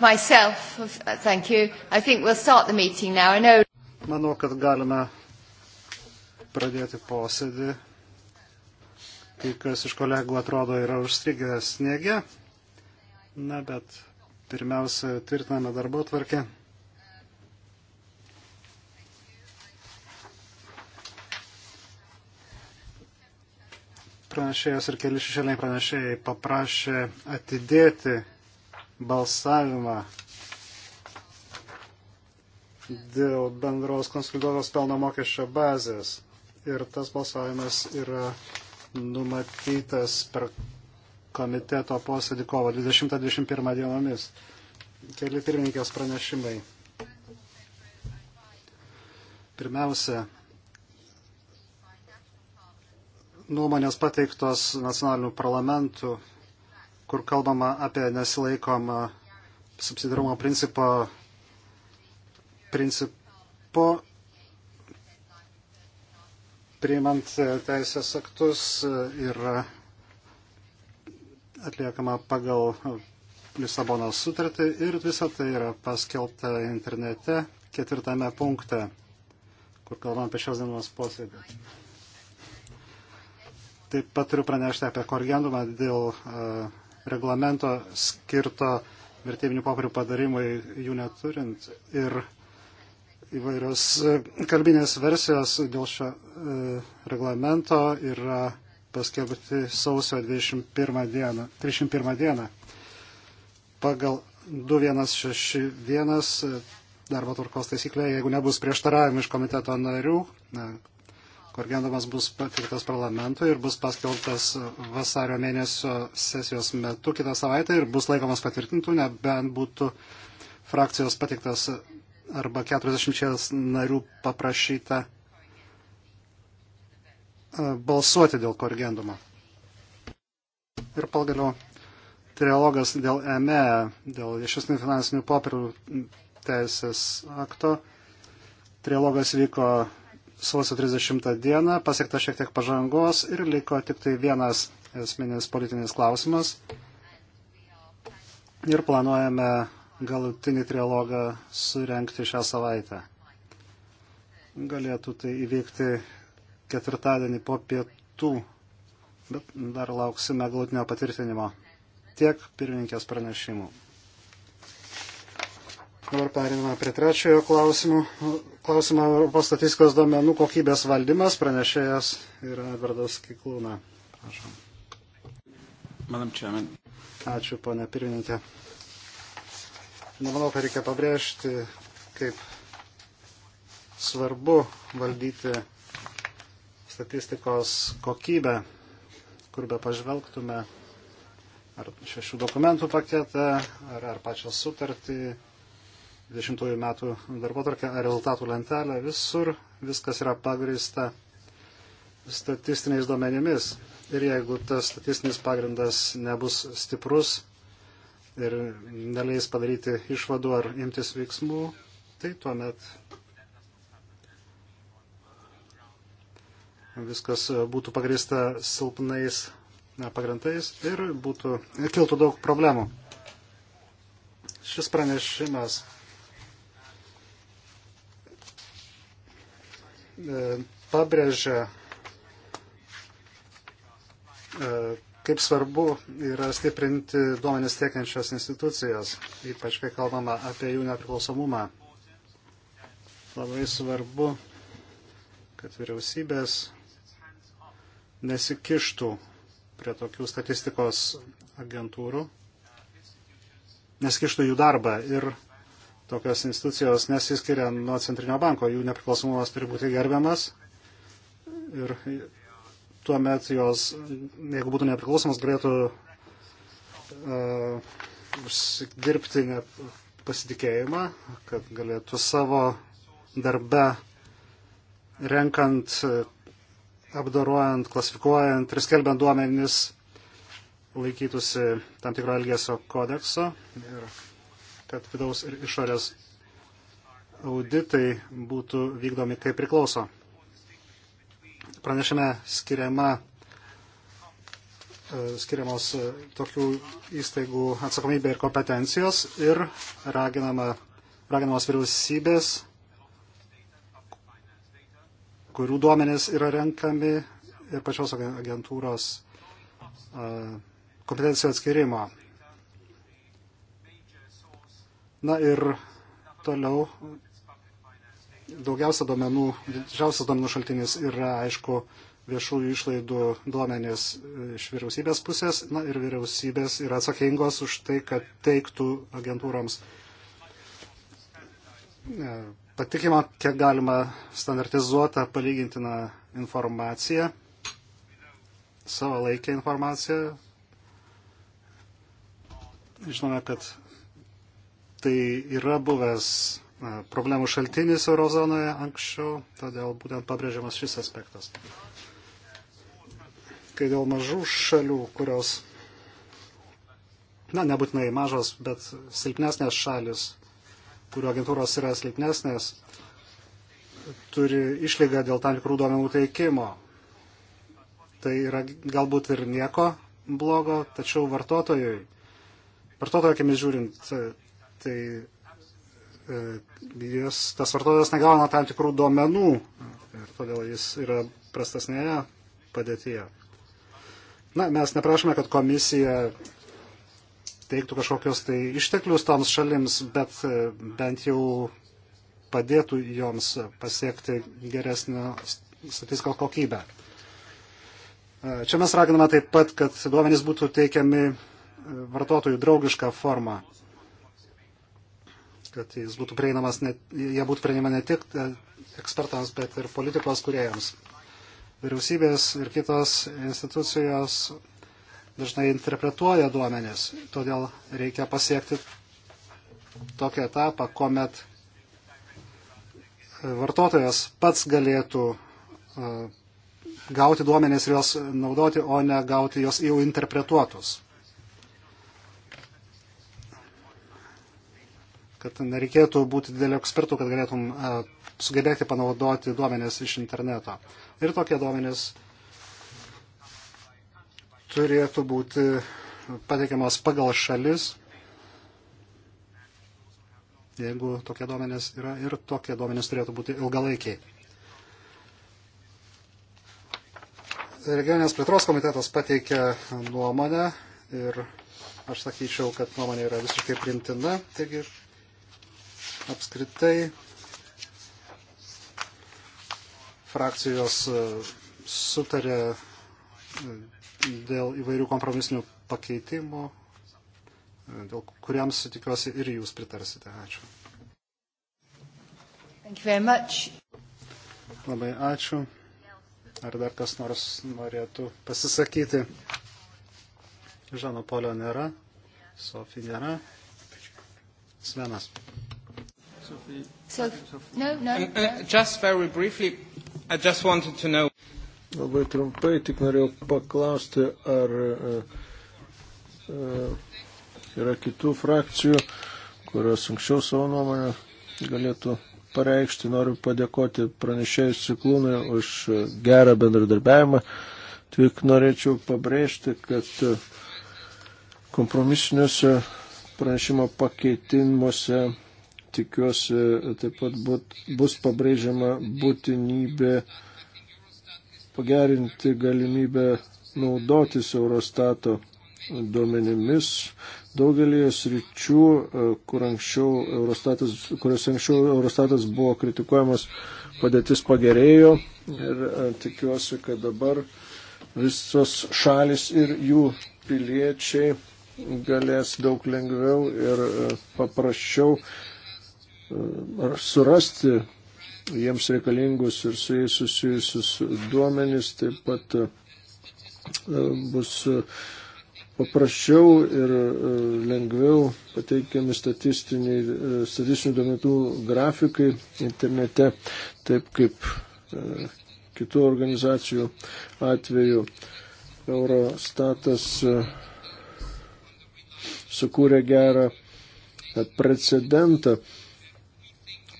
myself, thank you. I think we'll start the meeting now. I know. Manau, kad galime pradėti posėdį. Kai kas iš kolegų atrodo yra užstrigę sniege. Na, bet pirmiausia, tvirtiname darbo tvarkę. Pranešėjas ir keli šešėliai pranešėjai paprašė atidėti balsavimą dėl bendros konsoliduotos pelno mokesčio bazės. Ir tas balsavimas yra numatytas per komiteto posėdį kovo 20-21 dienomis. Keli pirmininkės pranešimai. Pirmiausia, nuomonės pateiktos nacionalinių parlamentų kur kalbama apie nesilaikomą subsidarumo principo, principo priimant e, teisės aktus yra e, atliekama pagal Lisabonos sutartį ir visa tai yra paskelbta internete ketvirtame punkte, kur kalbam apie šios dienos posėdį. Taip pat turiu pranešti apie korgendumą dėl uh, reglamento skirto vertybinių popierių padarimui jų neturint ir įvairios e, kalbinės versijos dėl šio e, reglamento yra paskelbti sausio 21 dieną, 31 dieną. Pagal 2161 e, darbo tvarkos taisyklė, jeigu nebus prieštaravimų iš komiteto narių, korgendamas bus patiktas parlamentui ir bus paskelbtas vasario mėnesio sesijos metu kitą savaitę ir bus laikomas patvirtintų, nebent būtų frakcijos patiktas arba 40 narių paprašyta e, balsuoti dėl korgendumo. Ir pagaliau trilogas dėl ME, dėl viešesnių finansinių popierių teisės akto. Trilogas vyko sausio 30 dieną, pasiekta šiek tiek pažangos ir liko tik tai vienas esminis politinis klausimas. Ir planuojame galutinį trialogą surenkti šią savaitę. Galėtų tai įvykti ketvirtadienį po pietų, bet dar lauksime galutinio patvirtinimo. Tiek pirmininkės pranešimų. Dabar periname prie trečiojo klausimo. Klausimą Europos statistikos duomenų kokybės valdymas. Pranešėjas yra Edvardas Kiklūna. Prašom. Madam Chairman. Ačiū, ponė pirmininkė. Nemanau, kad reikia pabrėžti, kaip svarbu valdyti statistikos kokybę, kur be pažvelgtume, ar šešių dokumentų paketą, ar, ar pačią sutartį, 20 metų darbotvarkę ar rezultatų lentelę, visur viskas yra pagrįsta statistiniais duomenimis. Ir jeigu tas statistinis pagrindas nebus stiprus ir neleis padaryti išvadų ar imtis veiksmų, tai tuomet viskas būtų pagrįsta silpnais pagrindais ir būtų, kiltų daug problemų. Šis pranešimas E, pabrėžia, e, kaip svarbu yra stiprinti duomenis tiekiančios institucijos, ypač kai kalbama apie jų nepriklausomumą. Labai svarbu, kad vyriausybės nesikištų prie tokių statistikos agentūrų, nesikištų jų darbą ir tokios institucijos nesiskiria nuo centrinio banko, jų nepriklausomumas turi būti gerbiamas ir tuomet jos, jeigu būtų nepriklausomas, galėtų uh, užsidirbti pasitikėjimą, kad galėtų savo darbe renkant, apdaruojant, klasifikuojant ir skelbiant duomenis laikytųsi tam tikro elgesio kodekso ir kad vidaus ir išorės auditai būtų vykdomi kaip priklauso. Pranešime skiriama e, skiriamos e, tokių įstaigų atsakomybė ir kompetencijos ir raginama, raginamos vyriausybės, kurių duomenys yra renkami ir pačios agentūros e, kompetencijų atskirimo. Na ir toliau daugiausia duomenų, didžiausias duomenų šaltinis yra, aišku, viešųjų išlaidų duomenės iš vyriausybės pusės. Na ir vyriausybės yra atsakingos už tai, kad teiktų agentūroms e, patikimą, kiek galima standartizuotą, palygintiną informaciją, savo laikę informaciją. Žinome, kad tai yra buvęs e, problemų šaltinis eurozonoje anksčiau, todėl būtent pabrėžiamas šis aspektas. Kai dėl mažų šalių, kurios, na, nebūtinai mažos, bet silpnesnės šalis, kurių agentūros yra silpnesnės, turi išlygą dėl tam tikrų duomenų teikimo. Tai yra galbūt ir nieko blogo, tačiau vartotojui, vartotojo akimis žiūrint, tai e, jis, tas vartotojas negauna tam tikrų duomenų ir todėl jis yra prastesnėje padėtyje. Na, mes neprašome, kad komisija teiktų kažkokios tai išteklius toms šalims, bet e, bent jau padėtų joms pasiekti geresnio statistikos kokybę. E, čia mes raginame taip pat, kad duomenys būtų teikiami vartotojų draugišką formą kad jis būtų prieinamas, ne, jie būtų prieinama ne tik e, ekspertams, bet ir politikos kuriejams. Vyriausybės ir kitos institucijos dažnai interpretuoja duomenis, todėl reikia pasiekti tokį etapą, kuomet vartotojas pats galėtų e, gauti duomenis ir juos naudoti, o ne gauti juos jau interpretuotus. kad nereikėtų būti dideliu ekspertu, kad galėtum e, sugebėti panaudoti duomenės iš interneto. Ir tokie duomenės turėtų būti pateikiamas pagal šalis, jeigu tokie duomenės yra ir tokie duomenės turėtų būti ilgalaikiai. Regioninės plėtros komitetas pateikė nuomonę ir aš sakyčiau, kad nuomonė yra visiškai primtina, taigi apskritai frakcijos e, sutarė e, dėl įvairių kompromisinių pakeitimų, e, dėl kuriems tikiuosi ir jūs pritarsite. Ačiū. Labai ačiū. Ar dar kas nors norėtų pasisakyti? Žano Polio nėra, Sofija nėra. Svenas. Sophie. So, no, no, no. Uh, uh, just very briefly, I just wanted to know. Labai trumpai tik norėjau paklausti, ar uh, yra kitų frakcijų, kurios anksčiau savo nuomonę galėtų pareikšti. Noriu padėkoti pranešėjus Ciklūnui už gerą bendradarbiavimą. Tik norėčiau pabrėžti, kad kompromisiniuose pranešimo pakeitimuose tikiuosi e, taip pat būt, bus pabrėžiama būtinybė pagerinti galimybę naudotis Eurostato duomenimis daugelį sričių, e, kur anksčiau Eurostatas, kurios anksčiau Eurostatas buvo kritikuojamas, padėtis pagerėjo ir e, tikiuosi, kad dabar visos šalis ir jų piliečiai galės daug lengviau ir paprasčiau ar surasti jiems reikalingus ir su jais susijusius duomenys, taip pat e, bus e, paprasčiau ir e, lengviau pateikiami statistinių duomenų grafikai internete, taip kaip kitų organizacijų atveju. Eurostatas sukūrė gerą precedentą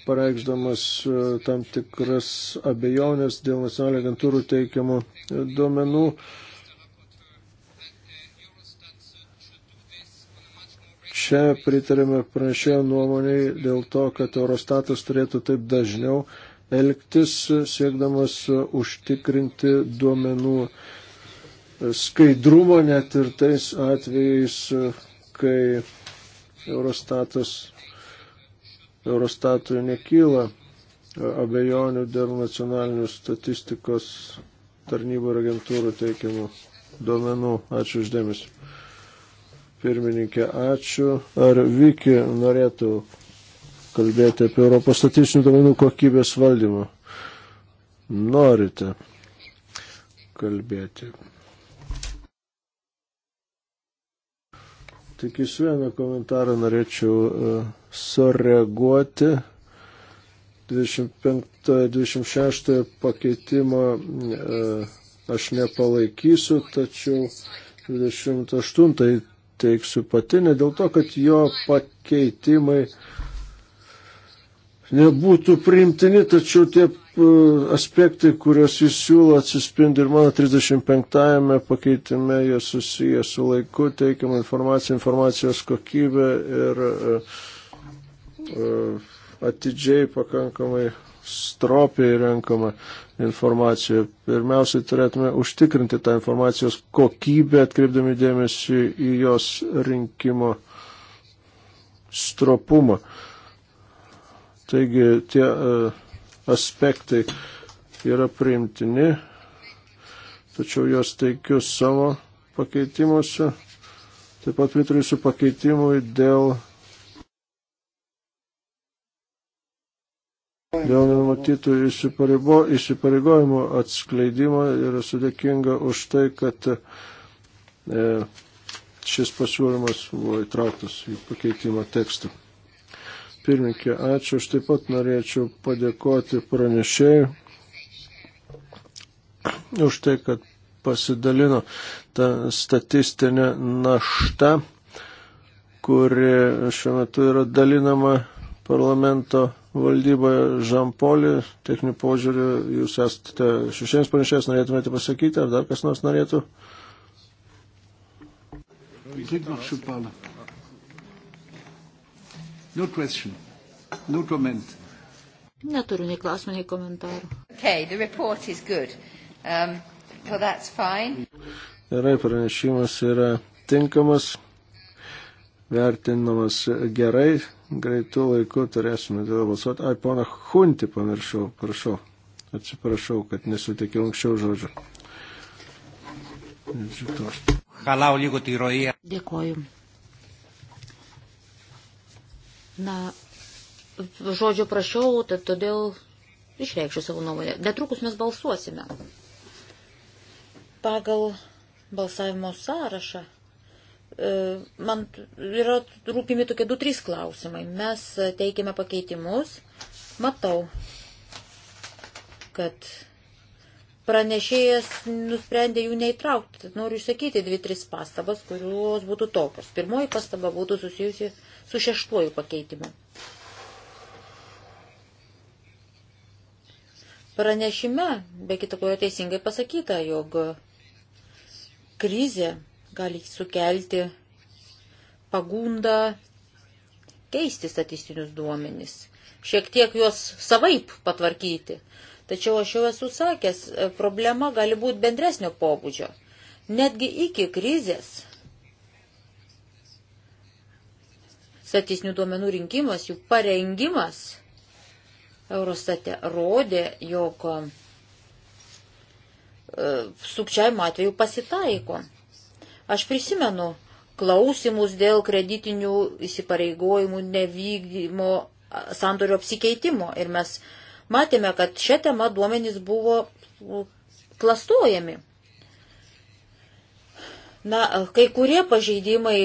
pareikšdamas e, tam tikras abejonės dėl nacionalinio agentūrų teikiamų e, duomenų. Čia pritarėme pranešėjo nuomonėj dėl to, kad Eurostatas turėtų taip dažniau elgtis, siekdamas užtikrinti duomenų skaidrumą net ir tais atvejais, kai Eurostatas Eurostatui nekyla e, abejonių dėl nacionalinių statistikos tarnybų ir agentūrų teikiamų duomenų. Ačiū uždėmesi. Pirmininkė, ačiū. Ar Viki norėtų kalbėti apie Europos statistinių duomenų kokybės valdymą? Norite kalbėti. Tik iš vieno komentarą norėčiau uh, sureaguoti 25-26 pakeitimo e, aš nepalaikysiu, tačiau 28 teiksiu pati, ne dėl to, kad jo pakeitimai nebūtų priimtini, tačiau tie e, aspektai, kuriuos jis siūlo, atsispindi ir mano 35-ame pakeitime, jie susiję su laiku, teikiama informacija, informacijos kokybė ir uh, E, atidžiai pakankamai stropiai renkama informacija. Pirmiausiai turėtume užtikrinti tą informacijos kokybę, atkreipdami dėmesį į jos rinkimo stropumą. Taigi tie e, aspektai yra priimtini, tačiau juos teikiu savo pakeitimuose. Taip pat pritariu su pakeitimui dėl dėl nenumatytų įsipareigo, įsipareigojimų atskleidimo ir esu dėkinga už tai, kad e, šis pasiūlymas buvo įtrauktas į pakeitimo tekstą. Pirminkė, ačiū. Aš taip pat norėčiau padėkoti pranešėjui už tai, kad pasidalino tą statistinę naštą, kuri šiuo metu yra dalinama parlamento valdyboje Žampolį, techninių požiūrių, jūs esate šešiems pranešėjais, norėtumėte pasakyti, ar dar kas nors norėtų? No question. No comment. Neturiu nei klausimų, nei komentarų. Okay, the report is good. Um, so that's fine. Gerai, pranešimas yra tinkamas, vertinamas gerai, greitų laikų turėsime dėl balsuoti. Ai, pana Hunti pamiršau, prašau. Atsiprašau, kad nesutikiau anksčiau žodžio. Χαλάω λίγο τη ροή. Dėkoju. Na, žodžio prašiau, tad todėl išreikščiau savo nuomonę. Netrukus mes balsuosime. Pagal balsavimo sąrašą E, man yra rūpimi tokie du, trys klausimai. Mes teikime pakeitimus. Matau, kad pranešėjas nusprendė jų neįtraukti. Noriu išsakyti dvi, tris pastabas, kurios būtų tokios. Pirmoji pastaba būtų susijusi su šeštuoju pakeitimu. Pranešime, be kitakojo teisingai pasakyta, jog krizė gali sukelti pagundą keisti statistinius duomenis, šiek tiek juos savaip patvarkyti. Tačiau aš jau esu sakęs, e, problema gali būti bendresnio pobūdžio. Netgi iki krizės statistinių duomenų rinkimas, jų parengimas Eurostate rodė, jog e, sukčiavimo atveju pasitaiko. Aš prisimenu klausimus dėl kreditinių įsipareigojimų nevykdymo sandorio apsikeitimo ir mes matėme, kad šią temą duomenys buvo klastojami. Na, kai kurie pažeidimai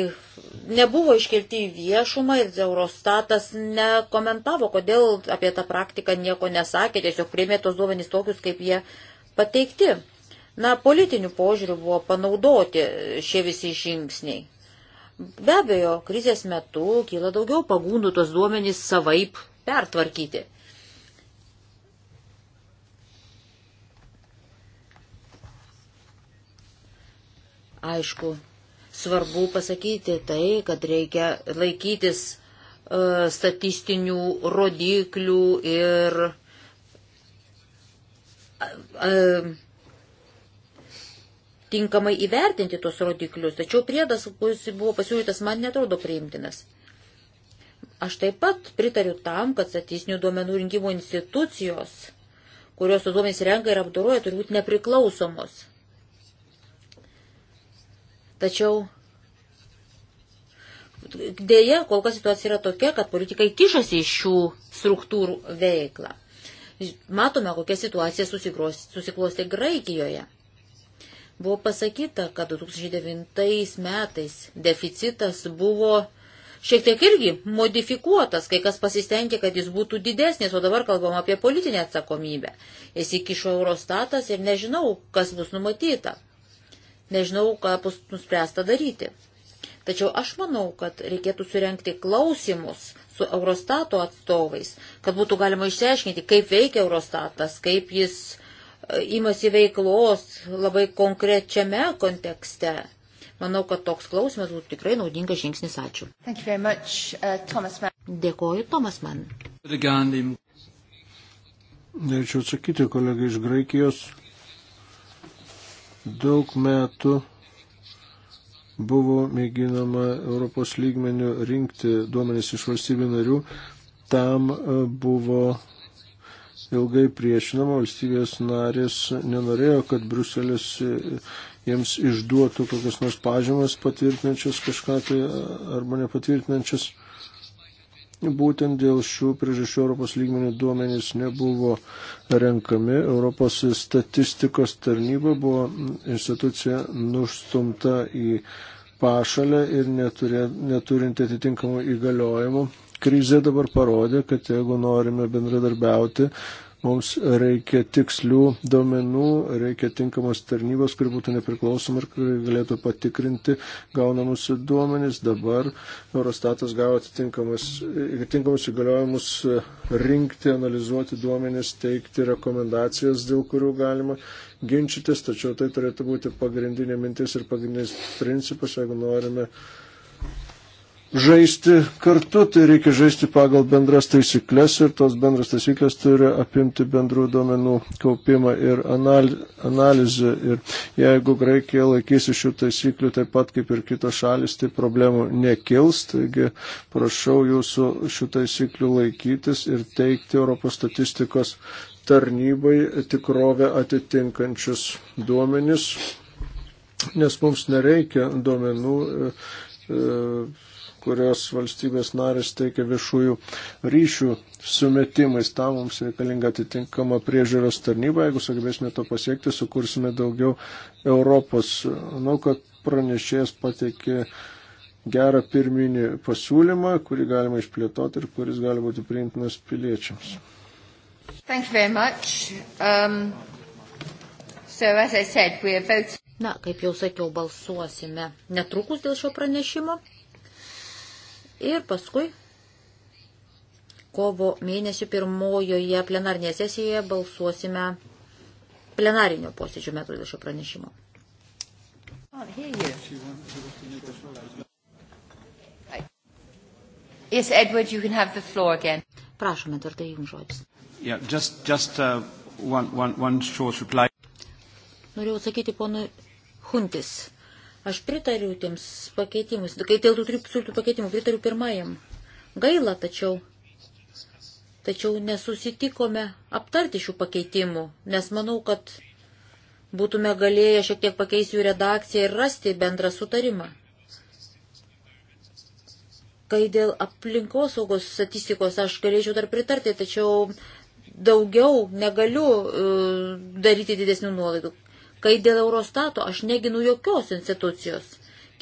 nebuvo iškelti į viešumą ir Eurostatas nekomentavo, kodėl apie tą praktiką nieko nesakė, tiesiog priemė tos duomenys tokius, kaip jie pateikti. Na, politinių požiūrių buvo panaudoti šie visi žingsniai. Be abejo, krizės metu kyla daugiau pagundų tos duomenys savaip pertvarkyti. Aišku, svarbu pasakyti tai, kad reikia laikytis uh, statistinių rodiklių ir uh, uh, tinkamai įvertinti tos rodiklius, tačiau priedas, kuris buvo pasiūlytas, man netrodo priimtinas. Aš taip pat pritariu tam, kad statistinių duomenų rinkimo institucijos, kurios su duomenys renka ir apdoroja, turi būti nepriklausomos. Tačiau dėja, kol kas situacija yra tokia, kad politikai kišasi iš šių struktūrų veiklą. Matome, kokia situacija susiklosti Graikijoje. Buvo pasakyta, kad 2009 metais deficitas buvo šiek tiek irgi modifikuotas, kai kas pasistengė, kad jis būtų didesnis, o dabar kalbam apie politinę atsakomybę. Įsikišo Eurostatas ir nežinau, kas bus numatyta. Nežinau, ką bus nuspręsta daryti. Tačiau aš manau, kad reikėtų surenkti klausimus su Eurostato atstovais, kad būtų galima išsiaiškinti, kaip veikia Eurostatas, kaip jis įmasi veiklos labai konkrečiame kontekste. Manau, kad toks klausimas būtų tikrai naudingas žingsnis. Ačiū. Much, uh, Thomas Dėkoju, Tomas Man. Norėčiau atsakyti, kolega iš Graikijos. Daug metų buvo mėginama Europos lygmenių rinkti duomenis iš valstybių narių. Tam uh, buvo ilgai priešinama, valstybės narės nenorėjo, kad Bruselis e, jiems išduotų kokias nors pažymas patvirtinančias kažką tai e, arba nepatvirtinančias. Būtent dėl šių priežasčių Europos lygmenių duomenys nebuvo renkami. Europos statistikos tarnyba buvo institucija nustumta į pašalę ir neturė, neturinti atitinkamų įgaliojimų. Krizė dabar parodė, kad jeigu norime bendradarbiauti, Mums reikia tikslių duomenų, reikia tinkamos tarnybos, kuri būtų nepriklausoma ir kuri galėtų patikrinti gaunamus duomenys. Dabar Eurostatas gavo atitinkamus įgaliojimus rinkti, analizuoti duomenys, teikti rekomendacijas, dėl kurių galima ginčytis, tačiau tai turėtų būti pagrindinė mintis ir pagrindinis principas, jeigu norime žaisti kartu, tai reikia žaisti pagal bendras taisyklės ir tos bendras taisyklės turi apimti bendrų duomenų kaupimą ir analizę. Ir jeigu Graikija laikysi šių taisyklių taip pat kaip ir kitos šalis, tai problemų nekils. Taigi prašau jūsų šių taisyklių laikytis ir teikti Europos statistikos tarnybai tikrovę atitinkančius duomenis, nes mums nereikia duomenų. E, e, kurios valstybės narės teikia viešųjų ryšių sumetimais. Tam mums reikalinga atitinkama priežiūros tarnyba. Jeigu sugebėsime to pasiekti, sukursime daugiau Europos. Manau, kad pranešėjas pateikė gerą pirminį pasiūlymą, kurį galima išplėtoti ir kuris gali būti priimtinas piliečiams. Um, so said, Na, kaip jau sakiau, balsuosime netrukus dėl šio pranešimo. Ir paskui kovo mėnesį pirmojoje plenarnėje sesijoje balsuosime plenarinio posėdžio metu dėl šio pranešimo. Yes, Edward, you can have the floor again. Prašome, tartai jums žodis. Yeah, just, just, uh, one, one, one short reply. Norėjau sakyti ponui Huntis. Aš pritariu tiems pakeitimus, kai dėl tų trijų pakeitimų pritariu pirmajam. Gaila, tačiau, tačiau nesusitikome aptarti šių pakeitimų, nes manau, kad būtume galėję šiek tiek pakeisti jų redakciją ir rasti bendrą sutarimą. Kai dėl aplinkosaugos statistikos aš galėčiau dar pritarti, tačiau daugiau negaliu e, daryti didesnių nuolaidų. Kai dėl Eurostato aš neginu jokios institucijos,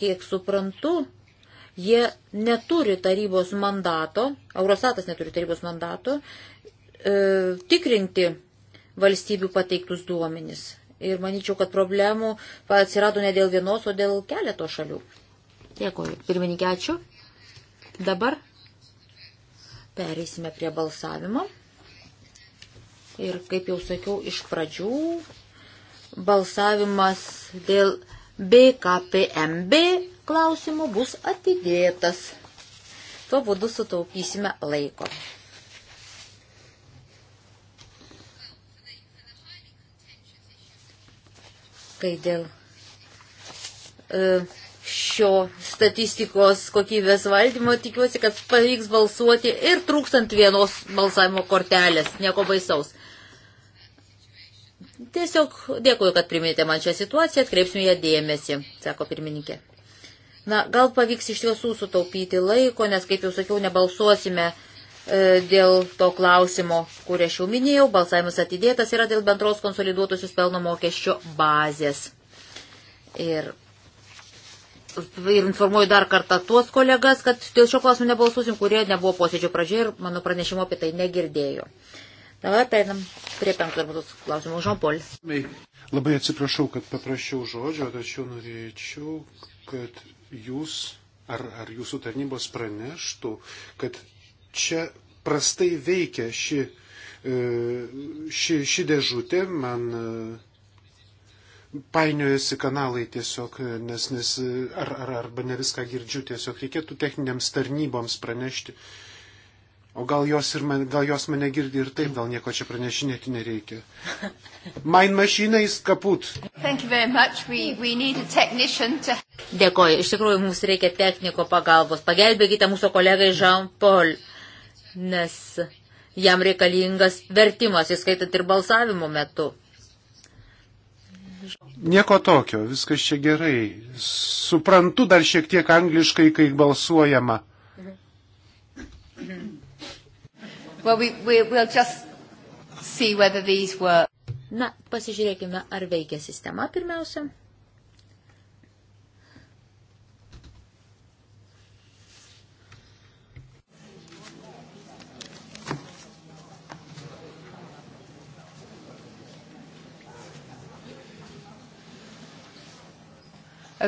kiek suprantu, jie neturi tarybos mandato, Eurostatas neturi tarybos mandato, e, tikrinti valstybių pateiktus duomenis. Ir manyčiau, kad problemų atsirado ne dėl vienos, o dėl keleto šalių. Dėkuoju. Pirmininkė, ačiū. Dabar pereisime prie balsavimo. Ir kaip jau sakiau, iš pradžių balsavimas dėl BKPMB klausimų bus atidėtas. Tuo būdu sutaupysime laiko. Kai dėl e, šio statistikos kokybės valdymo tikiuosi, kad pavyks balsuoti ir trūkstant vienos balsavimo kortelės, nieko baisaus. Tiesiog dėkuoju, kad priminėte man šią situaciją, atkreipsiu ją dėmesį, sako pirmininkė. Na, gal pavyks iš tiesų sutaupyti laiko, nes, kaip jau sakiau, nebalsuosime e, dėl to klausimo, kurį aš jau minėjau. Balsavimas atidėtas yra dėl bendros konsoliduotusios pelno mokesčio bazės. Ir, ir informuoju dar kartą tuos kolegas, kad dėl šio klausimo nebalsuosim, kurie nebuvo posėdžio pradžioje ir mano pranešimo apie tai negirdėjo. E, Dabar perinam prie penkto darbuotos klausimų. Žompol. Labai atsiprašau, kad paprašiau žodžio, tačiau norėčiau, kad jūs ar, ar jūsų tarnybos praneštų, kad čia prastai veikia ši, e, ši, ši dėžutė. Man e, painiojasi kanalai tiesiog, nes, nes e, ar, ar, arba ne viską girdžiu, tiesiog reikėtų techniniams tarnyboms pranešti. Uh, O gal jos, ir man, gal jos mane girdi ir taip, gal nieko čia pranešinėti nereikia. Main mašina jis kaput. We, we to... Dėkoju, iš tikrųjų mums reikia techniko pagalbos. Pagelbėkite mūsų kolegai Jean-Paul, nes jam reikalingas vertimas, įskaitant ir balsavimo metu. Nieko tokio, viskas čia gerai. Suprantu dar šiek tiek angliškai, kai balsuojama. Mhm. Mhm. Well, we, we, we'll just see whether these work. Na, pasižiūrėkime, ar veikia sistema pirmiausia.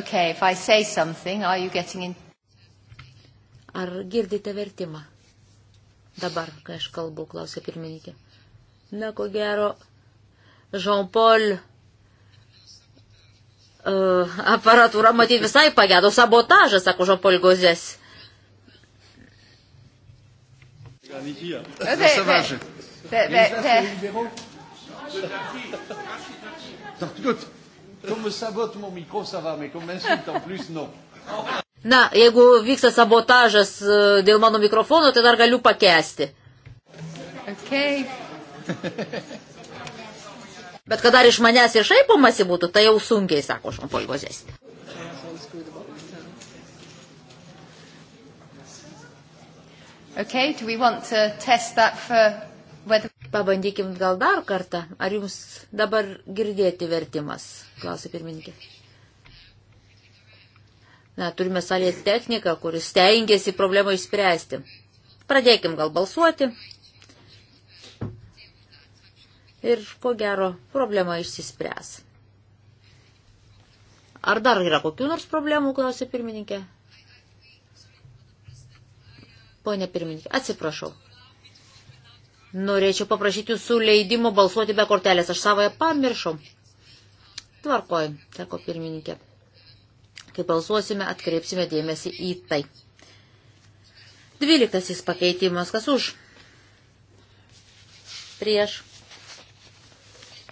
Okay, if I say something, are you getting in? Ar girdite vertimą? Dabar, kai aš kalbu, klausė pirmininkė. Na, ko gero, Jean-Paul uh, aparatūra matyti visai pagėdo. Sabotažas, sako Jean-Paul Gozės. Comme me sabote mon micro, ça va, mais comme m'insulte en plus, non. Na, jeigu vyksta sabotažas e, dėl mano mikrofono, tai dar galiu pakesti. Okay. Bet kad dar iš manęs ir šaipomasi būtų, tai jau sunkiai, sako Šampol Gozės. Okay, do we want to test that for whether... Pabandykim gal dar kartą, ar jums dabar girdėti vertimas, klausia pirmininkė. Na, turime salės techniką, kuris stengiasi problemą išspręsti. Pradėkim gal balsuoti. Ir ko gero, problema išsispręs. Ar dar yra kokių nors problemų, klausė pirmininkė? Pone pirmininkė, atsiprašau. Norėčiau paprašyti jūsų leidimo balsuoti be kortelės. Aš savoje pamiršau. Tvarkoj, sako pirmininkė. Kai balsuosime, atkreipsime dėmesį į tai. Dvyliktasis pakeitimas, kas už? Prieš.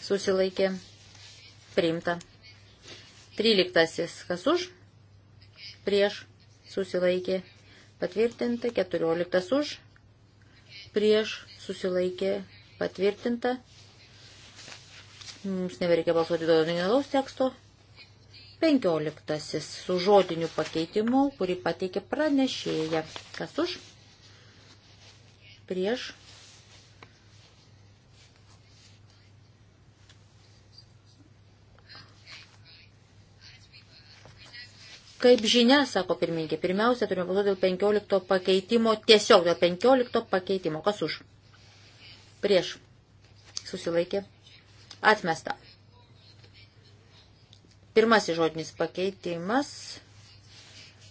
Susilaikė. Priimta. Tryliktasis, kas už? Prieš. Susilaikė. Patvirtinta. Keturioliktas už. Prieš. Susilaikė. Patvirtinta. Mums nebereikia balsuoti dėl originalaus teksto. 15 su žodiniu pakeitimu, kurį pateikė pranešėja. Kas už? Prieš. Kaip žinia, sako pirmininkė, pirmiausia, turime balsuoti dėl 15 pakeitimo, tiesiog dėl 15 pakeitimo. Kas už? Prieš. Susilaikė. Atmesta. Pirmasis žodinis pakeitimas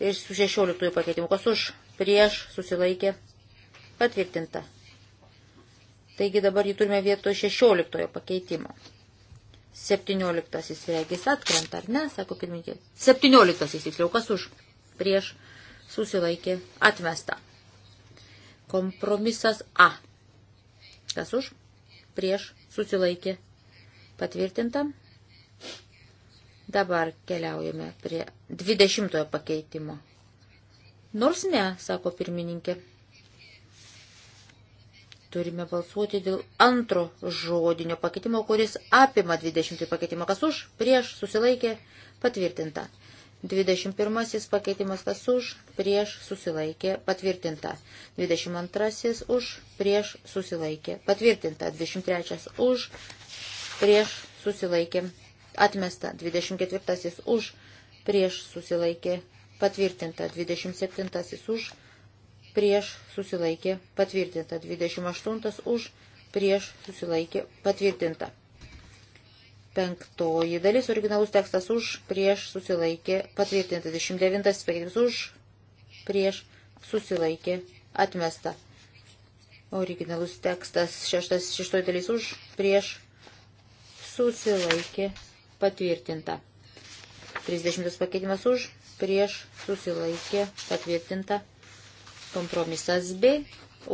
ir su šešioliktųjų pakeitimu. Kas už prieš susilaikė patvirtinta. Taigi dabar jį turime vietoje šešioliktojo pakeitimo. Septynioliktasis regis atkrenta, ar ne, sako pirmininkė. Septynioliktasis tiksliau, kas už prieš susilaikė atmesta. Kompromisas A. Kas už prieš susilaikė patvirtinta. Dabar keliaujame prie 20 pakeitimo. Nors ne, sako pirmininkė. Turime balsuoti dėl antro žodinio pakeitimo, kuris apima 20 pakeitimą. Kas už, prieš, susilaikė, patvirtinta. 21 pakeitimas kas už, prieš, susilaikė, patvirtinta. 22 už, prieš, susilaikė, patvirtinta. 23 už, prieš, susilaikė, Atmesta 24 už, prieš susilaikė patvirtinta 27 už, prieš susilaikė patvirtinta 28 už, prieš susilaikė patvirtinta. Penktoji dalis originalus tekstas už, prieš susilaikė patvirtinta 29 pakeitimas už, prieš susilaikė atmesta. Originalus tekstas šeštas šeštoji dalis už, prieš susilaikė patvirtinta. 30 pakeitimas už, prieš, susilaikė, patvirtinta. Kompromisas B,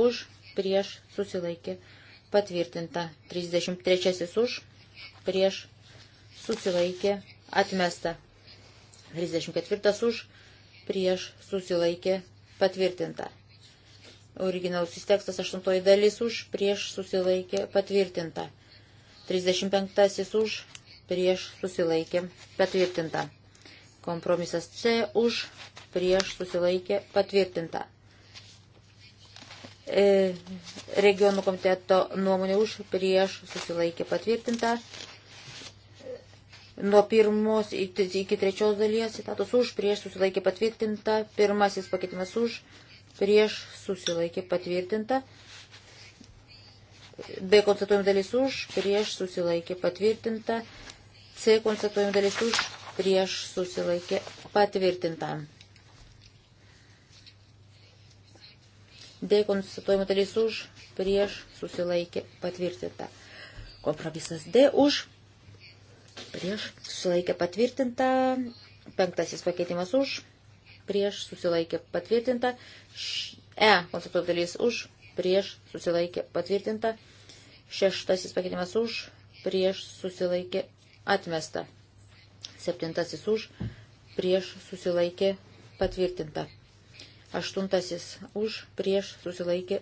už, prieš, susilaikė, patvirtinta. 33 už, prieš, susilaikė, atmesta. 34 už, prieš, susilaikė, patvirtinta. Originalusis tekstas 8 dalis už, prieš, susilaikė, patvirtinta. 35 už, prieš susilaikė patvirtinta. Kompromisas C už prieš susilaikė patvirtinta. E, regionų komiteto nuomonė už prieš susilaikė patvirtinta. Nuo pirmos iki trečios dalies citatos už prieš susilaikė patvirtinta. Pirmasis pakeitimas už prieš susilaikė patvirtinta. B konstatuojama dalis už, prieš susilaikė patvirtinta, C konstatuojama dalis už prieš susilaikė patvirtinta. D konstatuojama dalis už prieš susilaikė patvirtinta. Kompromisas D už prieš susilaikė patvirtinta. Penktasis pakeitimas už prieš susilaikė patvirtinta. E konstatuojama dalis už prieš susilaikė patvirtinta. Šeštasis pakeitimas už prieš susilaikė atmesta. Septintasis už, prieš susilaikė patvirtinta. Aštuntasis už, prieš susilaikė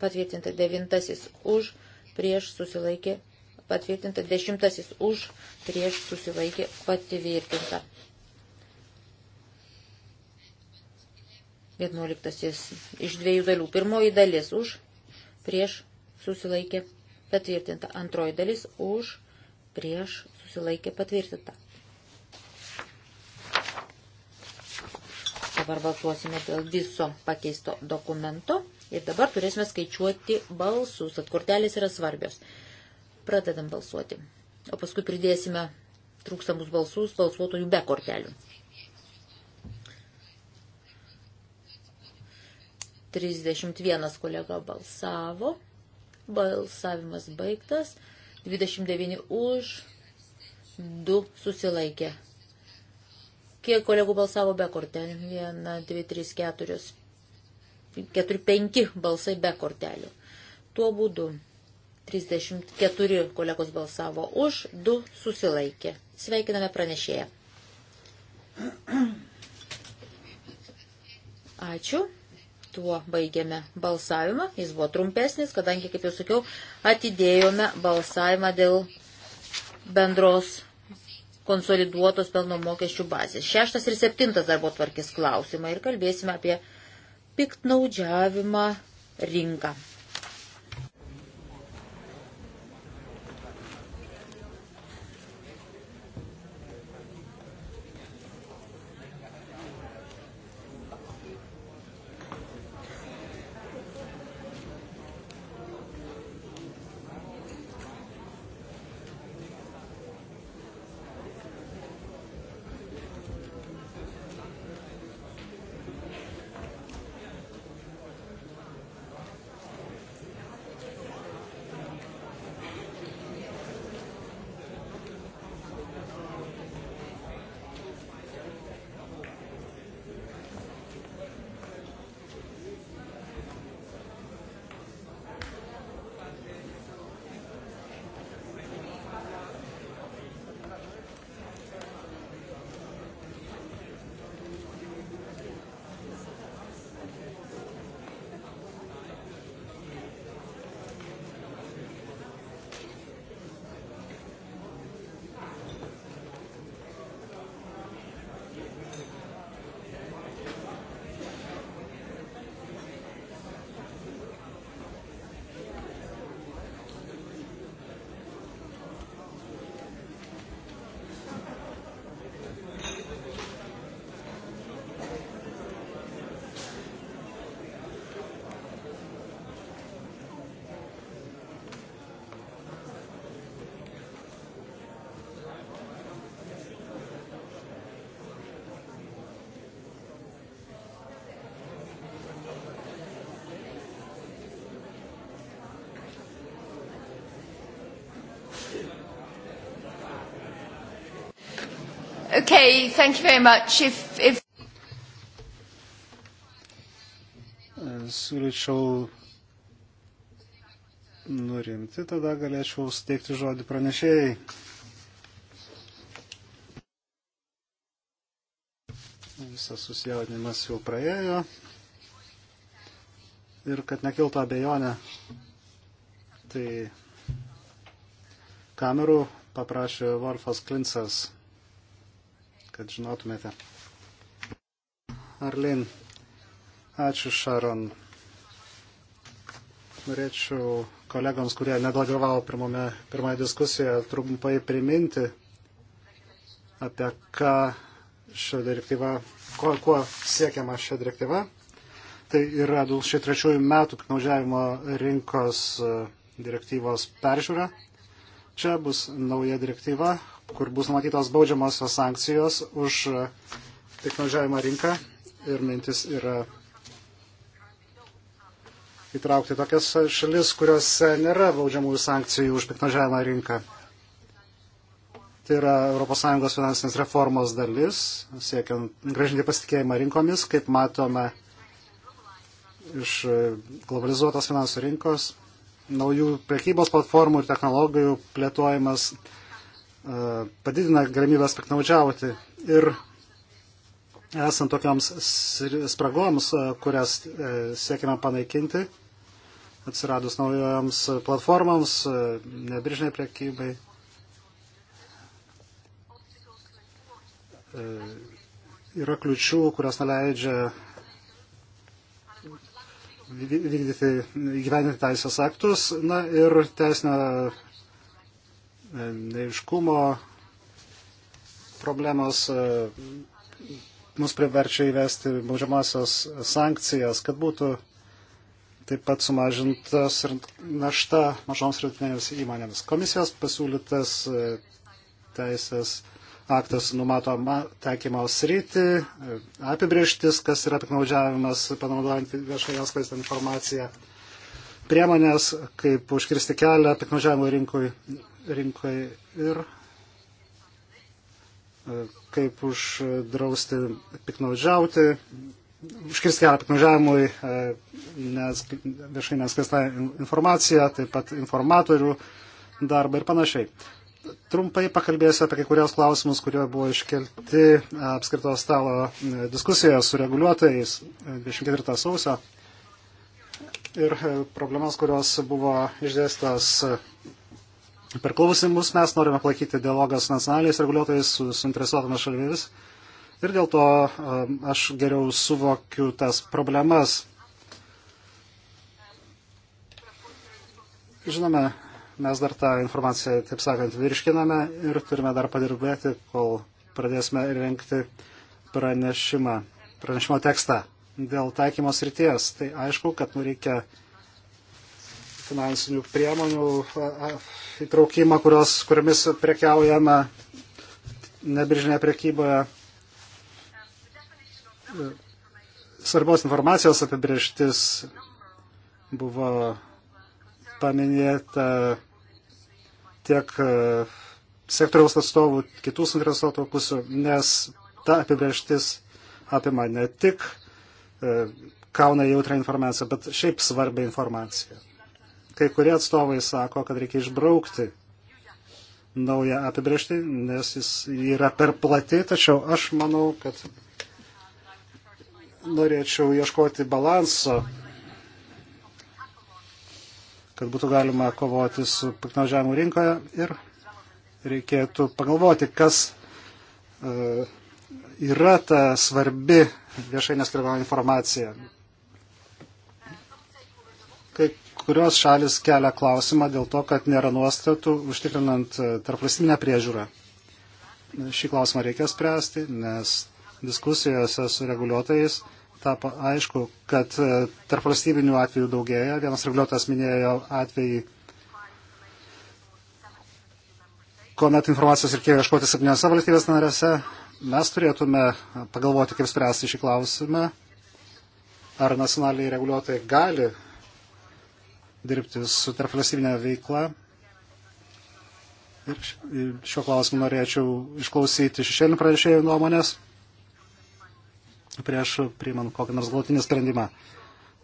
patvirtinta. Devintasis už, prieš susilaikė patvirtinta. Dešimtasis už, prieš susilaikė patvirtinta. Vienuoliktasis iš dviejų dalių. Pirmoji dalis už, prieš susilaikė patvirtinta. Antroji dalis už, prieš susilaikė patvirtinta. Dabar balsuosime dėl viso pakeisto dokumento ir dabar turėsime skaičiuoti balsus, kad kortelės yra svarbios. Pradedam balsuoti, o paskui pridėsime trūkstamus balsus balsuotojų be kortelių. 31 kolega balsavo, balsavimas baigtas, 29 už, du susilaikė. Kiek kolegų balsavo be kortelių? 1, 2, 3, 4, 4, 5 balsai be kortelių. Tuo būdu 34 kolegos balsavo už, 2 susilaikė. Sveikiname pranešėją. Ačiū. Tuo baigėme balsavimą. Jis buvo trumpesnis, kadangi, kaip jau sakiau, atidėjome balsavimą dėl bendros konsoliduotos pelno mokesčių bazės. Šeštas ir septintas darbo tvarkės klausimai ir kalbėsime apie piktnaudžiavimą rinką. Okay, thank you very much. If, if... Siūlyčiau nurimti, tada galėčiau suteikti žodį pranešėjai. Visas susijaudinimas jau praėjo. Ir kad nekiltų abejonę, tai kamerų paprašė Volfas Klinsas kad žinotumėte. Arlin, ačiū Šaron. Norėčiau kolegams, kurie nedalyvavo pirmoje diskusijoje, trumpai priminti, apie ką šio direktyva, kuo, kuo siekiama šią direktyvą. Tai yra 2003 metų piknaudžiavimo rinkos e, direktyvos peržiūra Čia bus nauja direktyva, kur bus numatytos baudžiamosios sankcijos už piknaudžiavimą rinką ir mintis yra įtraukti tokias šalis, kuriuose nėra baudžiamųjų sankcijų už piknaudžiavimą rinką. Tai yra ES finansinės reformos dalis, siekiant gražinti pasitikėjimą rinkomis, kaip matome iš globalizuotos finansų rinkos naujų prekybos platformų ir technologijų plėtojimas e, padidina galimybės piknaudžiauti. Ir esant tokioms spragoms, e, kurias e, siekime panaikinti, atsiradus naujoms platformoms, nebiržiniai prekybai, yra kliučių, kurios neleidžia vykdyti, gyveninti teisės aktus. Na ir teisinio e, neiškumo problemos e, mus priverčia įvesti baudžiamasios sankcijas, kad būtų taip pat sumažintas ir našta mažoms rytinėms įmonėms. Komisijos pasiūlytas e, teisės aktas numato taikymo sritį, apibrieštis, kas yra piknaudžiavimas panaudojant viešai atskleistą informaciją, priemonės, kaip užkirsti kelią piknaudžiavimo rinkui, rinkui ir e, kaip uždrausti piknaudžiauti, užkirsti kelią piknaudžiavimui e, nes, viešai neskleistą informaciją, taip pat informatorių darbą ir panašiai. Trumpai pakalbėsiu apie kai kurios klausimus, kurie buvo iškelti apskrito stalo e, diskusijoje su reguliuotojais 24 e, sausio ir e, problemas, kurios buvo išdėstas per klausimus. Mes norime palaikyti dialogą su nacionaliais reguliuotojais, su suinteresuotomis šalimis ir dėl to aš geriau suvokiu tas problemas. Žinome, Mes dar tą informaciją, taip sakant, virškiname ir turime dar padirbėti, kol pradėsime rengti pranešimą, pranešimo tekstą dėl taikymo srities. Tai aišku, kad nu reikia finansinių priemonių įtraukimą, kurios, kuriamis prekiaujama nebiržinėje prekyboje. Svarbios informacijos apibrieštis buvo paminėta tiek e, sektoriaus atstovų, kitų suinteresuotų pusių, nes ta apibrieštis apima ne tik e, kauna jautrą informaciją, bet šiaip svarbią informaciją. Kai kurie atstovai sako, kad reikia išbraukti naują apibriešti, nes jis yra per plati, tačiau aš manau, kad norėčiau ieškoti balanso kad būtų galima kovoti su piknaudžiavimu rinkoje ir reikėtų pagalvoti, kas e, yra ta svarbi viešai neskelbiama informacija. Kai kurios šalis kelia klausimą dėl to, kad nėra nuostatų užtikrinant e, tarpvalstybinę priežiūrą. Šį klausimą reikia spręsti, nes diskusijose su reguliuotojais tapo aišku, kad e, tarp valstybinių atvejų daugėja. Vienas reguliuotas minėjo atvejį, kuomet informacijos reikėjo ieškoti septyniose valstybės narėse. Mes turėtume pagalvoti, kaip spręsti šį klausimą. Ar nacionaliai reguliuotojai gali dirbti su tarp valstybinė veikla. Ir šiuo klausimu norėčiau išklausyti šešėlinių pranešėjų nuomonės prieš priimant kokį nors galutinį sprendimą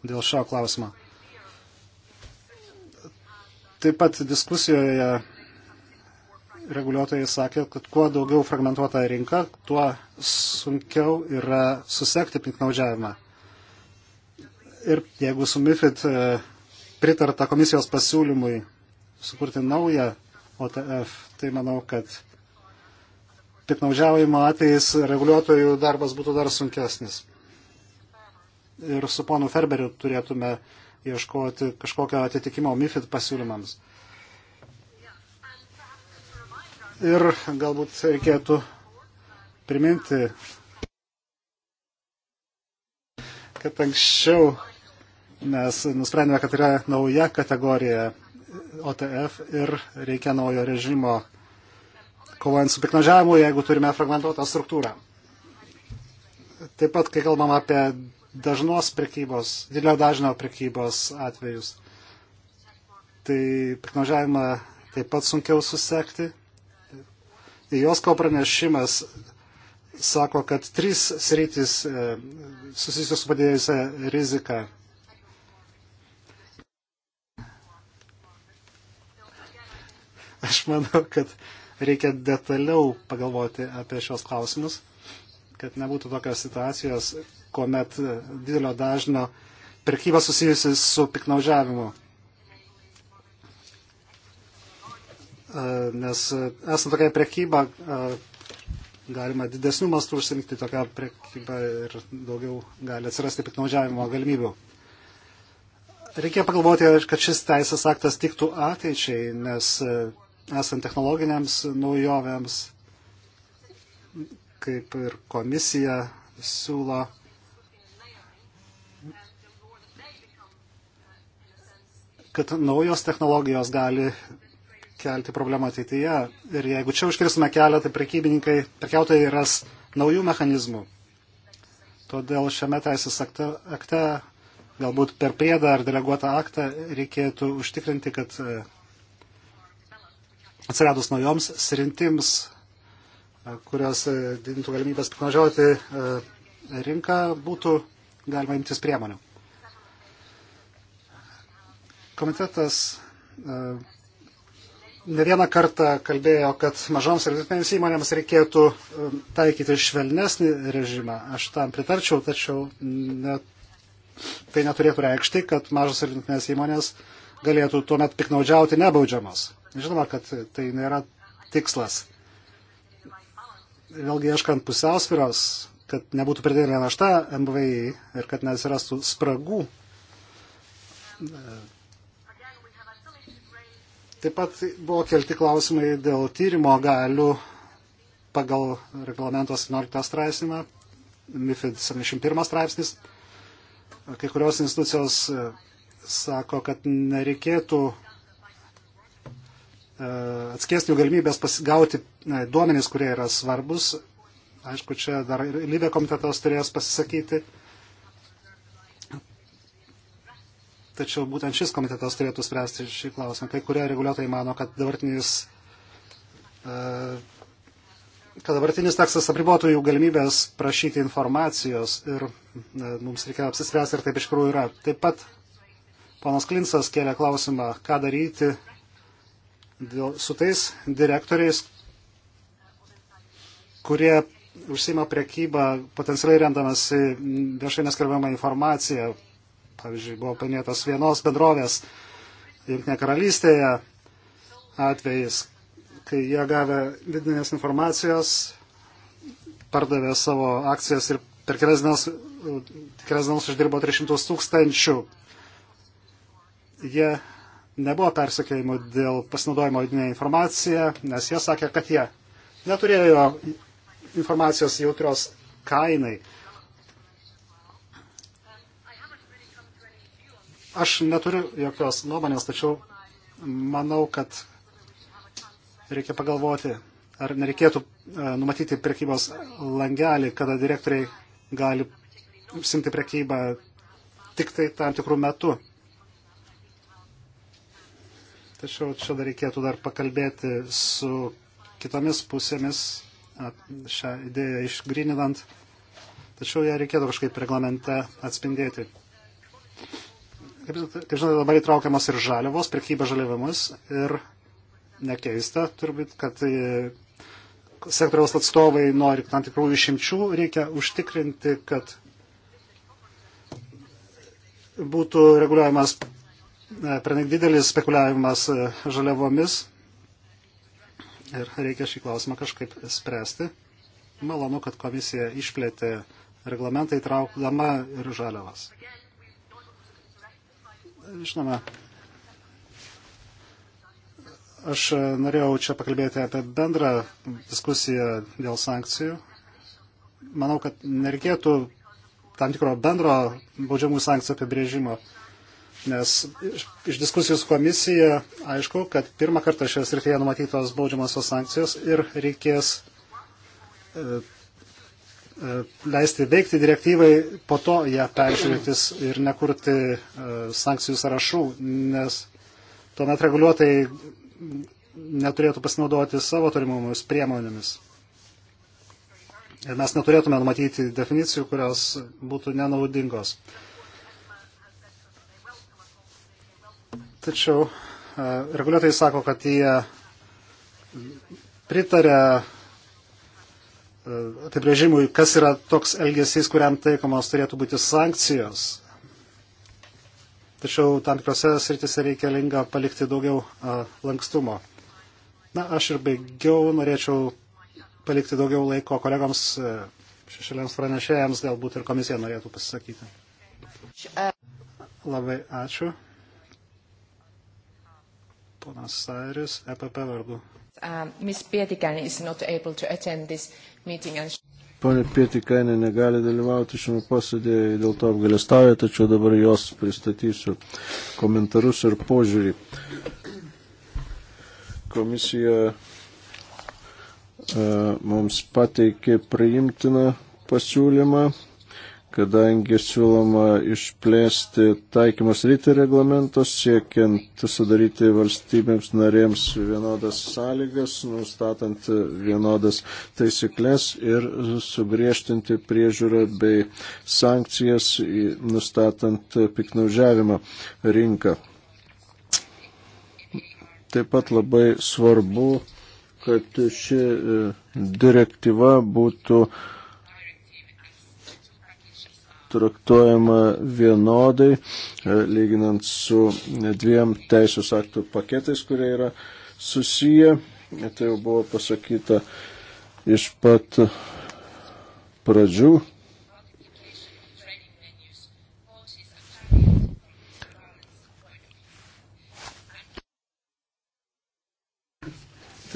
dėl šio klausimo. Taip pat diskusijoje reguliuotojai sakė, kad kuo daugiau fragmentuota rinka, tuo sunkiau yra susekti piknaudžiavimą. Ir jeigu su MIFID e, pritarta komisijos pasiūlymui sukurti naują OTF, tai manau, kad piknaudžiavimo atvejais reguliuotojų darbas būtų dar sunkesnis. Ir su ponu Ferberiu turėtume ieškoti kažkokio atitikimo MIFID pasiūlymams. Ir galbūt reikėtų priminti, kad anksčiau mes nusprendėme, kad yra nauja kategorija OTF ir reikia naujo režimo kovojant su piknažiavimu, jeigu turime fragmentuotą struktūrą. Taip pat, kai kalbam apie dažnos prekybos, didelio dažnio prekybos atvejus, tai piknažiavimą taip pat sunkiau susekti. Josko pranešimas sako, kad trys sritis e, susijusios su padėjusią riziką. Aš manau, kad reikia detaliau pagalvoti apie šios klausimus, kad nebūtų tokios situacijos, kuomet didelio dažnio prekyba susijusi su piknaudžiavimu. E, nes esant tokia prekyba, e, galima didesnių mastų užsimti tokią prekybą ir daugiau gali atsirasti piknaudžiavimo galimybių. Reikia pagalvoti, kad šis teisės aktas tiktų ateičiai, nes e, esant technologiniams naujovėms, kaip ir komisija siūlo. kad naujos technologijos gali kelti problemą ateityje. Ir jeigu čia užkirsime kelią, tai prekybininkai, prekiautojai ras naujų mechanizmų. Todėl šiame teisės akte, akte galbūt per priedą ar deleguotą aktą reikėtų užtikrinti, kad atsiradus naujoms srintims, e, kurios e, didintų galimybės piknaudžiauti e, rinką, būtų galima imtis priemonių. Komitetas ne vieną kartą kalbėjo, kad mažoms ir vidutinėms įmonėms reikėtų taikyti švelnesnį režimą. Aš tam pritarčiau, tačiau net, tai neturėtų reikšti, kad mažos ir vidutinės įmonės galėtų tuomet piknaudžiauti nebaudžiamas. Žinoma, kad tai nėra tikslas. Vėlgi ieškant pusiausviros, kad nebūtų pridėlė našta MVI ir kad nesirastų spragų. Taip pat buvo kelti klausimai dėl tyrimo galių pagal reglamento 17 straipsnį, MIFID 71 straipsnis. Kai kurios institucijos e, sako, kad nereikėtų E, atskėsti jų galimybės pasigauti e, duomenys, kurie yra svarbus. Aišku, čia dar ir lybė komitetas turės pasisakyti. Tačiau būtent šis komitetas turėtų spręsti šį klausimą. Kai kurie reguliuotojai mano, kad dabartinis, e, kad dabartinis tekstas apribotų jų galimybės prašyti informacijos ir mums reikia apsispręsti, ar taip iš tikrųjų yra. Taip pat ponas Klinsas kėlė klausimą, ką daryti dėl, su tais direktoriais, kurie užsima prekybą potencialiai rendamas viešai neskelbiamą informaciją. Pavyzdžiui, buvo paminėtas vienos bendrovės Junktinė karalystėje atvejais, kai jie gavę vidinės informacijos, pardavė savo akcijas ir per kelias dienas, kelias dienas uždirbo 300 tūkstančių. Jie nebuvo persekėjimų dėl pasinaudojimo vidinė informacija, nes jie sakė, kad jie neturėjo informacijos jautrios kainai. Aš neturiu jokios nuomonės, tačiau manau, kad reikia pagalvoti, ar nereikėtų e, numatyti prekybos langelį, kada direktoriai gali simti prekybą tik tai tam tikrų metų. Tačiau čia dar reikėtų dar pakalbėti su kitomis pusėmis šią idėją išgrininant. Tačiau ją reikėtų kažkaip reglamente atspindėti. Kaip, kaip žinote, dabar įtraukiamas ir žaliavos, prekyba žaliavomis ir nekeista, turbūt, kad e, sektoriaus atstovai nori tam tikrų išimčių, reikia užtikrinti, kad būtų reguliuojamas pernek didelis spekuliavimas e, žaliavomis ir reikia šį klausimą kažkaip spręsti. Malonu, kad komisija išplėtė reglamentą įtraukdama ir žaliavas. Žinoma, aš norėjau čia pakalbėti apie bendrą diskusiją dėl sankcijų. Manau, kad nereikėtų tam tikro bendro baudžiamų sankcijų apibrėžimo nes iš diskusijos komisija aišku, kad pirmą kartą šioje srityje numatytos baudžiamosios sankcijos ir reikės e, e, leisti veikti direktyvai, po to ją peržiūrėtis ir nekurti e, sankcijų sąrašų, nes tuomet reguliuotojai neturėtų pasinaudoti savo turimomis priemonėmis. Ir mes neturėtume numatyti definicijų, kurios būtų nenaudingos. Tačiau e, reguliuotojai sako, kad jie pritarė e, apibrėžimui, kas yra toks elgesys, kuriam taikomos turėtų būti sankcijos. Tačiau tam tikrose sritise reikalinga palikti daugiau a, e, lankstumo. Na, aš ir baigiau, norėčiau palikti daugiau laiko kolegoms, šešėliams pranešėjams, galbūt ir komisija norėtų pasisakyti. Labai ačiū ponas Sairis, EPP vardu. Uh, Pane Pietikainė negali dalyvauti šiame posėdėje, dėl to apgalėstauja, tačiau dabar jos pristatysiu komentarus ir požiūrį. Komisija uh, mums pateikė priimtiną pasiūlymą kadangi siūloma išplėsti taikymas rytį reglamentos, siekiant sudaryti valstybėms narėms vienodas sąlygas, nustatant vienodas taisyklės ir sugriežtinti priežiūrą bei sankcijas, nustatant piknaužiavimą rinką. Taip pat labai svarbu, kad ši e, direktyva būtų uh, traktuojama vienodai, e, lyginant su dviem teisės aktų paketais, kurie yra susiję. Tai jau buvo pasakyta iš pat pradžių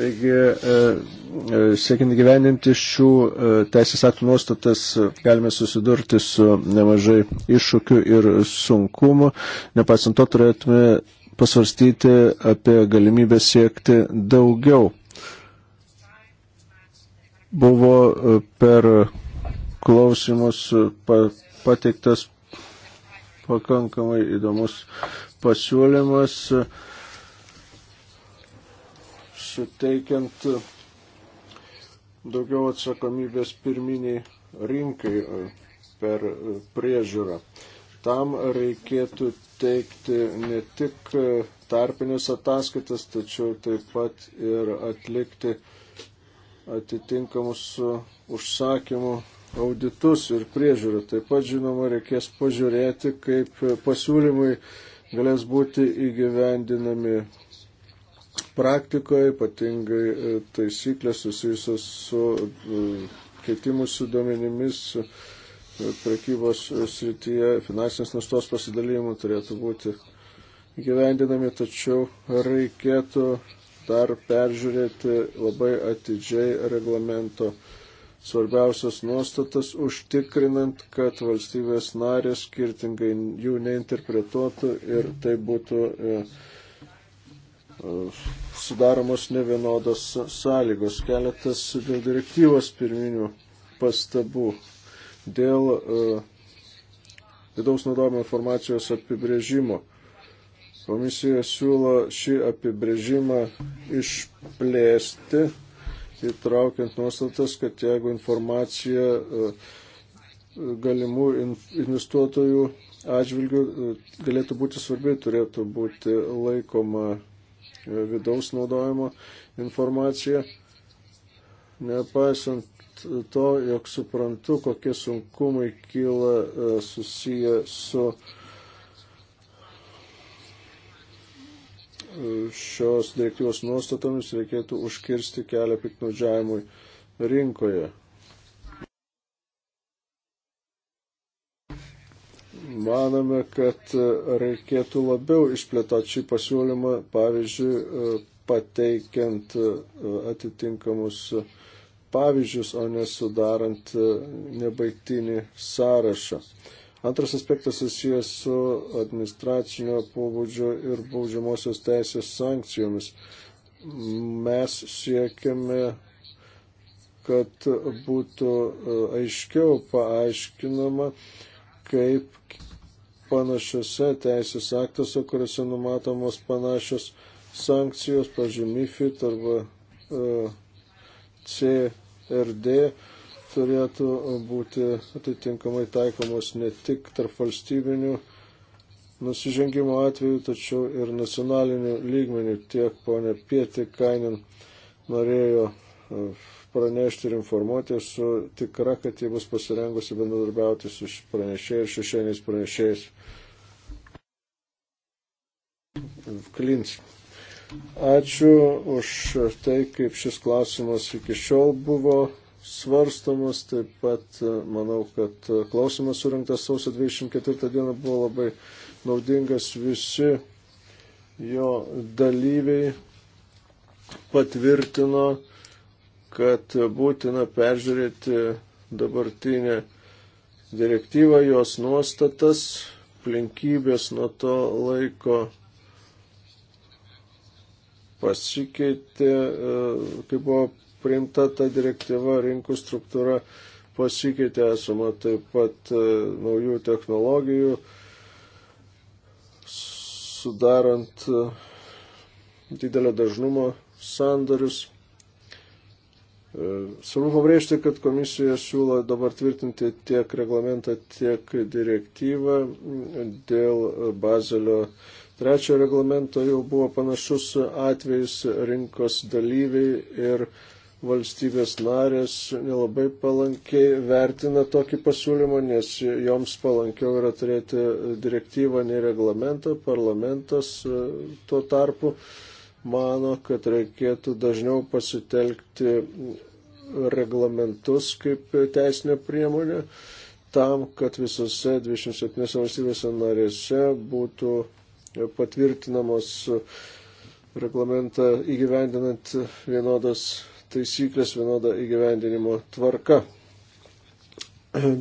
Taigi, e, e, siekiant gyveninti šių e, teisės aktų nuostatas, galime susidurti su nemažai iššūkių ir sunkumų. Nepaisant to, turėtume pasvarstyti apie galimybę siekti daugiau. Buvo per klausimus pateiktas pakankamai įdomus pasiūlymas suteikiant daugiau atsakomybės pirminiai rinkai e, per e, priežiūrą. Tam reikėtų teikti ne tik e, tarpinės ataskaitas, tačiau taip pat ir atlikti atitinkamus užsakymų auditus ir priežiūrą. Taip pat, žinoma, reikės pažiūrėti, kaip pasiūlymai galės būti įgyvendinami praktikoje, ypatingai e, taisyklės susijusios su e, keitimusi duomenimis e, prekybos srityje, finansinės naštos pasidalymų turėtų būti gyvendinami, tačiau reikėtų dar peržiūrėti labai atidžiai reglamento svarbiausias nuostatas, užtikrinant, kad valstybės narės skirtingai jų neinterpretuotų ir tai būtų e, sudaromos nevienodos sąlygos. Keletas dėl direktyvos pirminių pastabų. Dėl e, vidaus naudojimo informacijos apibrėžimo. Komisija siūlo šį apibrėžimą išplėsti, įtraukiant nuostatas, kad jeigu informacija e, galimų investuotojų atžvilgių e, galėtų būti svarbi, turėtų būti laikoma E, vidaus naudojimo informacija. Nepaisant to, jog suprantu, kokie sunkumai kyla e, susiję su e, šios direktyvos nuostatomis, reikėtų užkirsti kelią piknaudžiavimui rinkoje. manome, kad e, reikėtų labiau išplėtoti šį pasiūlymą, pavyzdžiui, e, pateikiant e, atitinkamus pavyzdžius, o nesudarant nebaigtinį sąrašą. Antras aspektas susijęs su administracinio pobūdžio ir baudžiamosios teisės sankcijomis. Mes siekiame, kad būtų aiškiau paaiškinama, kaip panašiose teisės aktuose, kuriuose numatomos panašios sankcijos, pažymifit arba e, CRD turėtų būti atitinkamai taikomos ne tik tarp valstybinių nusižengimo atveju, tačiau ir nacionalinių lygmenių tiek ponė Pieti Kainin norėjo e, pranešti ir informuoti, esu tikra, kad jie bus pasirengusi bendradarbiauti su pranešėjais ir šešėniais pranešėjais. Klins. Ačiū už tai, kaip šis klausimas iki šiol buvo svarstomas. Taip pat e, manau, kad e, klausimas surinktas sausio 24 dieną buvo labai naudingas visi jo dalyviai patvirtino kad būtina peržiūrėti dabartinę direktyvą, jos nuostatas, aplinkybės nuo to laiko pasikeitė, e, kai buvo priimta ta direktyva, rinkų struktūra pasikeitė, esama taip pat e, naujų technologijų, sudarant e, didelio dažnumo sandarius E, svarbu pabrėžti, kad komisija siūlo dabar tvirtinti tiek reglamentą, tiek direktyvą. Dėl Bazelio trečio reglamento jau buvo panašus atvejs rinkos dalyviai ir valstybės narės nelabai palankiai vertina tokį pasiūlymą, nes joms palankiau yra turėti direktyvą nei reglamentą. Parlamentas e, tuo tarpu mano, kad reikėtų dažniau pasitelkti reglamentus kaip teisinę priemonę tam, kad visose 27 valstybėse narėse būtų patvirtinamos reglamentą įgyvendinant vienodas taisyklės, vienodą įgyvendinimo tvarką.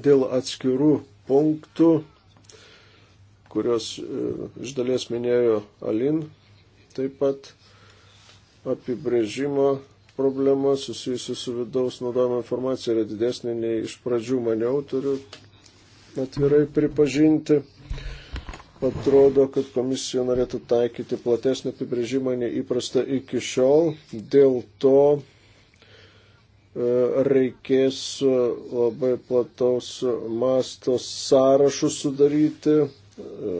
Dėl atskirų punktų, kuriuos e, iš dalies minėjo Alin taip pat, apibrėžimo problema susijusi su vidaus naudojama informacija yra didesnė nei iš pradžių maniau, turiu atvirai pripažinti. Atrodo, kad komisija norėtų taikyti platesnį apibrėžimą nei įprasta iki šiol. Dėl to e, reikės labai plataus masto sąrašus sudaryti, e,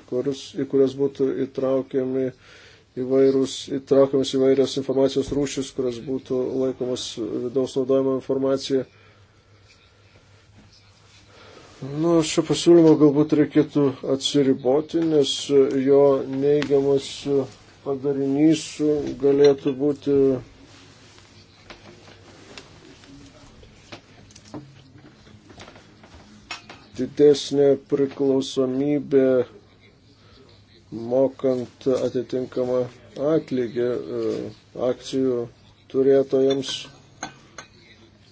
į kuriuos, į kuriuos būtų įtraukiami uh, įvairūs, įtraukiamas įvairios informacijos rūšis, kurios būtų laikomas vidaus naudojimo informacija. Nu, šio pasiūlymo galbūt reikėtų atsiriboti, nes jo neigiamas padarinys galėtų būti didesnė priklausomybė mokant atitinkamą atlygį e, akcijų turėtojams,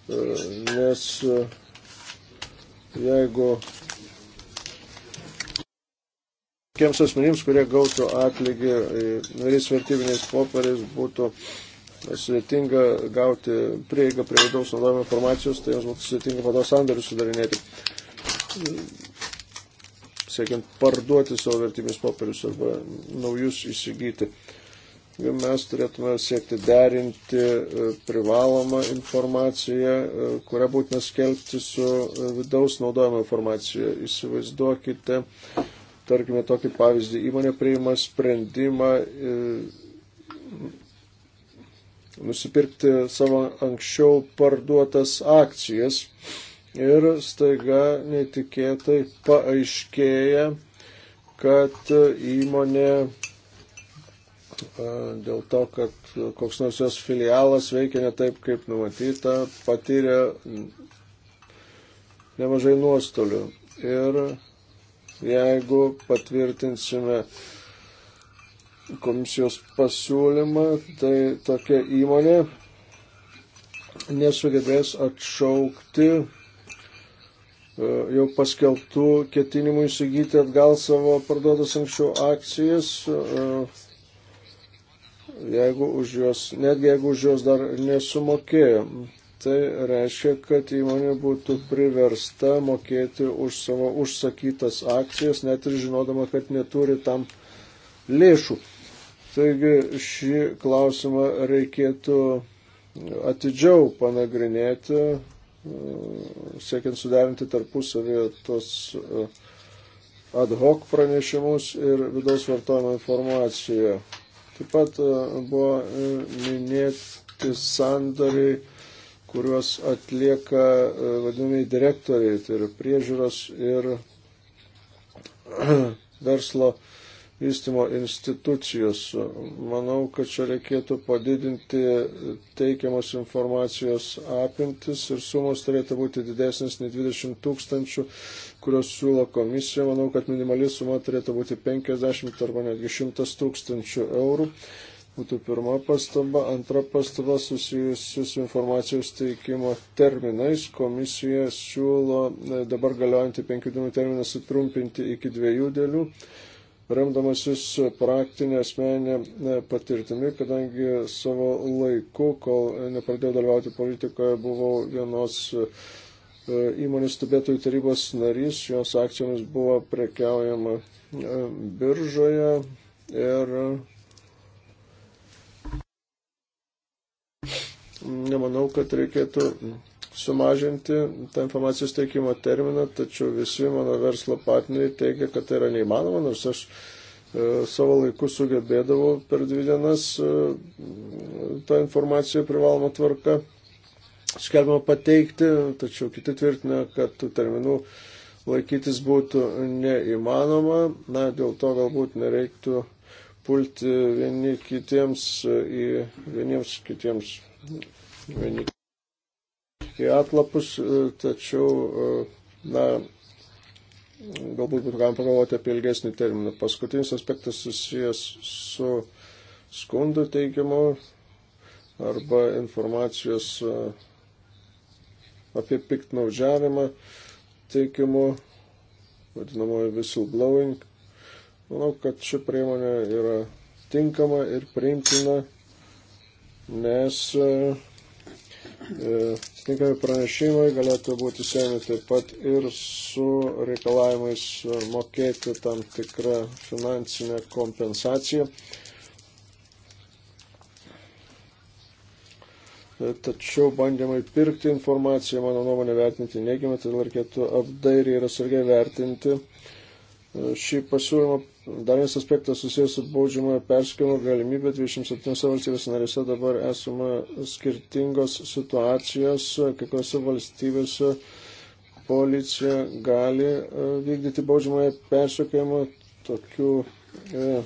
e, nes e, jeigu tiems asmenims, kurie gautų atlygį nariais vertybiniais popieriais, būtų sudėtinga gauti prieigą prie vidaus naudojimo informacijos, tai jiems būtų sudėtinga pados sandarius sudarinėti siekiant parduoti savo vertybinius popierius arba naujus įsigyti. Ir mes turėtume siekti derinti e, privalomą informaciją, e, kurią būtina skelbti su e, vidaus naudojama informacija. Įsivaizduokite, tarkime, tokį pavyzdį. Įmonė priima sprendimą nusipirkti savo anksčiau parduotas akcijas ir staiga netikėtai paaiškėja, kad įmonė dėl to, kad koks nors jos filialas veikia ne taip, kaip numatyta, patyrė nemažai nuostolių. Ir jeigu patvirtinsime komisijos pasiūlymą, tai tokia įmonė nesugebės atšaukti E, jau paskelbtų ketinimų įsigyti atgal savo parduotas anksčiau akcijas, e, jeigu už juos, netgi jeigu už juos dar nesumokėjo. Tai reiškia, kad įmonė būtų priversta mokėti už savo užsakytas akcijas, net ir žinodama, kad neturi tam lėšų. Taigi šį klausimą reikėtų atidžiau panagrinėti, E, siekiant suderinti tarpusavėje tos e, ad hoc pranešimus ir vidaus vartojimo informaciją. Taip pat e, buvo minėti sandariai, kuriuos atlieka vadinamiai direktoriai, tai yra priežiūros ir verslo įstymo institucijos. Manau, kad čia reikėtų padidinti teikiamos informacijos apimtis ir sumos turėtų būti didesnės nei 20 tūkstančių, kurios siūlo komisija. Manau, kad minimali suma turėtų būti 50 arba netgi 100 tūkstančių eurų. Būtų pirma pastaba. Antra pastaba susijusi su informacijos teikimo terminais. Komisija siūlo dabar galiojantį penkių dienų terminą sutrumpinti iki dviejų dėlių remdamasis praktinė asmenė e, patirtimi, kadangi savo laiku, kol nepradėjau dalyvauti politikoje, buvau vienos e, įmonės stebėtojų tarybos narys, jos akcijomis buvo prekiaujama e, biržoje ir nemanau, kad reikėtų sumažinti tą informacijos teikimo terminą, tačiau visi mano verslo partneriai teigia, kad tai yra neįmanoma, nors aš e, savo laiku sugebėdavau per dvi dienas e, tą informaciją privalomą tvarką skelbimą pateikti, tačiau kiti tvirtina, kad tų terminų laikytis būtų neįmanoma, na, dėl to galbūt nereiktų pulti vieni kitiems e, į vieniems kitiems. Vieni į atlapus, e, tačiau, e, na, galbūt būtų galima pagalvoti apie ilgesnį terminą. Paskutinis aspektas susijęs su skundų teikimu arba informacijos e, apie piktnaudžiavimą teikimu, vadinamoji whistleblowing. Manau, kad ši priemonė yra tinkama ir priimtina, nes e, Tinkami pranešimai galėtų būti siejami taip pat ir su reikalavimais mokėti tam tikrą finansinę kompensaciją. Tačiau bandymai pirkti informaciją, mano nuomonė, vertinti neigiamai, todėl reikėtų apdairiai ir atsargiai vertinti uh, šį pasiūlymą. Dar vienas aspektas susijęs su baudžiamojo perskimo galimybė 27 valstybės narėse dabar esame skirtingos situacijos, kai kuriuose valstybėse policija gali e, vykdyti baudžiamąją persikėjimą tokių e,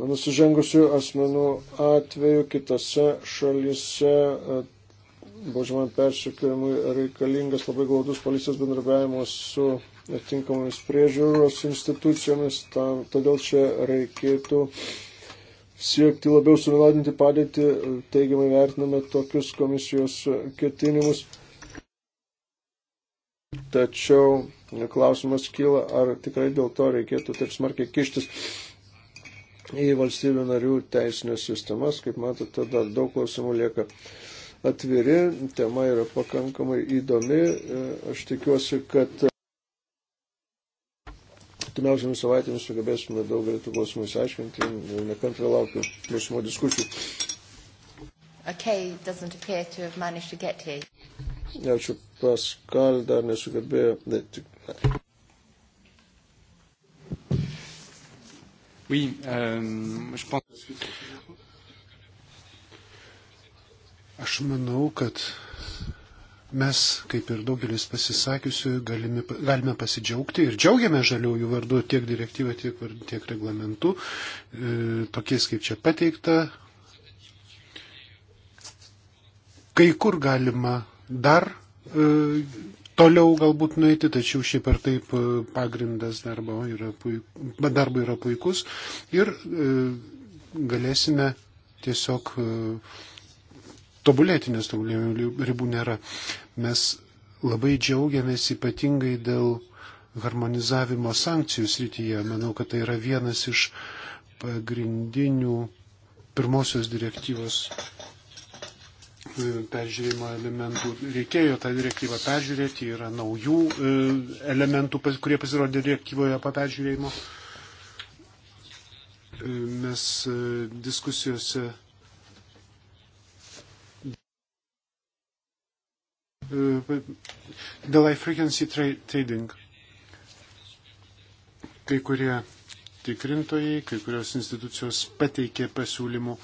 nusižengusių asmenų atveju kitose šalise. E, baudžiamąjį persikėjimui reikalingas labai glaudus policijos bendrabiavimas su atinkamomis priežiūros institucijomis, tam, todėl čia reikėtų siekti labiau suvienodinti padėtį, teigiamai vertiname tokius komisijos ketinimus. Tačiau klausimas kyla, ar tikrai dėl to reikėtų taip smarkiai kištis į valstybių narių teisinės sistemas. Kaip matote, dar daug klausimų lieka atviri, tema yra pakankamai įdomi. Aš tikiuosi, kad artimiausiamis savaitėmis sugebėsime daug greitų klausimų įsiaiškinti. Nekantriai laukiu klausimų diskusijų. Okay, Ačiū, Paskal, dar nesugebėjo. Ne, tik, ne. Oui, euh, je pense. Aš manau, kad Mes, kaip ir daugelis pasisakiusių, galime, galime pasidžiaugti ir džiaugiame žaliųjų vardu tiek direktyvą, tiek, tiek reglamentų, e, tokiais kaip čia pateikta. Kai kur galima dar e, toliau galbūt nueiti, tačiau šiaip ar taip e, pagrindas darbo yra, puik, darbo yra puikus ir e, galėsime tiesiog e, tobulėti, nes tobulėjimo ribų nėra. Mes labai džiaugiamės ypatingai dėl harmonizavimo sankcijų srityje. Manau, kad tai yra vienas iš pagrindinių pirmosios direktyvos e, peržiūrėjimo elementų. Reikėjo tą direktyvą peržiūrėti, yra naujų e, elementų, kurie pasirodė direktyvoje po peržiūrėjimo. E, mes diskusijose Uh, dėl high frequency trading. Kai kurie tikrintojai, kai kurios institucijos pateikė pasiūlymų,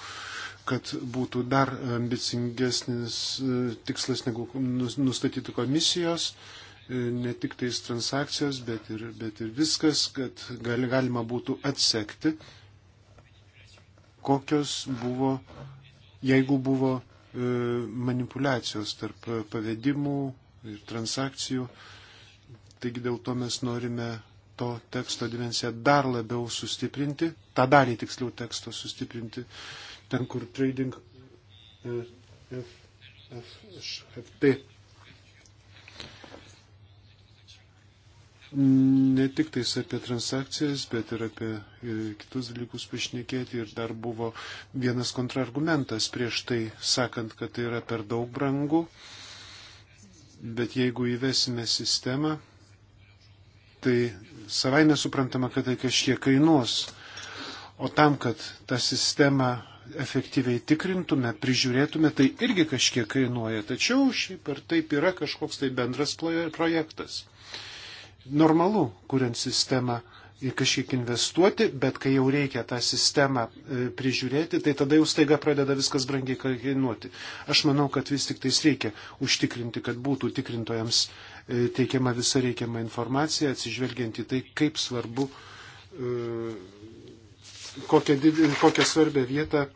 kad būtų dar ambicingesnis uh, tikslas negu nustatytų komisijos, uh, ne tik tais transakcijos, bet ir, bet ir viskas, kad gali, galima būtų atsekti, kokios buvo, jeigu buvo E, manipulacijos tarp pavedimų ir transakcijų. Taigi dėl to mes norime to teksto dimensiją dar labiau sustiprinti, tą dalį tiksliau teksto sustiprinti, ten kur trading e, FT ne tik tais apie transakcijas, bet ir apie e, kitus dalykus pašnekėti. Ir dar buvo vienas kontrargumentas prieš tai, sakant, kad tai yra per daug brangu. Bet jeigu įvesime sistemą, tai savai nesuprantama, kad tai kažkiek kainuos. O tam, kad tą sistemą efektyviai tikrintume, prižiūrėtume, tai irgi kažkiek kainuoja. Tačiau šiaip ar taip yra kažkoks tai bendras projektas normalu, kuriant sistemą kažkiek investuoti, bet kai jau reikia tą sistemą e, prižiūrėti, tai tada jau staiga pradeda viskas brangiai kainuoti. Aš manau, kad vis tik tais reikia užtikrinti, kad būtų tikrintojams e, teikiama visa reikiama informacija, atsižvelgiant į tai, kaip svarbu, e, kokią, did, kokią svarbę vietą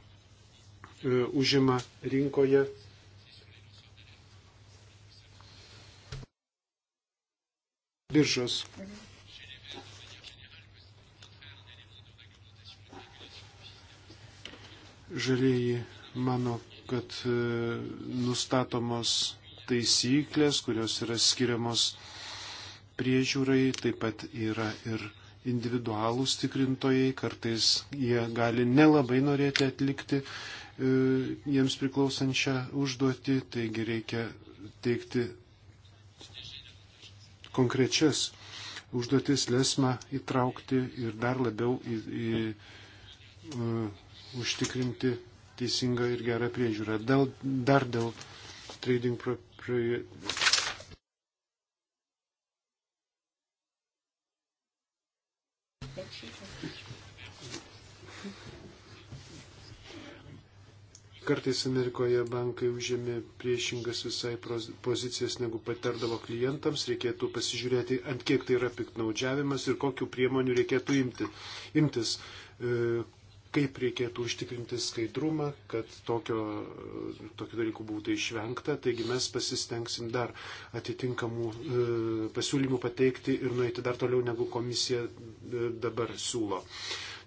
užima rinkoje biržos. Žalieji mano, kad e, nustatomos taisyklės, kurios yra skiriamos priežiūrai, taip pat yra ir individualūs tikrintojai, kartais jie gali nelabai norėti atlikti e, jiems priklausančią užduotį, taigi reikia teikti konkrečias užduotis lesmą įtraukti ir dar labiau į, į, uh, užtikrinti teisingą ir gerą priežiūrą. Dėl, dar dėl trading pro, pro, Kartais Amerikoje bankai užėmė priešingas visai pozicijas, negu patardavo klientams. Reikėtų pasižiūrėti, ant kiek tai yra piknaudžiavimas ir kokiu priemonių reikėtų imti, imtis. E, kaip reikėtų užtikrinti skaidrumą, kad tokio, tokio dalykų būtų išvengta. Taigi mes pasistengsim dar atitinkamų e, pasiūlymų pateikti ir nueiti dar toliau, negu komisija e, dabar siūlo.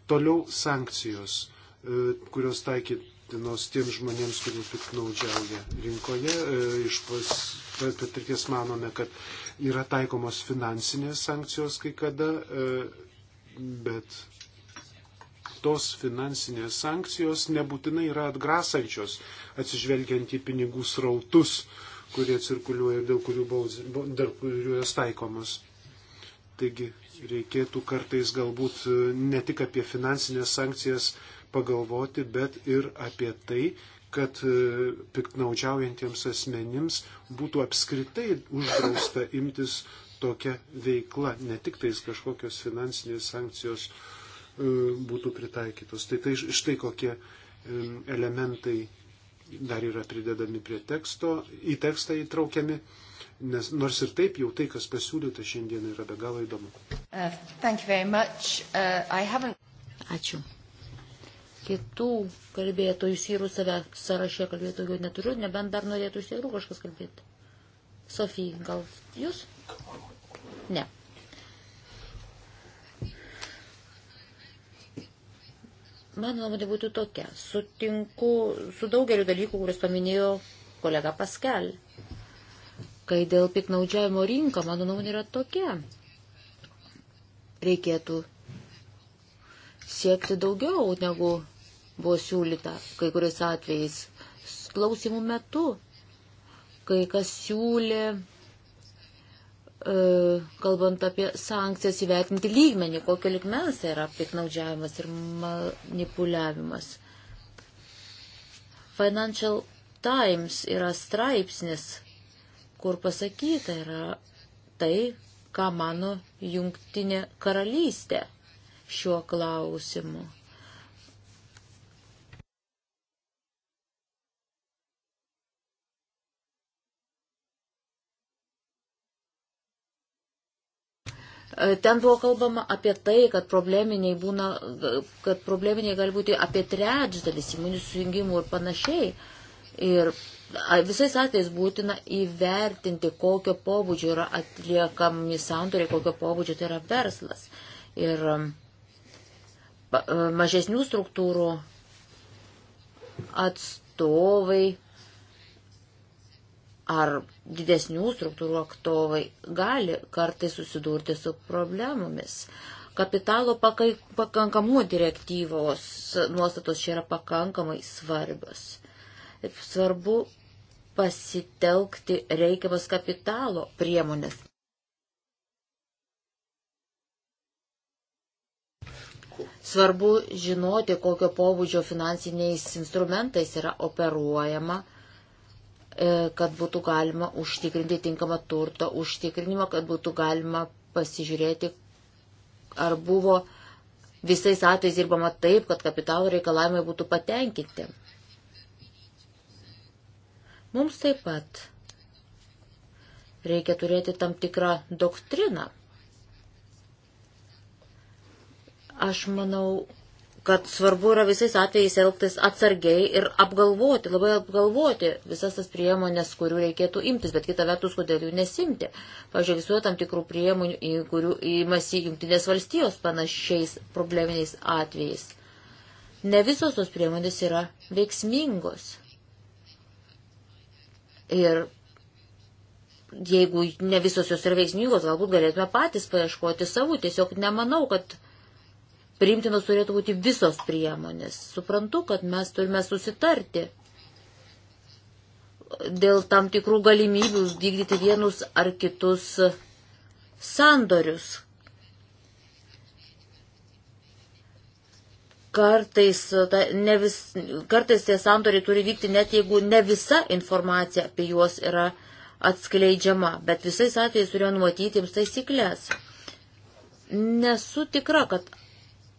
Toliau sankcijos e, kurios taikyt dienos tiems žmonėms, kurie piknaudžiauja rinkoje. E, iš pas, patirties manome, kad yra taikomos finansinės sankcijos kai kada, e, bet tos finansinės sankcijos nebūtinai yra atgrasančios, atsižvelgiant į pinigų srautus, kurie cirkuliuoja ir dėl kurių, bauz, dėl kurių jos taikomos. Taigi reikėtų kartais galbūt e, ne tik apie finansinės sankcijas pagalvoti, bet ir apie tai, kad e, piktnaudžiaujantiems asmenims būtų apskritai uždrausta imtis tokia veikla, ne tik tais kažkokios finansinės sankcijos e, būtų pritaikytos. Tai, tai štai kokie e, elementai dar yra pridedami prie teksto, į tekstą įtraukiami, nes nors ir taip jau tai, kas pasiūlyta šiandien, yra be galo įdomu. Uh, uh, Ačiū kitų kalbėtojų sirų save sąraše kalbėtojų neturiu, nebent dar norėtų iš tikrųjų kažkas kalbėti. Sofija, gal jūs? Ne. Mano nuomonė būtų tokia. Sutinku su daugeliu dalykų, kuriuos paminėjo kolega Paskel. Kai dėl piknaudžiavimo rinka, mano nuomonė yra tokia. Reikėtų siekti daugiau negu buvo siūlyta kai kuriais atvejais klausimų metu, kai kas siūlė, e, kalbant apie sankcijas įvertinti lygmenį, kokio lygmens yra piknaudžiavimas ir manipuliavimas. Financial Times yra straipsnis, kur pasakyta yra tai, ką mano jungtinė karalystė šiuo klausimu. E, ten buvo kalbama apie tai, kad probleminiai, būna, kad probleminiai gali būti apie trečdalis įmonių sujungimų ir panašiai. Ir visais atvejais būtina įvertinti, kokio pobūdžio yra atliekami sandoriai, kokio pobūdžio tai yra verslas. Ir um, e, mažesnių struktūrų atstovai ar didesnių struktūrų aktovai gali kartai susidurti su problemomis. Kapitalo pakai, pakankamumo direktyvos nuostatos čia yra pakankamai svarbios. Svarbu pasitelkti reikiamas kapitalo priemonės. Svarbu žinoti, kokio pobūdžio finansiniais instrumentais yra operuojama E, kad būtų galima užtikrinti tinkamą turto užtikrinimą, kad būtų galima pasižiūrėti, ar buvo visais atvejais dirbama taip, kad kapitalo reikalavimai būtų patenkinti. Mums taip pat reikia turėti tam tikrą doktriną. Aš manau, kad svarbu yra visais atvejais elgtis atsargiai ir apgalvoti, labai apgalvoti visas tas priemonės, kurių reikėtų imtis, bet kita vertus, kodėl jų nesimti. Pavyzdžiui, visuoja tam tikrų priemonių, į kurių įmasi jungtinės valstijos panašiais probleminiais atvejais. Ne visos tos priemonės yra veiksmingos. Ir jeigu ne visos jos yra veiksmingos, galbūt galėtume patys paieškoti savų. Tiesiog nemanau, kad priimtinos turėtų būti visos priemonės. Suprantu, kad mes turime susitarti dėl tam tikrų galimybių vykdyti vienus ar kitus sandorius. Kartais, ta, ne vis, kartais tie sandoriai turi vykti net jeigu ne visa informacija apie juos yra atskleidžiama, bet visais atvejais turėjo numatyti jiems taisyklės. Nesu tikra, kad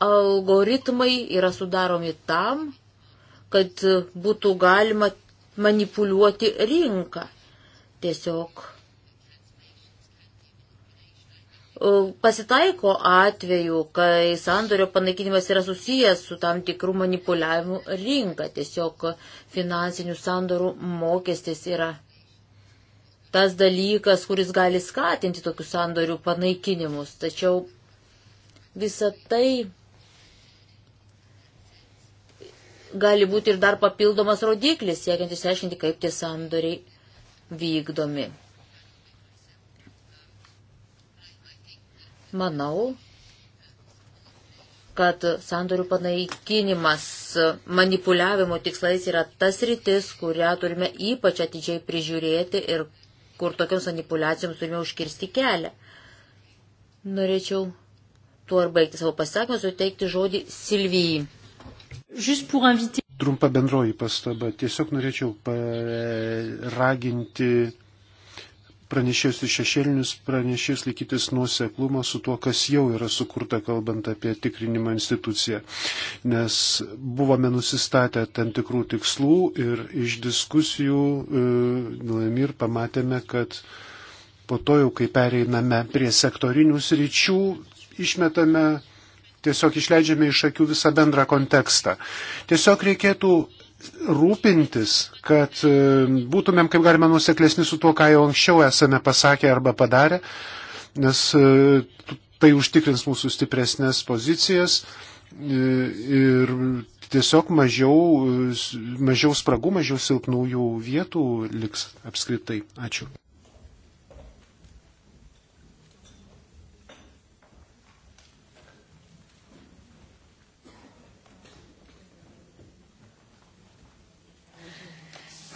algoritmai yra sudaromi tam, kad būtų galima manipuliuoti rinką. Tiesiog e, pasitaiko atveju, kai sandorio panaikinimas yra susijęs su tam tikrų manipuliavimų rinka. Tiesiog finansinių sandorų mokestis yra tas dalykas, kuris gali skatinti tokių sandorių panaikinimus. Tačiau visa tai gali būti ir dar papildomas rodiklis, siekiant išsiaiškinti, kaip tie sandoriai vykdomi. Manau, kad sandorių panaikinimas manipuliavimo tikslais yra tas rytis, kurią turime ypač atidžiai prižiūrėti ir kur tokioms manipulacijoms turime užkirsti kelią. Norėčiau tuo ir baigti savo pasakymą, suteikti žodį Silvijai. Trumpa bendroji pastaba. Tiesiog norėčiau raginti pranešėjus ir šešėlinius pranešėjus laikytis nuoseklumo su tuo, kas jau yra sukurta, kalbant apie tikrinimo instituciją. Nes buvome nusistatę tam tikrų tikslų ir iš diskusijų e, Lamir pamatėme, kad po to jau, kai pereiname prie sektorinių sričių, išmetame tiesiog išleidžiame iš akių visą bendrą kontekstą. Tiesiog reikėtų rūpintis, kad e, būtumėm kaip galima nuseklesni su tuo, ką jau anksčiau esame pasakę arba padarę, nes e, tai užtikrins mūsų stipresnės pozicijas e, ir tiesiog mažiau, mažiau spragų, mažiau silpnųjų vietų liks apskritai. Ačiū.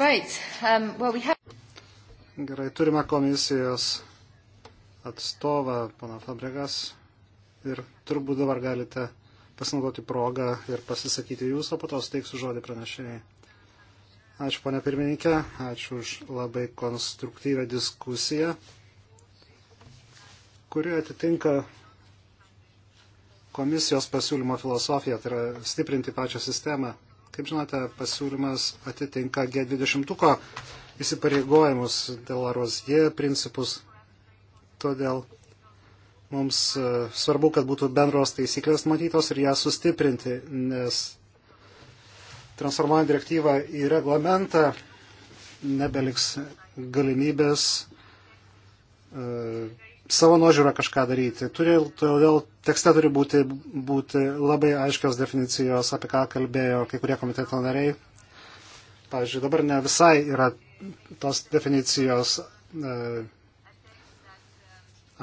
Right. Um, well, we have... Gerai, turime komisijos atstovą, pana Fabregas, ir turbūt dabar galite pasinaudoti progą ir pasisakyti jūs, o po to steiksiu žodį pranešėjai. Ačiū, ponia pirmininkė, ačiū už labai konstruktyvę diskusiją, kuri atitinka komisijos pasiūlymo filosofiją, tai yra stiprinti pačią sistemą Kaip žinote, pasiūlymas atitinka G20 įsipareigojimus dėl Arosje principus. Todėl mums e, svarbu, kad būtų bendros taisyklės matytos ir ją sustiprinti, nes transformuojant direktyvą į reglamentą nebeliks galimybės e, savo nuožiūrą kažką daryti. Todėl tekste turi būti, būti labai aiškios definicijos, apie ką kalbėjo kai kurie komiteto nariai. Pavyzdžiui, dabar ne visai yra tos definicijos e,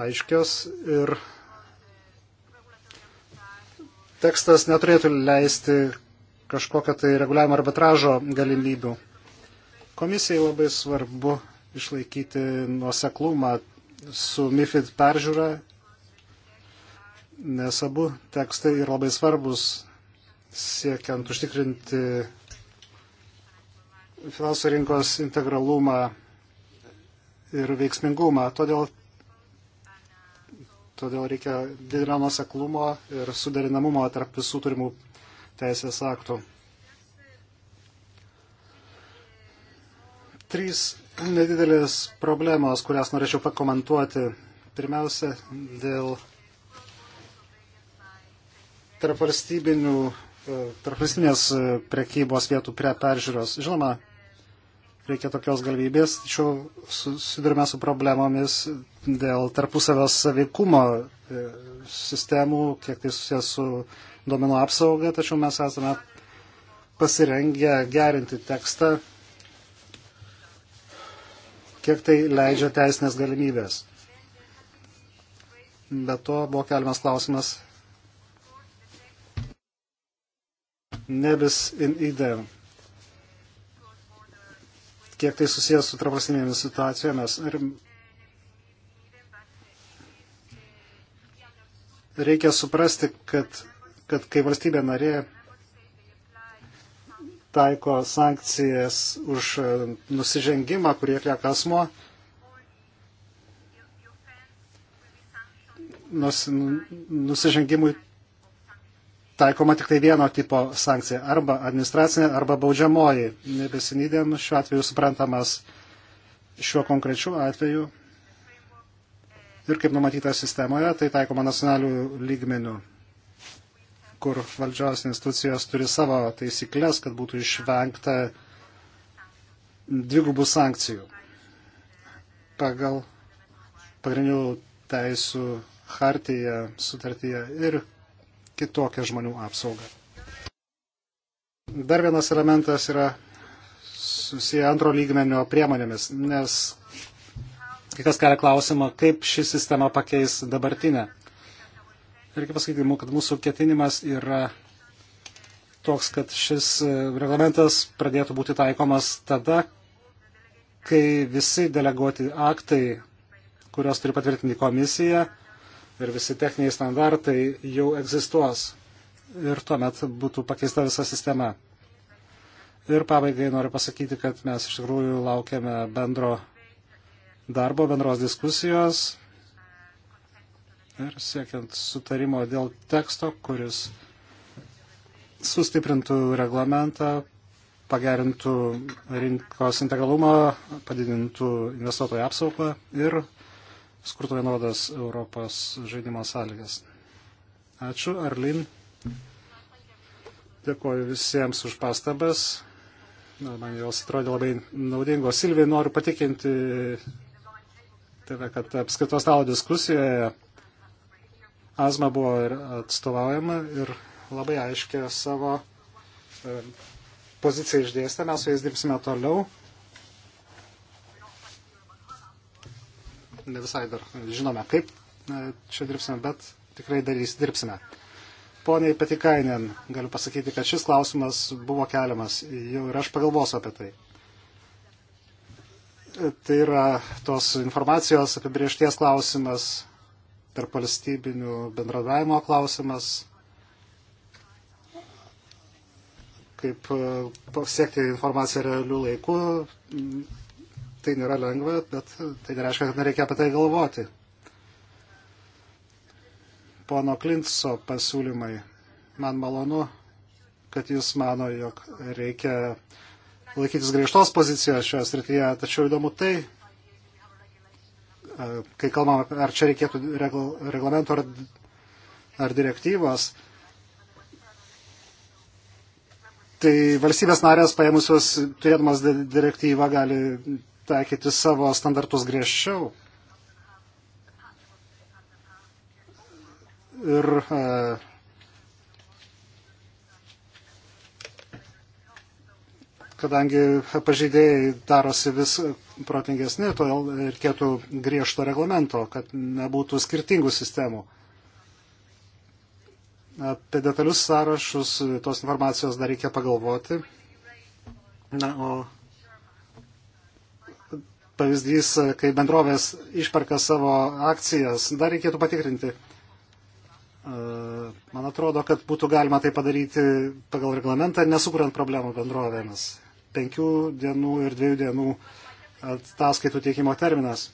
aiškios ir tekstas neturėtų leisti kažkokio tai reguliavimo arbitražo galimybių. Komisijai labai svarbu išlaikyti nuoseklumą su MIFID peržiūra nes abu tekstai yra labai svarbus siekiant užtikrinti finansų rinkos integralumą ir veiksmingumą. Todėl, todėl reikia didelio nuseklumo ir suderinamumo tarp visų turimų teisės aktų. Trys nedidelės problemos, kurias norėčiau pakomentuoti. Pirmiausia, dėl tarpvalstybinių, e, tarpvalstybinės e, prekybos vietų prie peržiūros. Žinoma, reikia tokios galimybės, tačiau susidurime su problemomis dėl tarpusavio saveikumo e, sistemų, kiek tai susijęs su domino apsauga, tačiau mes esame pasirengę gerinti tekstą, kiek tai leidžia teisinės galimybės. Be to buvo keliamas klausimas nevis in idem. Kiek tai susijęs su trapasinėmis situacijomis. Ir reikia suprasti, kad, kad kai valstybė narė taiko sankcijas už e, nusižengimą, kurį atlieka asmo, nus, nusižengimui taikoma tik tai vieno tipo sankcija - arba administracinė, arba baudžiamoji. Nebesinydėm šiuo atveju suprantamas šiuo konkrečiu atveju. Ir kaip numatyta sistemoje, tai taikoma nacionalių lygmenių, kur valdžios institucijos turi savo taisyklės, kad būtų išvengta dvigubų sankcijų pagal pagrindinių teisų hartiją, sutartyje ir kitokią žmonių apsaugą. Dar vienas elementas yra susiję antro lygmenio priemonėmis, nes kai kas kelia klausimą, kaip ši sistema pakeis dabartinę. Reikia pasakyti, kad mūsų ketinimas yra toks, kad šis e, reglamentas pradėtų būti taikomas tada, kai visi deleguoti aktai, kurios turi patvirtinti komisija, ir visi techniniai standartai jau egzistuos ir tuomet būtų pakeista visa sistema. Ir pabaigai noriu pasakyti, kad mes iš tikrųjų laukiame bendro darbo, bendros diskusijos ir siekiant sutarimo dėl teksto, kuris sustiprintų reglamentą, pagerintų rinkos integralumą, padidintų investuotojų apsaugą ir skurto vienodas Europos žaidimo sąlygas. Ačiū, Arlin. Dėkuoju visiems už pastabas. Na, man jos atrodė labai naudingos. Silvijai noriu patikinti tave, kad apskaitos stalo diskusijoje Azma buvo ir atstovaujama ir labai aiškia savo e, poziciją išdėstę. Mes su jais dirbsime toliau. ne visai dar žinome, kaip e, čia dirbsime, bet tikrai darys, dirbsime. Poniai Petikainen, galiu pasakyti, kad šis klausimas buvo keliamas jau ir aš pagalvosiu apie tai. E, tai yra tos informacijos apibriešties klausimas, tarp valstybinių bendradavimo klausimas, kaip e, pasiekti informaciją realių laikų, tai nėra lengva, bet tai nereiškia, kad nereikia apie tai galvoti. Pono Klintso pasiūlymai. Man malonu, kad jis mano, jog reikia laikytis griežtos pozicijos šioje srityje, tačiau įdomu tai, e, kai kalbam apie, ar čia reikėtų regl reglamento ar, ar direktyvos, tai valstybės narės paėmusios turėdamas direktyvą gali taikyti savo standartus griežčiau ir e, kadangi pažeidėjai darosi vis protingesni, todėl reikėtų griežto reglamento, kad nebūtų skirtingų sistemų. Apie detalius sąrašus tos informacijos dar reikia pagalvoti. Na, o pavyzdys, kai bendrovės išperka savo akcijas, dar reikėtų patikrinti. E, man atrodo, kad būtų galima tai padaryti pagal reglamentą, nesukuriant problemų bendrovėmis. Penkių dienų ir dviejų dienų ataskaitų teikimo terminas.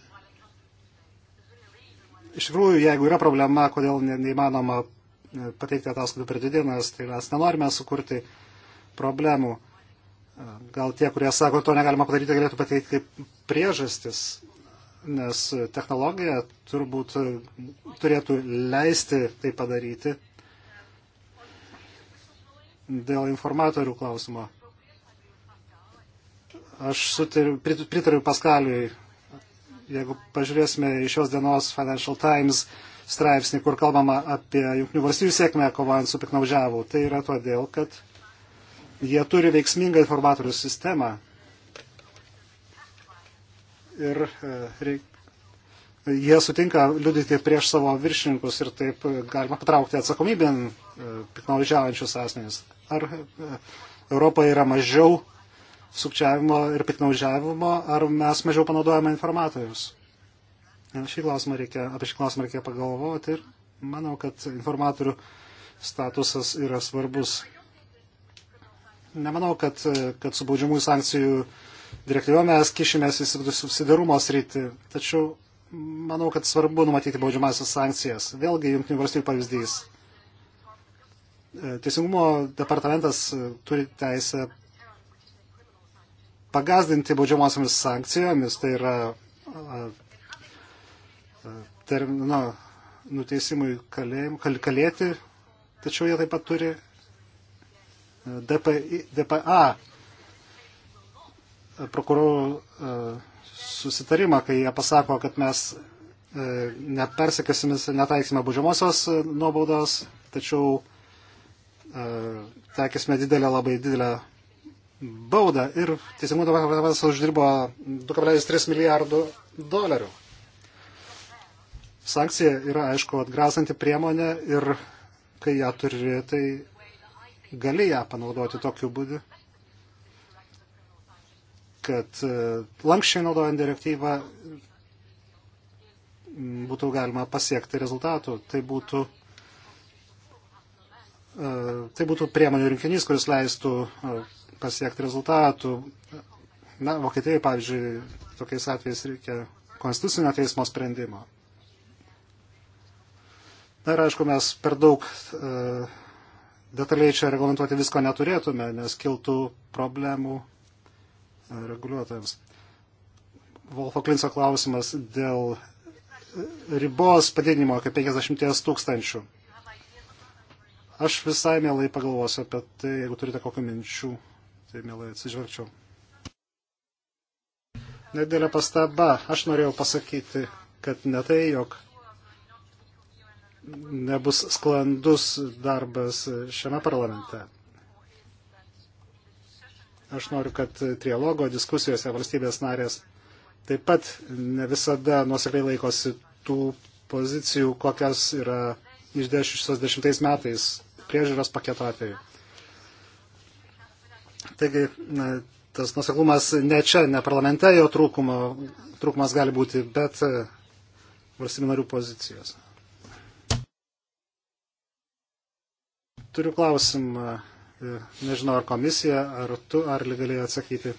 Iš tikrųjų, jeigu yra problema, kodėl neįmanoma pateikti ataskaitų per dvi dienas, tai mes nenorime sukurti problemų. Gal tie, kurie sako, to negalima padaryti, galėtų pateikti kaip priežastis, nes technologija turbūt turėtų leisti tai padaryti dėl informatorių klausimo. Aš sutariu, pritariu Paskaliui, jeigu pažiūrėsime iš šios dienos Financial Times straipsnį, kur kalbama apie Junktinių valstybių sėkmę kovojant su piknaudžiavu. Tai yra todėl, kad Jie turi veiksmingą informatorių sistemą ir e, reik, jie sutinka liudyti prieš savo viršininkus ir taip galima patraukti atsakomybėn e, piknaudžiaujančius asmenys. Ar e, Europoje yra mažiau sukčiavimo ir piknaudžiavimo, ar mes mažiau panaudojame informatorius? Šį klausimą reikia, apie šį klausimą reikia pagalvoti ir manau, kad informatorių statusas yra svarbus nemanau, kad, kad su baudžiamųjų sankcijų direktyva mes kišimės į subsidarumo sritį, tačiau manau, kad svarbu numatyti baudžiamasias sankcijas. Vėlgi, Junktinių valstybių pavyzdys. E, Teisingumo departamentas e, turi teisę pagazdinti baudžiamosiamis sankcijomis, tai yra termino nuteisimui kalėti, tačiau jie taip pat turi DPI, DPA prokurorų e, susitarimą, kai jie pasako, kad mes e, nepersekėsimės, netaiksime baudžiamosios e, nuobaudos, tačiau taikysime didelę, labai didelę baudą ir teisingumo departamentas uždirbo 2,3 milijardų dolerių. Sankcija yra, aišku, atgrasanti priemonė ir kai ją turi, tai gali ją panaudoti tokiu būdu, kad e, lankščiai naudojant direktyvą būtų galima pasiekti rezultatų. Tai būtų, e, tai būtų priemonių rinkinys, kuris leistų e, pasiekti rezultatų. Na, Vokietijai, pavyzdžiui, tokiais atvejais reikia konstitucinio teismo sprendimo. Na ir aišku, mes per daug uh, detaliai čia reglamentuoti visko neturėtume, nes kiltų problemų e, reguliuotojams. Volfo Klinso klausimas dėl ribos padidinimo apie 50 tūkstančių. Aš visai mielai pagalvosiu apie tai, jeigu turite kokių minčių, tai mielai atsižvelgčiau. Nedėlė pastaba, aš norėjau pasakyti, kad ne tai, jog nebus sklandus darbas šiame parlamente. Aš noriu, kad trialogo diskusijose valstybės narės taip pat ne visada nuosekliai laikosi tų pozicijų, kokias yra išdėšiusios dešimtais metais priežiūros paketo atveju. Taigi, tas nuseklumas ne čia, ne parlamente jo trūkumo, trūkumas gali būti, bet e, valstybių narių pozicijose. Turiu klausimą, e, nežinau ar komisija, ar tu, ar galėjai atsakyti.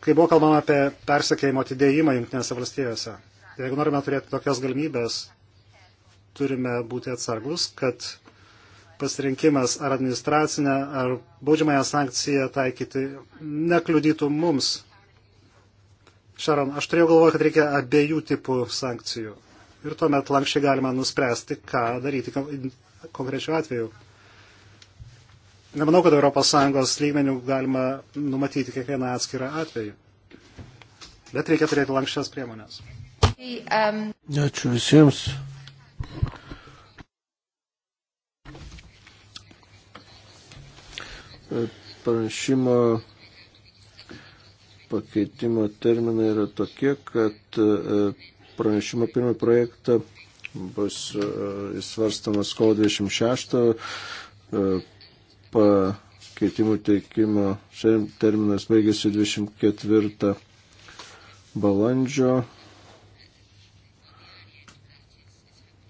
Kai buvo kalbama apie persekėjimo atidėjimą Junktinėse valstijose, jeigu norime turėti tokias galimybės, turime būti atsargus, kad pasirinkimas ar administracinę, ar baudžiamąją sankciją taikyti nekliudytų mums. Šaron, aš turėjau galvoje, kad reikia abiejų tipų sankcijų. Ir tuomet lankščiai galima nuspręsti, ką daryti konkrečiu atveju. Nemanau, kad ES lygmenių galima numatyti kiekvieną atskirą atvejį. Bet reikia turėti lankščias priemonės. Um, Ačiū visiems. Pranešimo pakeitimo terminai yra tokie, kad e, pranešimo pirmą projektą bus e, svarstamas kovo 26 e, pakeitimų teikimo. Šiandien terminas baigėsi 24 balandžio.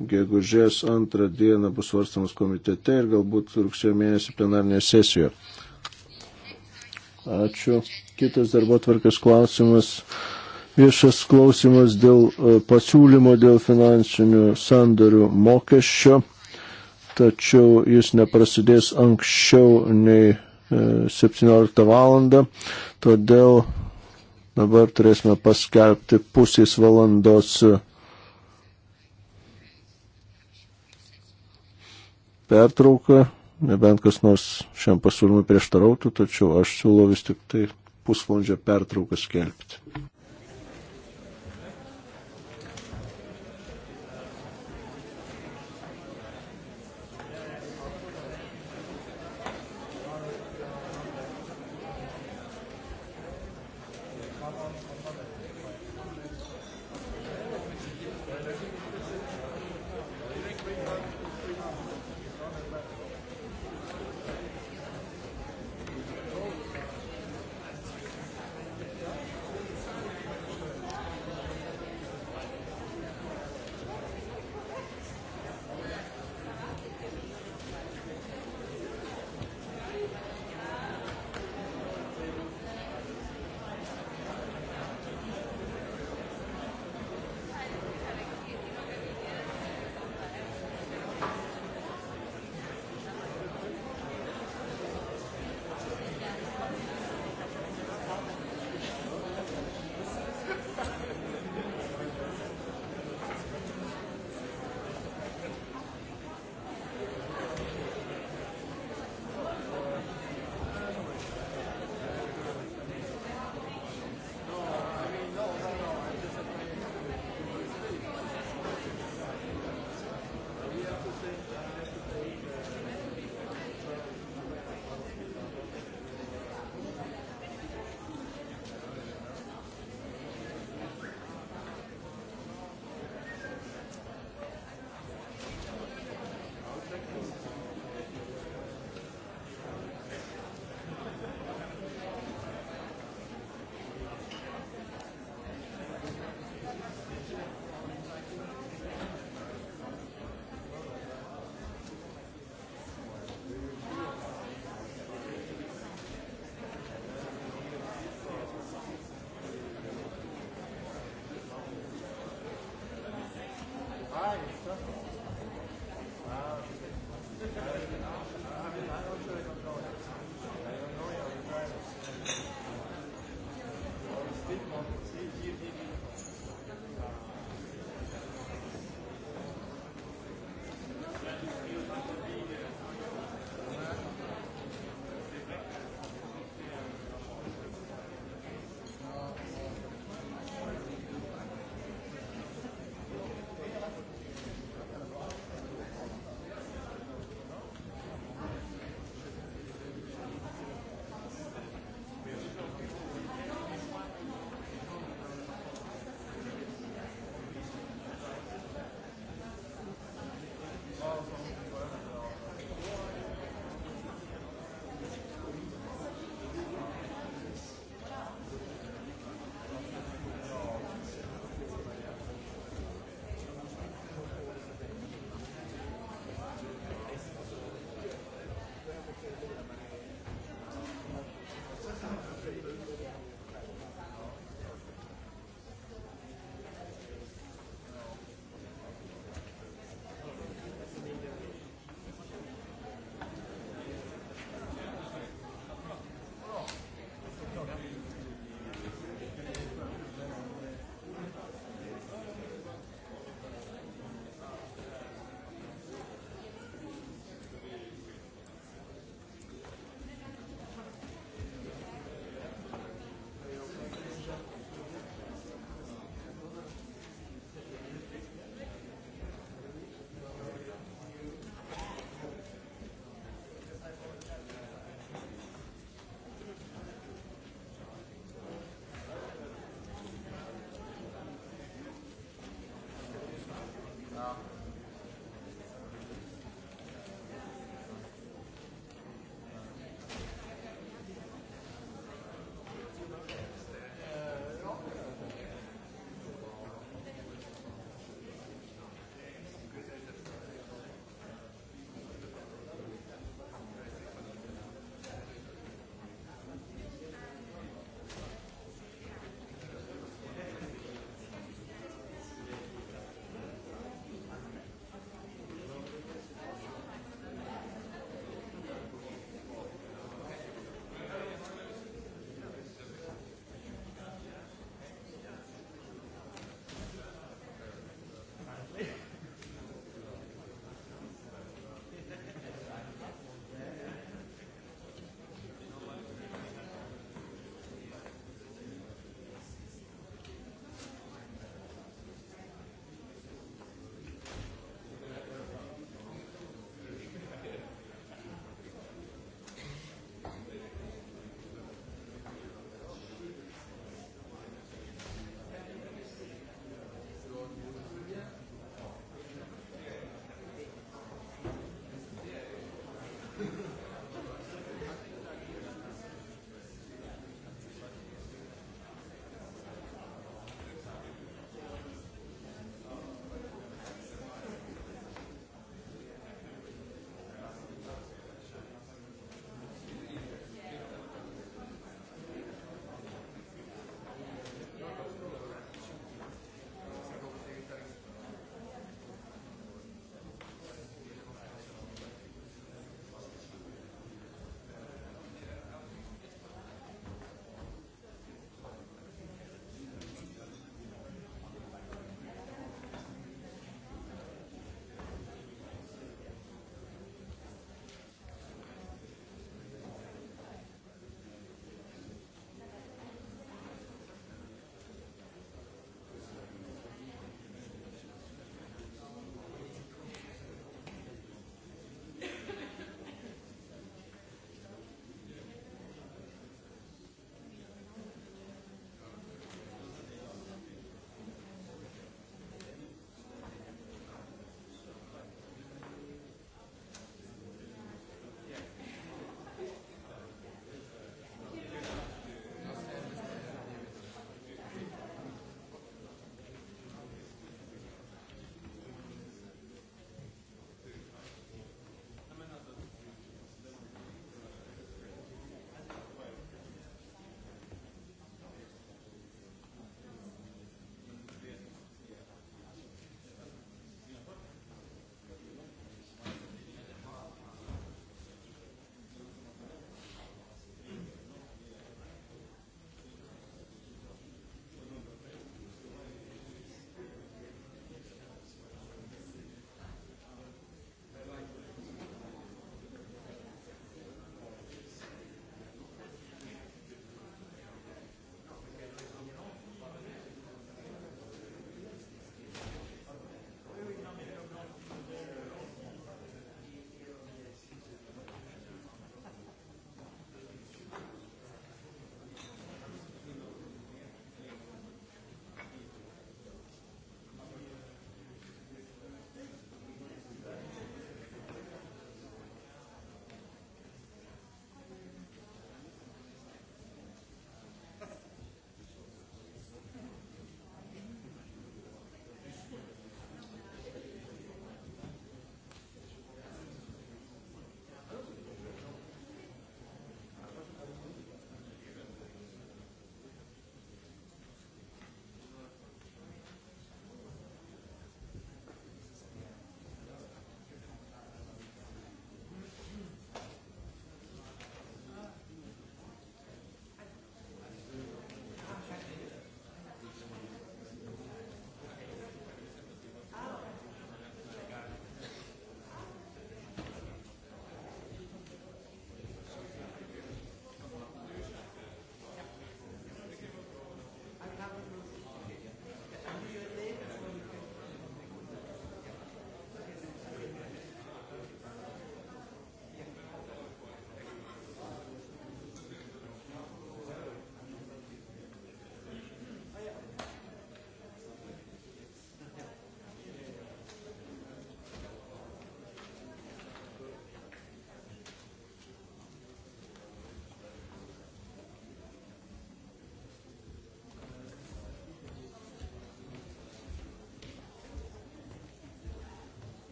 Gegužės antrą dieną bus svarstamas komitete ir galbūt rugsėjo mėnesį plenarnėje sesijoje. Ačiū. Kitas darbo tvarkės klausimas viešas klausimas dėl e, pasiūlymo dėl finansinių sandarių mokesčio, tačiau jis neprasidės anksčiau nei 17 e, valandą, todėl dabar turėsime paskelbti pusės valandos e, pertrauką, nebent kas nors šiam pasiūlymui prieštarautų, tačiau aš siūlau vis tik tai pusvalandžio pertrauką skelbti.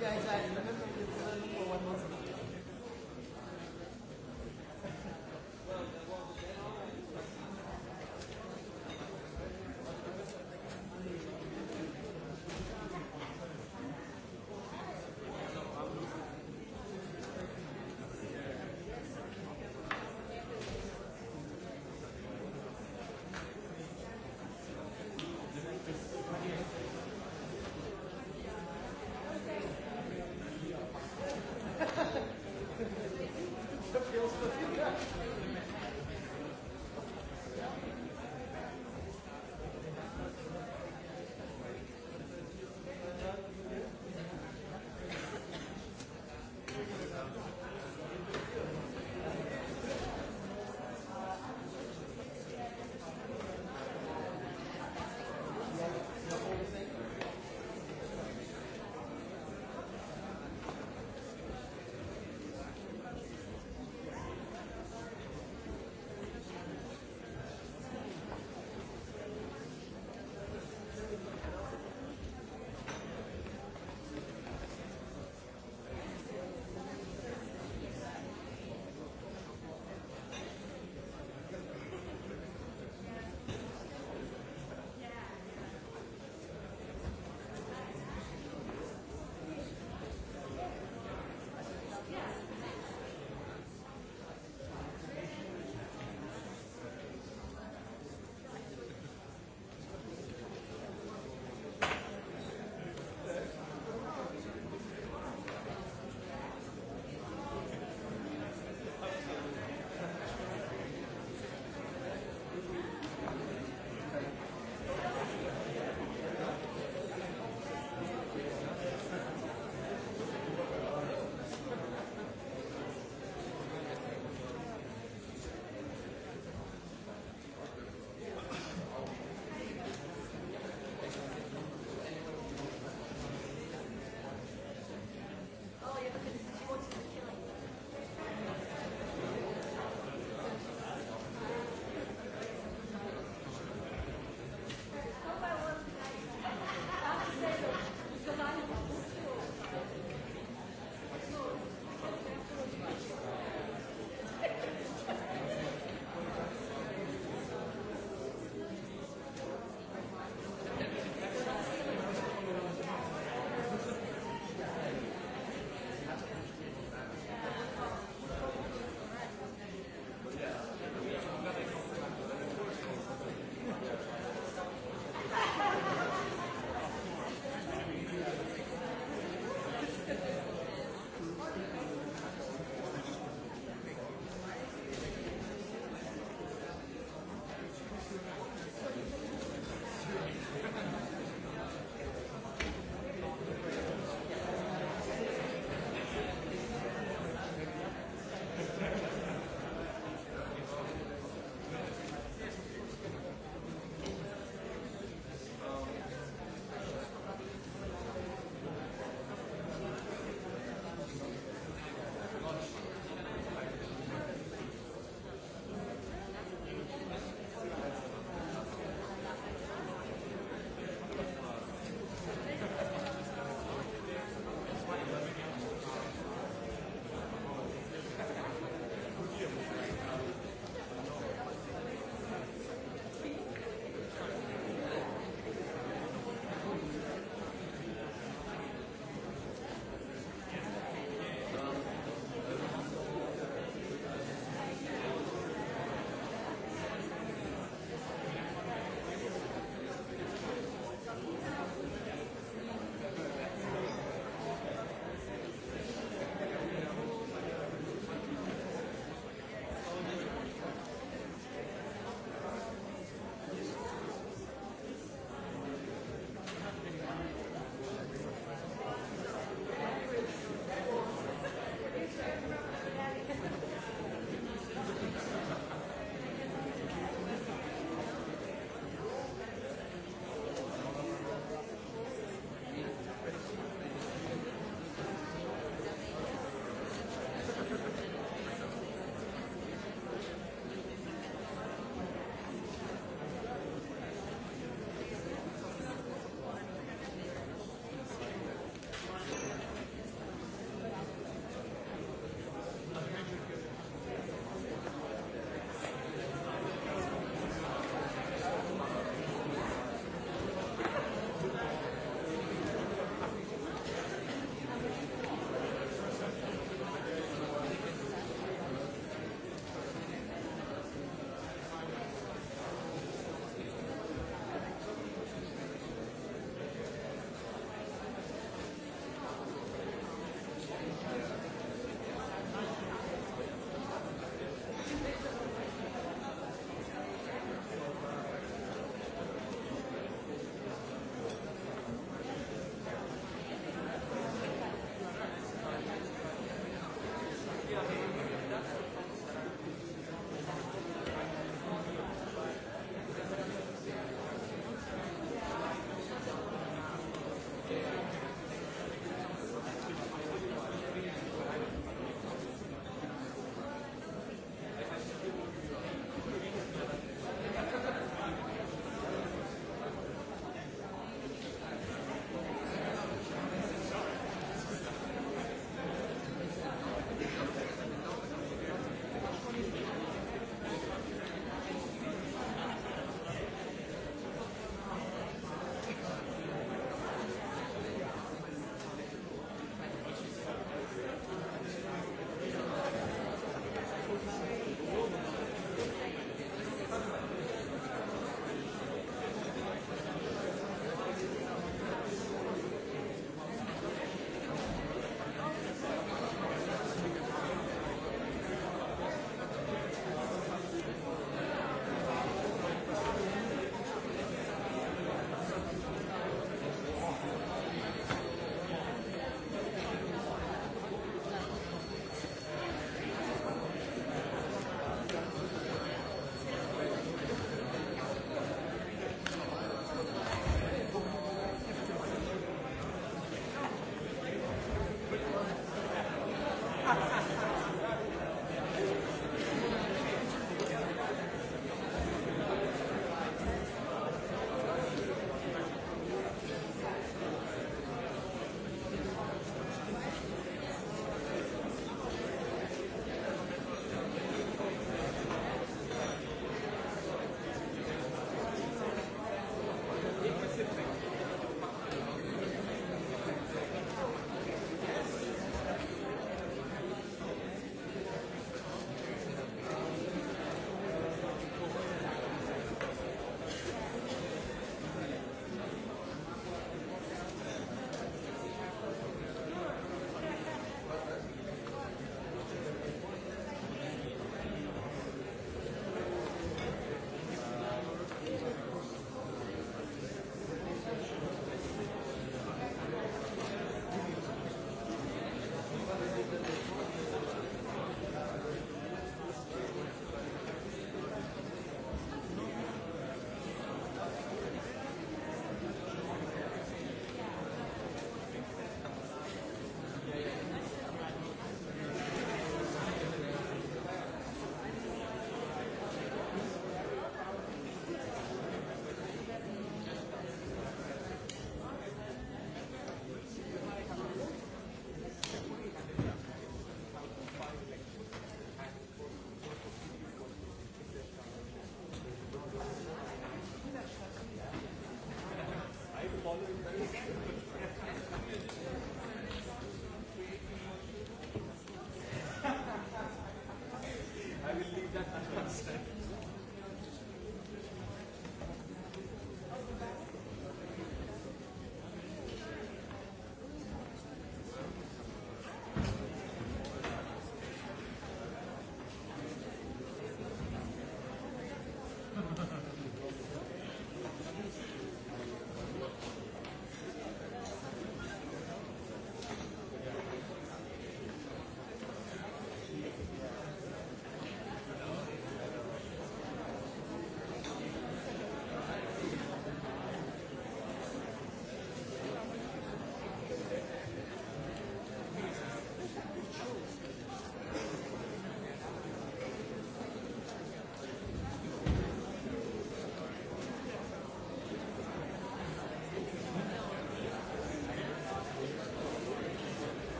guys out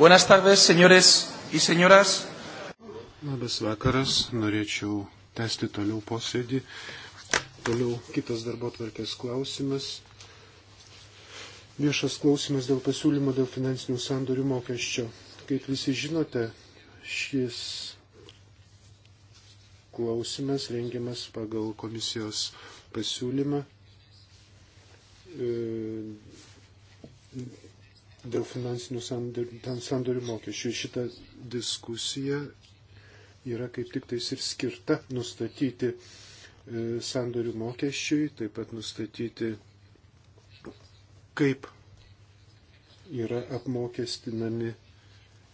Buenas tardes, señores y señoras. Labas vakaras, norėčiau tęsti toliau posėdį. Toliau kitas darbo tvarkės klausimas. Viešas klausimas dėl pasiūlymo dėl finansinių sandorių mokesčio. Kaip visi žinote, šis klausimas rengiamas pagal komisijos pasiūlymą finansinių sandorių, sandorių mokesčių. Šita diskusija yra kaip tik tais ir skirta nustatyti e, sandorių mokesčiui, taip pat nustatyti, kaip yra apmokestinami,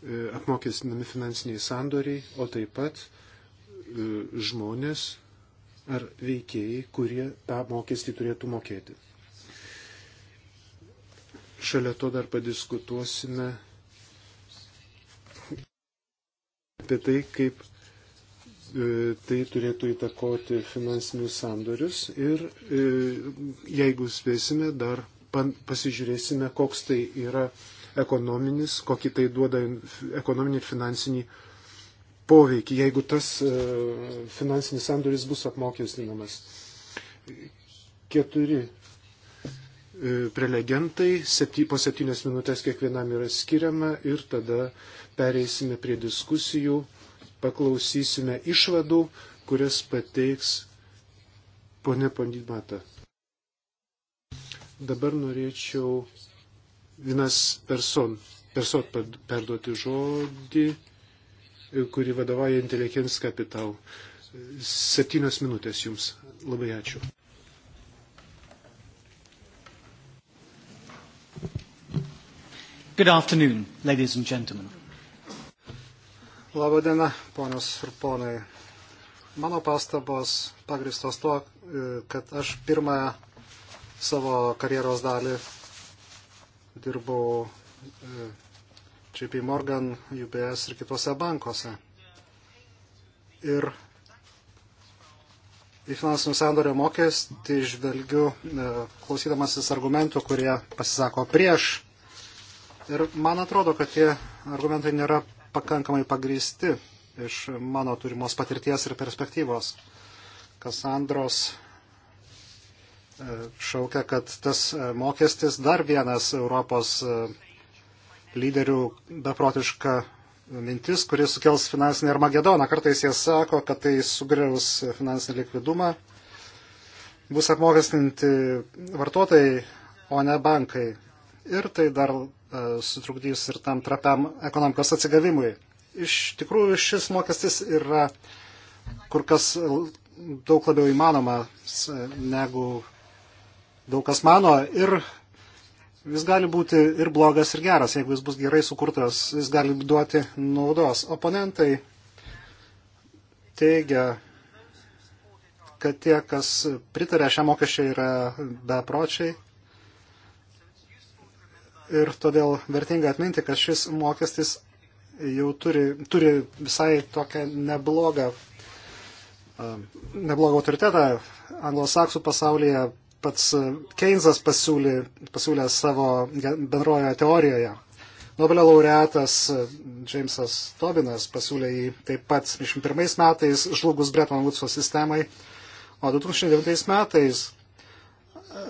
e, apmokestinami finansiniai sandoriai, o taip pat e, žmonės ar veikėjai, kurie tą mokestį turėtų mokėti. Šalia to dar padiskutuosime apie tai, kaip e, tai turėtų įtakoti finansinius sandorius ir e, jeigu spėsime, dar pasižiūrėsime, koks tai yra ekonominis, kokį tai duoda ekonominį ir finansinį poveikį, jeigu tas e, finansinis sandoris bus apmokestinamas. Keturi E, prelegentai, septy, po septynias minutės kiekvienam yra skiriama ir tada pereisime prie diskusijų, paklausysime išvadų, kurias pateiks ponė Pandimata. Dabar norėčiau vienas person, persot perduoti žodį, e, kuri vadovauja Intelligence Capital. Septynios minutės jums. Labai ačiū. Good afternoon, ladies and gentlemen. Labą dieną, ponios ir ponai. Mano pastabos pagristos tuo, e, kad aš pirmąją savo karjeros dalį dirbau e, JP Morgan, UBS ir kitose bankuose. Ir į finansinių sandorio mokestį žvelgiu e, klausydamasis argumentų, kurie pasisako prieš Ir man atrodo, kad tie argumentai nėra pakankamai pagrysti iš mano turimos patirties ir perspektyvos. Kasandros e, šaukia, kad tas e, mokestis dar vienas Europos e, lyderių beprotiška mintis, kuris sukels finansinį armagedoną. Kartais jie sako, kad tai sugriaus finansinį likvidumą, bus apmokestinti vartotojai, o ne bankai ir tai dar e, sutrukdys ir tam trapiam ekonomikos atsigavimui. Iš tikrųjų, šis mokestis yra kur kas daug labiau įmanomas e, negu daug kas mano ir jis gali būti ir blogas, ir geras. Jeigu jis bus gerai sukurtas, jis gali duoti naudos. Oponentai teigia, kad tie, kas pritarė šią mokesčią, yra bepročiai ir todėl vertinga atminti, kad šis mokestis jau turi, turi visai tokią neblogą, neblogą autoritetą. Anglosaksų pasaulyje pats Keynesas pasiūlė, pasiūlė savo bendrojoje teorijoje. Nobelio laureatas Jamesas Tobinas pasiūlė jį taip pat 21 metais žlugus Bretton Woodso sistemai, o 2009 metais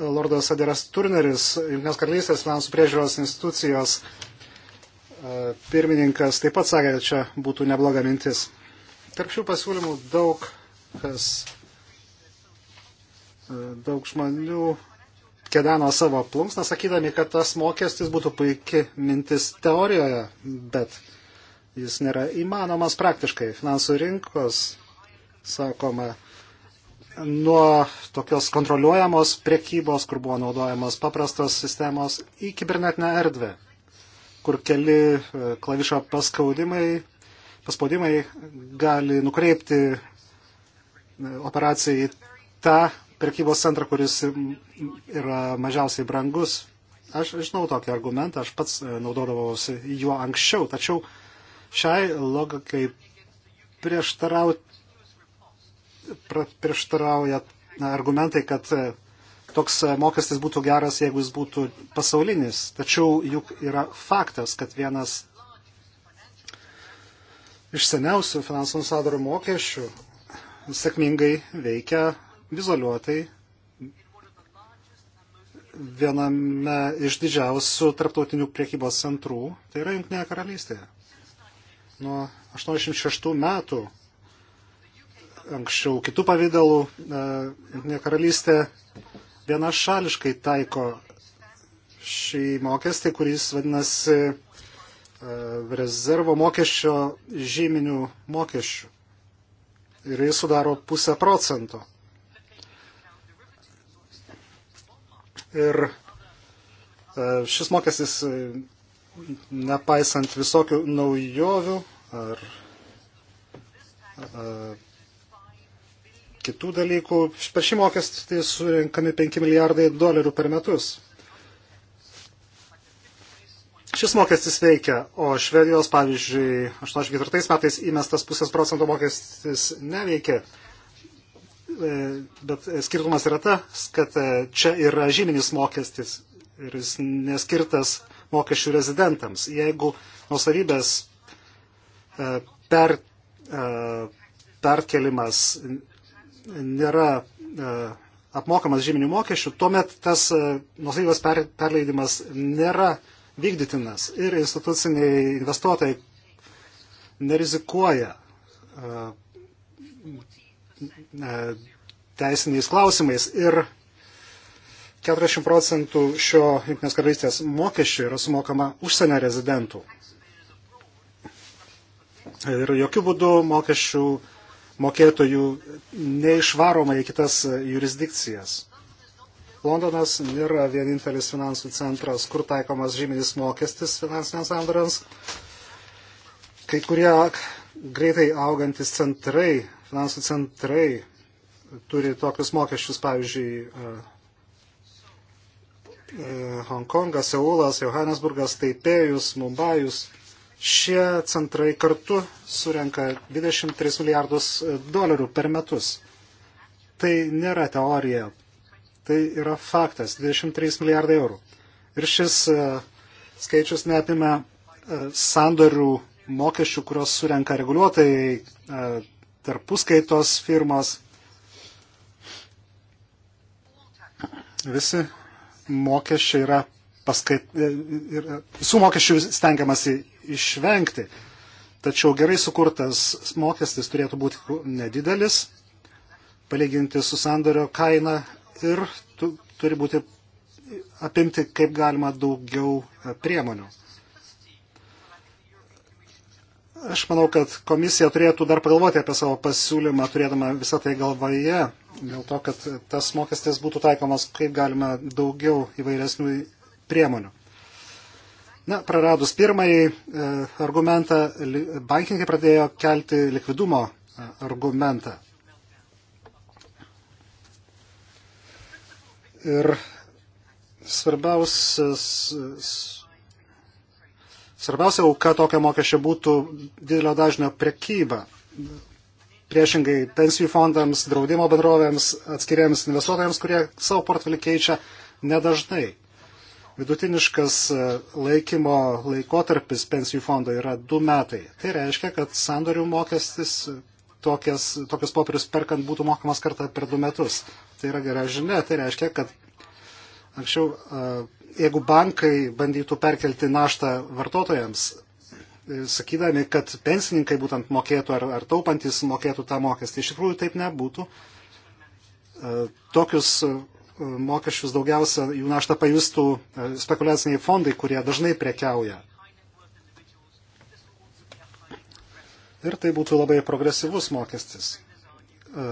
Lordas Adiras Turneris, Junktinės karalystės finansų priežiūros institucijos e, pirmininkas, taip pat sakė, kad čia būtų nebloga mintis. Tarp šių pasiūlymų daug kas, e, daug žmonių kedeno savo plunksną, sakydami, kad tas mokestis būtų puikiai mintis teorijoje, bet jis nėra įmanomas praktiškai. Finansų rinkos, sakoma, nuo tokios kontroliuojamos priekybos, kur buvo naudojamos paprastos sistemos, į kibernetinę erdvę, kur keli e, klavišo paskaudimai, paspaudimai gali nukreipti e, operaciją į tą priekybos centrą, kuris yra mažiausiai brangus. Aš žinau tokį argumentą, aš pats e, naudodavausi juo anksčiau, tačiau šiai logikai prieštarauti prieštarauja argumentai, kad e, toks e, mokestis būtų geras, jeigu jis būtų pasaulinis. Tačiau juk yra faktas, kad vienas iš seniausių finansų nusadorių mokesčių sėkmingai veikia izoliuotai viename iš didžiausių tarptautinių priekybos centrų, tai yra Junktinėje karalystėje. Nuo 86 metų anksčiau kitų pavydalų, e, Junktinė karalystė vienašališkai taiko šį mokestį, kuris vadinasi e, rezervo mokesčio žyminių mokesčių. Ir jis sudaro pusę procento. Ir e, šis mokestis, nepaisant visokių naujovių ar kitų dalykų. Per šį mokestį surinkami 5 milijardai dolerių per metus. Šis mokestis veikia, o Švedijos, pavyzdžiui, 84 metais įmestas pusės procento mokestis neveikia. E, bet skirtumas yra tas, kad e, čia yra žyminis mokestis ir jis neskirtas mokesčių rezidentams. Jeigu nusavybės e, per, perkelimas nėra e, apmokamas žyminių mokesčių, tuomet tas e, nusavybės per, perleidimas nėra vykdytinas ir instituciniai investuotojai nerizikuoja e, teisiniais klausimais ir 40 procentų šio Junktinės karalystės mokesčio yra sumokama užsienio rezidentų. Ir jokių būdų mokesčių uh, mokėtojų neišvaroma į kitas jurisdikcijas. Londonas nėra vienintelis finansų centras, kur taikomas žyminis mokestis finansiniams sandoriams. Kai kurie greitai augantis centrai, finansų centrai turi tokius mokesčius, pavyzdžiui, e, e, Hongkongas, Seulas, Johannesburgas, Taipėjus, Mumbajus. Šie centrai kartu surenka 23 milijardus e, dolerių per metus. Tai nėra teorija, tai yra faktas - 23 milijardai eurų. Ir šis e, skaičius neapima e, sandorių mokesčių, kurios surenka reguliuotojai, tarpuskaitos firmos. Visi mokesčiai yra paskait... Visų mokesčių stengiamasi išvengti. Tačiau gerai sukurtas mokestis turėtų būti nedidelis, palyginti su sandario kaina ir tu, turi būti apimti kaip galima daugiau e, priemonių. Aš manau, kad komisija turėtų dar pagalvoti apie savo pasiūlymą, turėdama visą tai galvoje, dėl to, kad tas mokestis būtų taikomas kaip galima daugiau įvairesnių priemonių. Na, praradus pirmąjį e, argumentą, bankininkai pradėjo kelti likvidumo e, argumentą. Ir svarbiausias, svarbiausia auka tokio mokesčio būtų didelio dažnio prekyba. Priešingai pensijų fondams, draudimo bendrovėms, atskiriams investuotojams, kurie savo portfelį keičia nedažnai. Vidutiniškas e, laikymo laikotarpis pensijų fondo yra du metai. Tai reiškia, kad sandorių mokestis e, tokias, tokius popierius perkant būtų mokamas kartą per du metus. Tai yra gera žinia. Tai reiškia, kad anksčiau, e, jeigu bankai bandytų perkelti naštą vartotojams, sakydami, kad pensininkai būtent mokėtų ar, ar taupantis mokėtų tą mokestį. Iš tikrųjų taip nebūtų. Tokius mokesčius daugiausia jų naštą pajustų e, spekuliaciniai fondai, kurie dažnai prekiauja. Ir tai būtų labai progresyvus mokestis. E,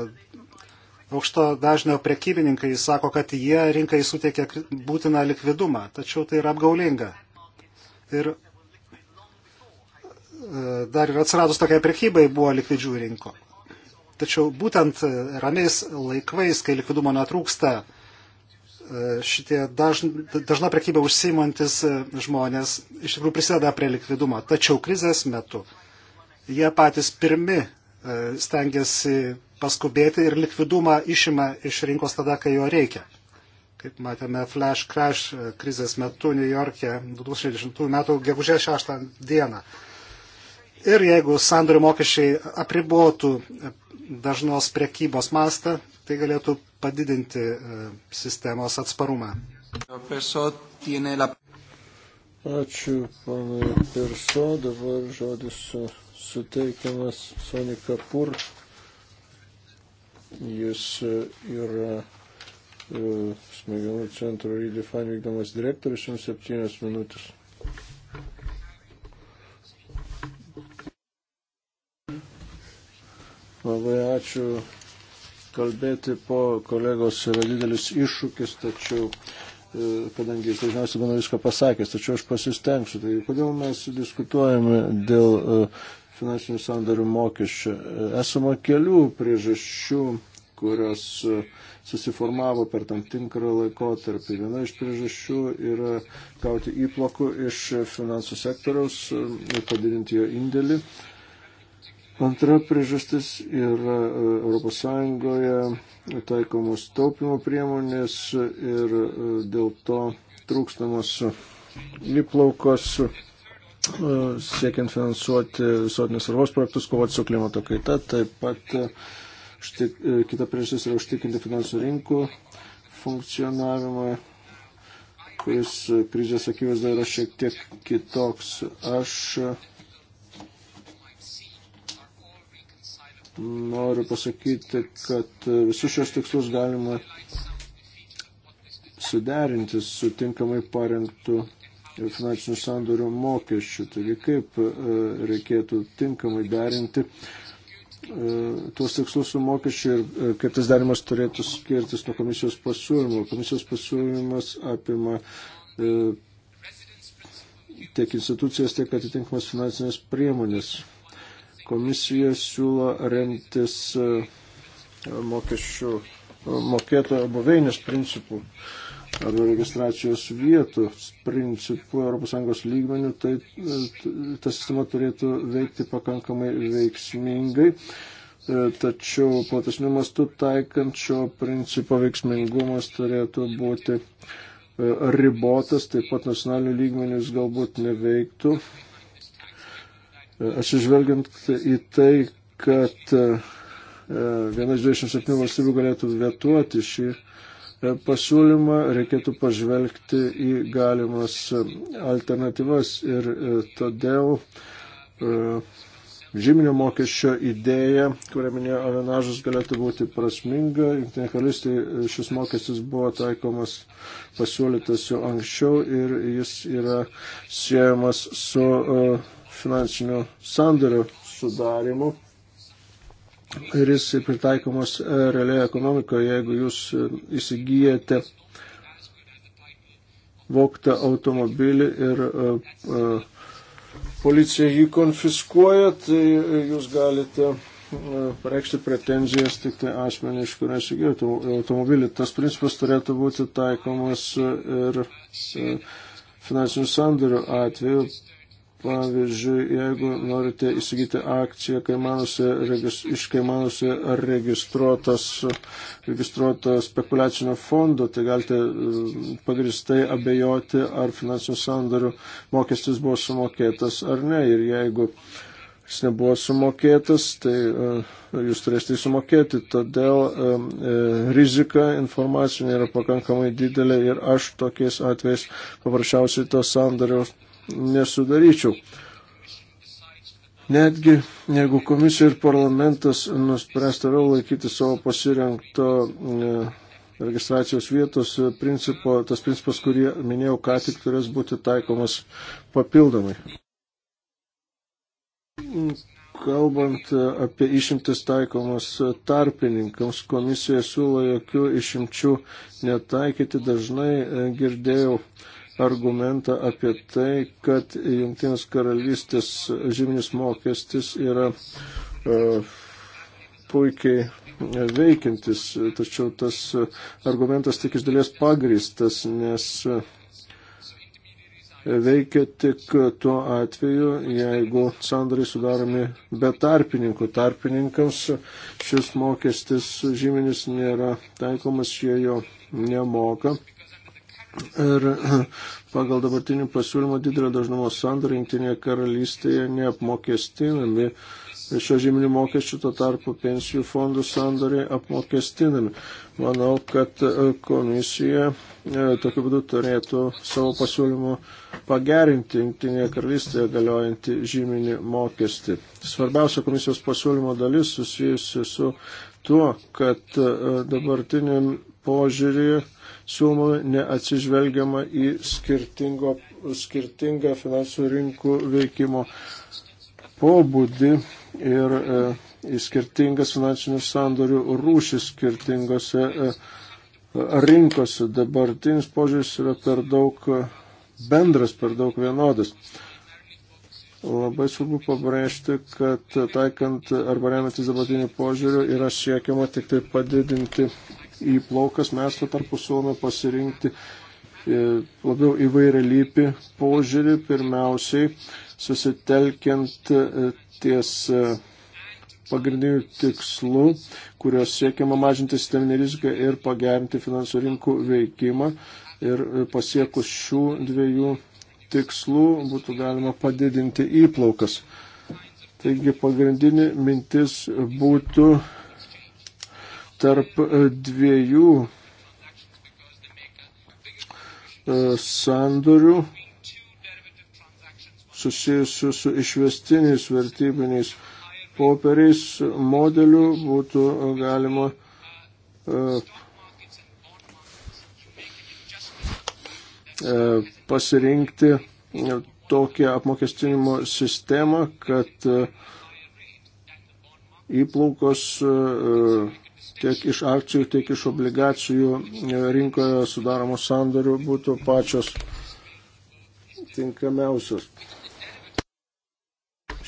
aukšto dažnio prekybininkai sako, kad jie rinkai suteikia būtiną likvidumą, tačiau tai yra apgaulinga. Ir e, dar ir atsiradus tokiai prekybai buvo likvidžių rinko. Tačiau būtent ramiais laikvais, kai likvidumo netrūksta, E, šitie dažn, dažna prekyba užsimantis e, žmonės iš tikrųjų prisideda prie likvidumo. Tačiau krizės metu jie patys pirmi e, stengiasi paskubėti ir likvidumą išima iš rinkos tada, kai jo reikia. Kaip matėme, flash crash krizės metu New York'e 2010 metų gegužės 6 dieną. Ir jeigu sandorių mokesčiai apribotų dažnos prekybos mastą, tai galėtų padidinti e, sistemos atsparumą. Ačiū, panai Pirso. Dabar žodis suteikiamas Sonė Kapur. Jis e, yra e, smegenų centro Rydifan vykdomas direktorius, jums septynios minutės. Labai ačiū kalbėti po kolegos yra didelis iššūkis, tačiau e, kadangi jis dažniausiai mano viską pasakęs, tačiau aš pasistengsiu. Tai kodėl mes diskutuojame dėl e, finansinių sandarių mokesčio? E, esama kelių priežasčių, kurios susiformavo per tam tinkrą laikotarpį. Viena iš priežasčių yra gauti įplokų iš finansų sektoriaus ir padidinti jo indėlį. Antra priežastis yra ES taikomos taupimo priemonės ir e, dėl to trūkstamos įplaukos e, siekiant finansuoti visuotinės svarbos projektus, kovoti su klimato kaita. Taip pat e, štik, kita priežastis yra užtikrinti finansų rinkų funkcionavimą, kuris krizės akivaizdoje yra šiek tiek kitoks. Aš noriu pasakyti, kad e, visus šios tikslus galima suderinti su tinkamai parengtų finansinių sandorių mokesčių. Taigi kaip e, reikėtų tinkamai derinti e, tuos tikslus su mokesčiu ir kaip tas darimas turėtų skirtis nuo komisijos pasiūlymo. Komisijos pasiūlymas apima tiek institucijas, tiek atitinkamas finansinės priemonės Komisija siūlo remtis e, mokesčių e, mokėtojo buveinės principų arba registracijos vietos principų ES lygmenių, tai e, ta sistema turėtų veikti pakankamai veiksmingai. Tačiau platesnių mastų taikant šio principo veiksmingumas turėtų būti ribotas, taip pat nacionalinių lygmenių jis galbūt neveiktų, atsižvelgiant į tai, kad e, e, viena iš 27 valstybių galėtų vetuoti šį e, pasiūlymą, reikėtų pažvelgti į galimas alternatyvas ir todėl žyminio mokesčio idėja, kurią minėjo Avenažas, galėtų būti prasminga. Junktinė karalystė šis mokestis buvo taikomas pasiūlytas jau anksčiau ir jis yra siejamas su uh, finansinių sandorių sudarimo ir jis pritaikomas e, realioje ekonomikoje, jeigu jūs e, įsigijate voktą automobilį ir uh, uh, policija jį konfiskuoja, tai jūs galite uh, pareikšti pretenzijas tik tai asmenį, iš kurio įsigijote automobilį. Tas principas turėtų būti taikomas ir finansinių sandorių atveju. Pavyzdžiui, jeigu norite įsigyti akciją kaimanuose, regis, iš kaimanuose ar registruotas, registruoto spekulacinio fondo, tai galite e, pagristai abejoti, ar finansinių sandorių mokestis buvo sumokėtas ar ne. Ir jeigu jis nebuvo sumokėtas, tai e, jūs turėsite jį sumokėti. Todėl e, rizika informacinė yra pakankamai didelė ir aš tokiais atvejais paprasčiausiai tos sandoriaus nesudaryčiau. Netgi jeigu komisija ir parlamentas nuspręs toliau laikyti savo pasirinkto e, registracijos vietos e, principo, tas principas, kurį minėjau, ką tik turės būti taikomas papildomai. Kalbant e, apie išimtis taikomas tarpininkams, komisija siūlo jokių išimčių netaikyti. Dažnai girdėjau argumentą apie tai, kad Junktinės karalystės žyminis mokestis yra uh, puikiai veikiantis, tačiau tas argumentas tik iš dalies pagristas, nes veikia tik tuo atveju, jeigu sandrai sudaromi be tarpininkų. Tarpininkams šis mokestis žyminis nėra taikomas, jie jo nemoka. Ir pagal dabartinį pasiūlymą didelio dažnumo sandoriai Junktinėje karalystėje neapmokestinami. Šio žyminių mokesčių to tarpu pensijų fondų sandoriai apmokestinami. Manau, kad e, komisija e, tokiu būdu turėtų savo pasiūlymu pagerinti Junktinėje karalystėje galiojantį žyminį mokestį. Svarbiausia komisijos pasiūlymo dalis susijusi su tuo, kad e, dabartiniam požiūrį siūloma neatsižvelgiama į skirtingą finansų rinkų veikimo pobūdį ir e, į skirtingas finansinių sandorių rūšis skirtingose e, rinkose. Dabartinis požiūris yra per daug e, bendras, per daug vienodas. Labai svarbu pabrėžti, kad taikant arba remiantis dabartiniu požiūriu yra siekiama tik tai padidinti įplaukas, mes tuo tarpu siūlome pasirinkti e, labiau įvairialypį požiūrį, pirmiausiai susitelkiant e, ties e, pagrindinių tikslų, kurios siekiama mažinti sisteminį riziką ir pagerinti finansų rinkų veikimą. Ir pasiekus šių dviejų tikslų būtų galima padidinti įplaukas. Taigi pagrindinė mintis būtų tarp e, dviejų e, sandorių susijusių su išvestiniais vertybiniais popieriais modelių būtų galima e, pasirinkti tokią apmokestinimo sistemą, kad įplaukos uh, tiek iš akcijų, tiek iš obligacijų e, rinkoje sudaromų sandorių būtų pačios tinkamiausios.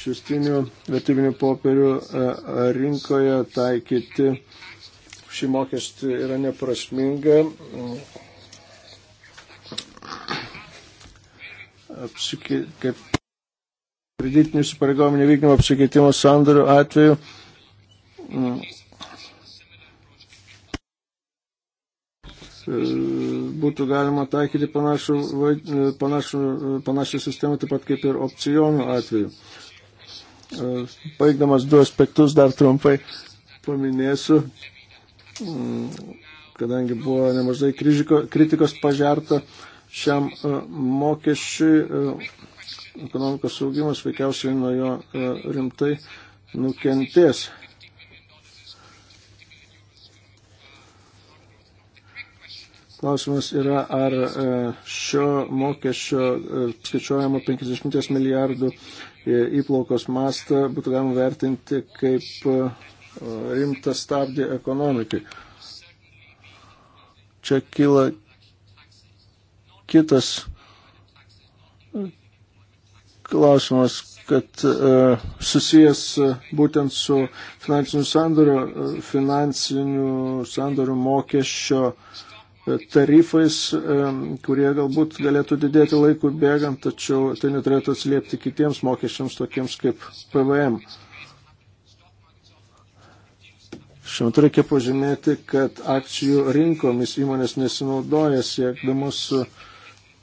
Šestinių vertybinių popierių e, rinkoje taikyti šį mokestį yra neprasminga. Apsiki, kaip kreditinių įsipareigojimų nevykdymo apsikeitimo sandorių atveju būtų galima taikyti panašų, panašų, panašią sistemą, taip pat kaip ir opcionų atveju. E, baigdamas du aspektus dar trumpai paminėsiu, mm, kadangi buvo nemažai kritikos pažerta šiam e, mokesčiui, e, ekonomikos augimas veikiausiai nuo jo rimtai nukentės. Klausimas yra, ar e, šio mokesčio e, skaičiuojamo 50 milijardų e, įplaukos mastą būtų galima vertinti kaip rimtą stabdį ekonomikai. Čia kyla kitas klausimas, kad susijęs būtent su finansinių sandorių, finansinių sandorių mokesčio uh, tarifais, e, kurie galbūt galėtų didėti laikui bėgant, tačiau tai neturėtų atsiliepti kitiems mokesčiams, tokiems kaip PVM. Šiuo metu reikia pažymėti, kad akcijų rinkomis įmonės nesinaudoja siekdamus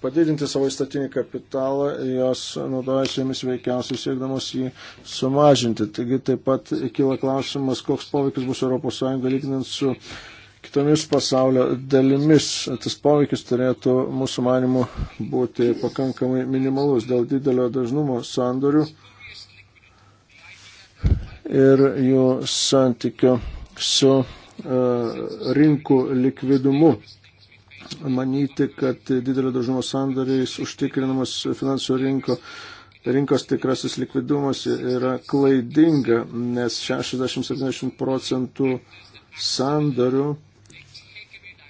padidinti savo įstatinį kapitalą, jos naudojasi jomis veikiausiai siekdamos jį sumažinti. Taigi taip pat kyla klausimas, koks poveikis bus ES lyginant su kitomis pasaulio dalimis. Tas poveikis turėtų mūsų manimų būti pakankamai minimalus dėl didelio dažnumo sandorių ir jų santykio su e, rinkų likvidumu. Manyti, kad didelio dažnumo sandoriais užtikrinamas finansų rinko rinkos tikrasis likvidumas yra klaidinga, nes 60-70 procentų sandorių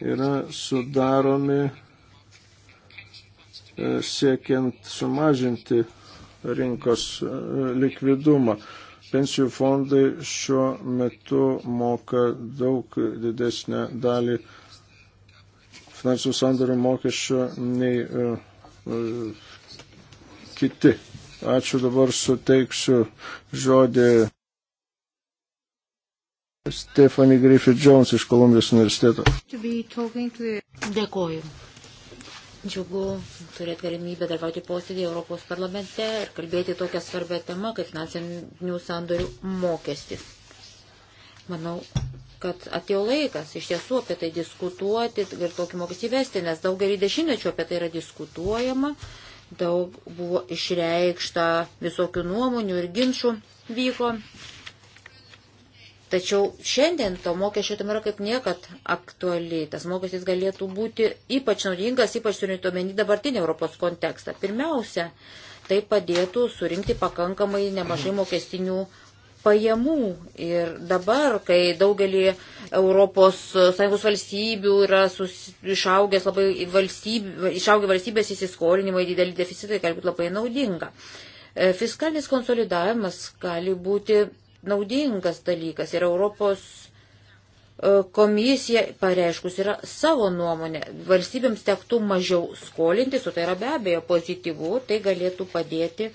yra sudaromi e, siekiant sumažinti rinkos e, likvidumą. Pensijų fondai šiuo metu moka daug didesnę dalį finansų sandorių mokesčio nei uh, uh, kiti. Ačiū dabar suteiksiu žodį Stephanie Griffith Jones iš Kolumbijos universiteto. Dėkoju. Džiugu turėti galimybę dalyvauti posėdį Europos parlamente ir kalbėti tokią svarbę temą, kaip finansinių sandorių mokestis. Manau, kad atėjo laikas iš tiesų apie tai diskutuoti ir tokį mokestį vesti, nes daugelį dešimtmečių apie tai yra diskutuojama, daug buvo išreikšta visokių nuomonių ir ginčių vyko Tačiau šiandien to mokesčio tema yra kaip niekad aktuali. Tas mokestis galėtų būti ypač naudingas, ypač turint omeny dabartinį Europos kontekstą. Pirmiausia, tai padėtų surinkti pakankamai nemažai mokestinių pajamų. Ir dabar, kai daugelį ES valstybių yra išaugęs labai valstybė, išaugę valstybės įsiskolinimai, dideli deficitai, gali būti labai naudinga. E, fiskalinis konsolidavimas gali būti naudingas dalykas ir Europos e, komisija pareiškus yra savo nuomonė. Valstybėms tektų mažiau skolintis, o tai yra be abejo pozityvu, tai galėtų padėti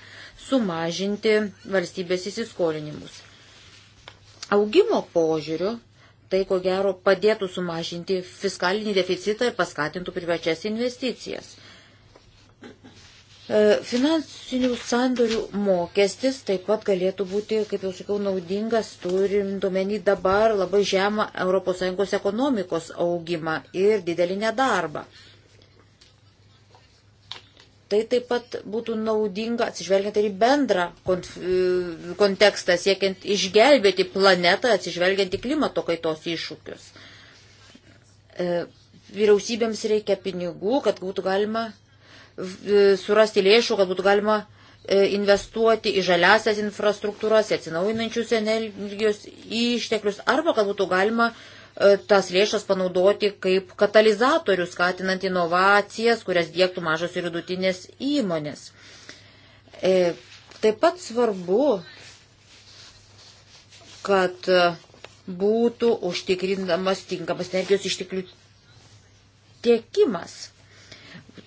sumažinti valstybės įsiskolinimus. Augimo požiūriu tai ko gero padėtų sumažinti fiskalinį deficitą ir paskatintų privačias investicijas. E, finansinių sandorių mokestis taip pat galėtų būti, kaip jau sakiau, naudingas, turint omeny dabar labai žemą ES ekonomikos augimą ir didelį nedarbą. Tai taip pat būtų naudinga atsižvelgiant ir į bendrą e, kontekstą, siekiant išgelbėti planetą, atsižvelgiant į klimato kaitos iššūkius. E, vyriausybėms reikia pinigų, kad būtų galima E, surasti lėšų, kad būtų galima e, investuoti į žaliasias infrastruktūras, atsinaujinančius energijos išteklius, arba kad būtų galima e, tas lėšas panaudoti kaip katalizatorių, skatinant inovacijas, kurias dėktų mažos ir vidutinės įmonės. E, taip pat svarbu, kad būtų užtikrindamas tinkamas energijos išteklių tiekimas.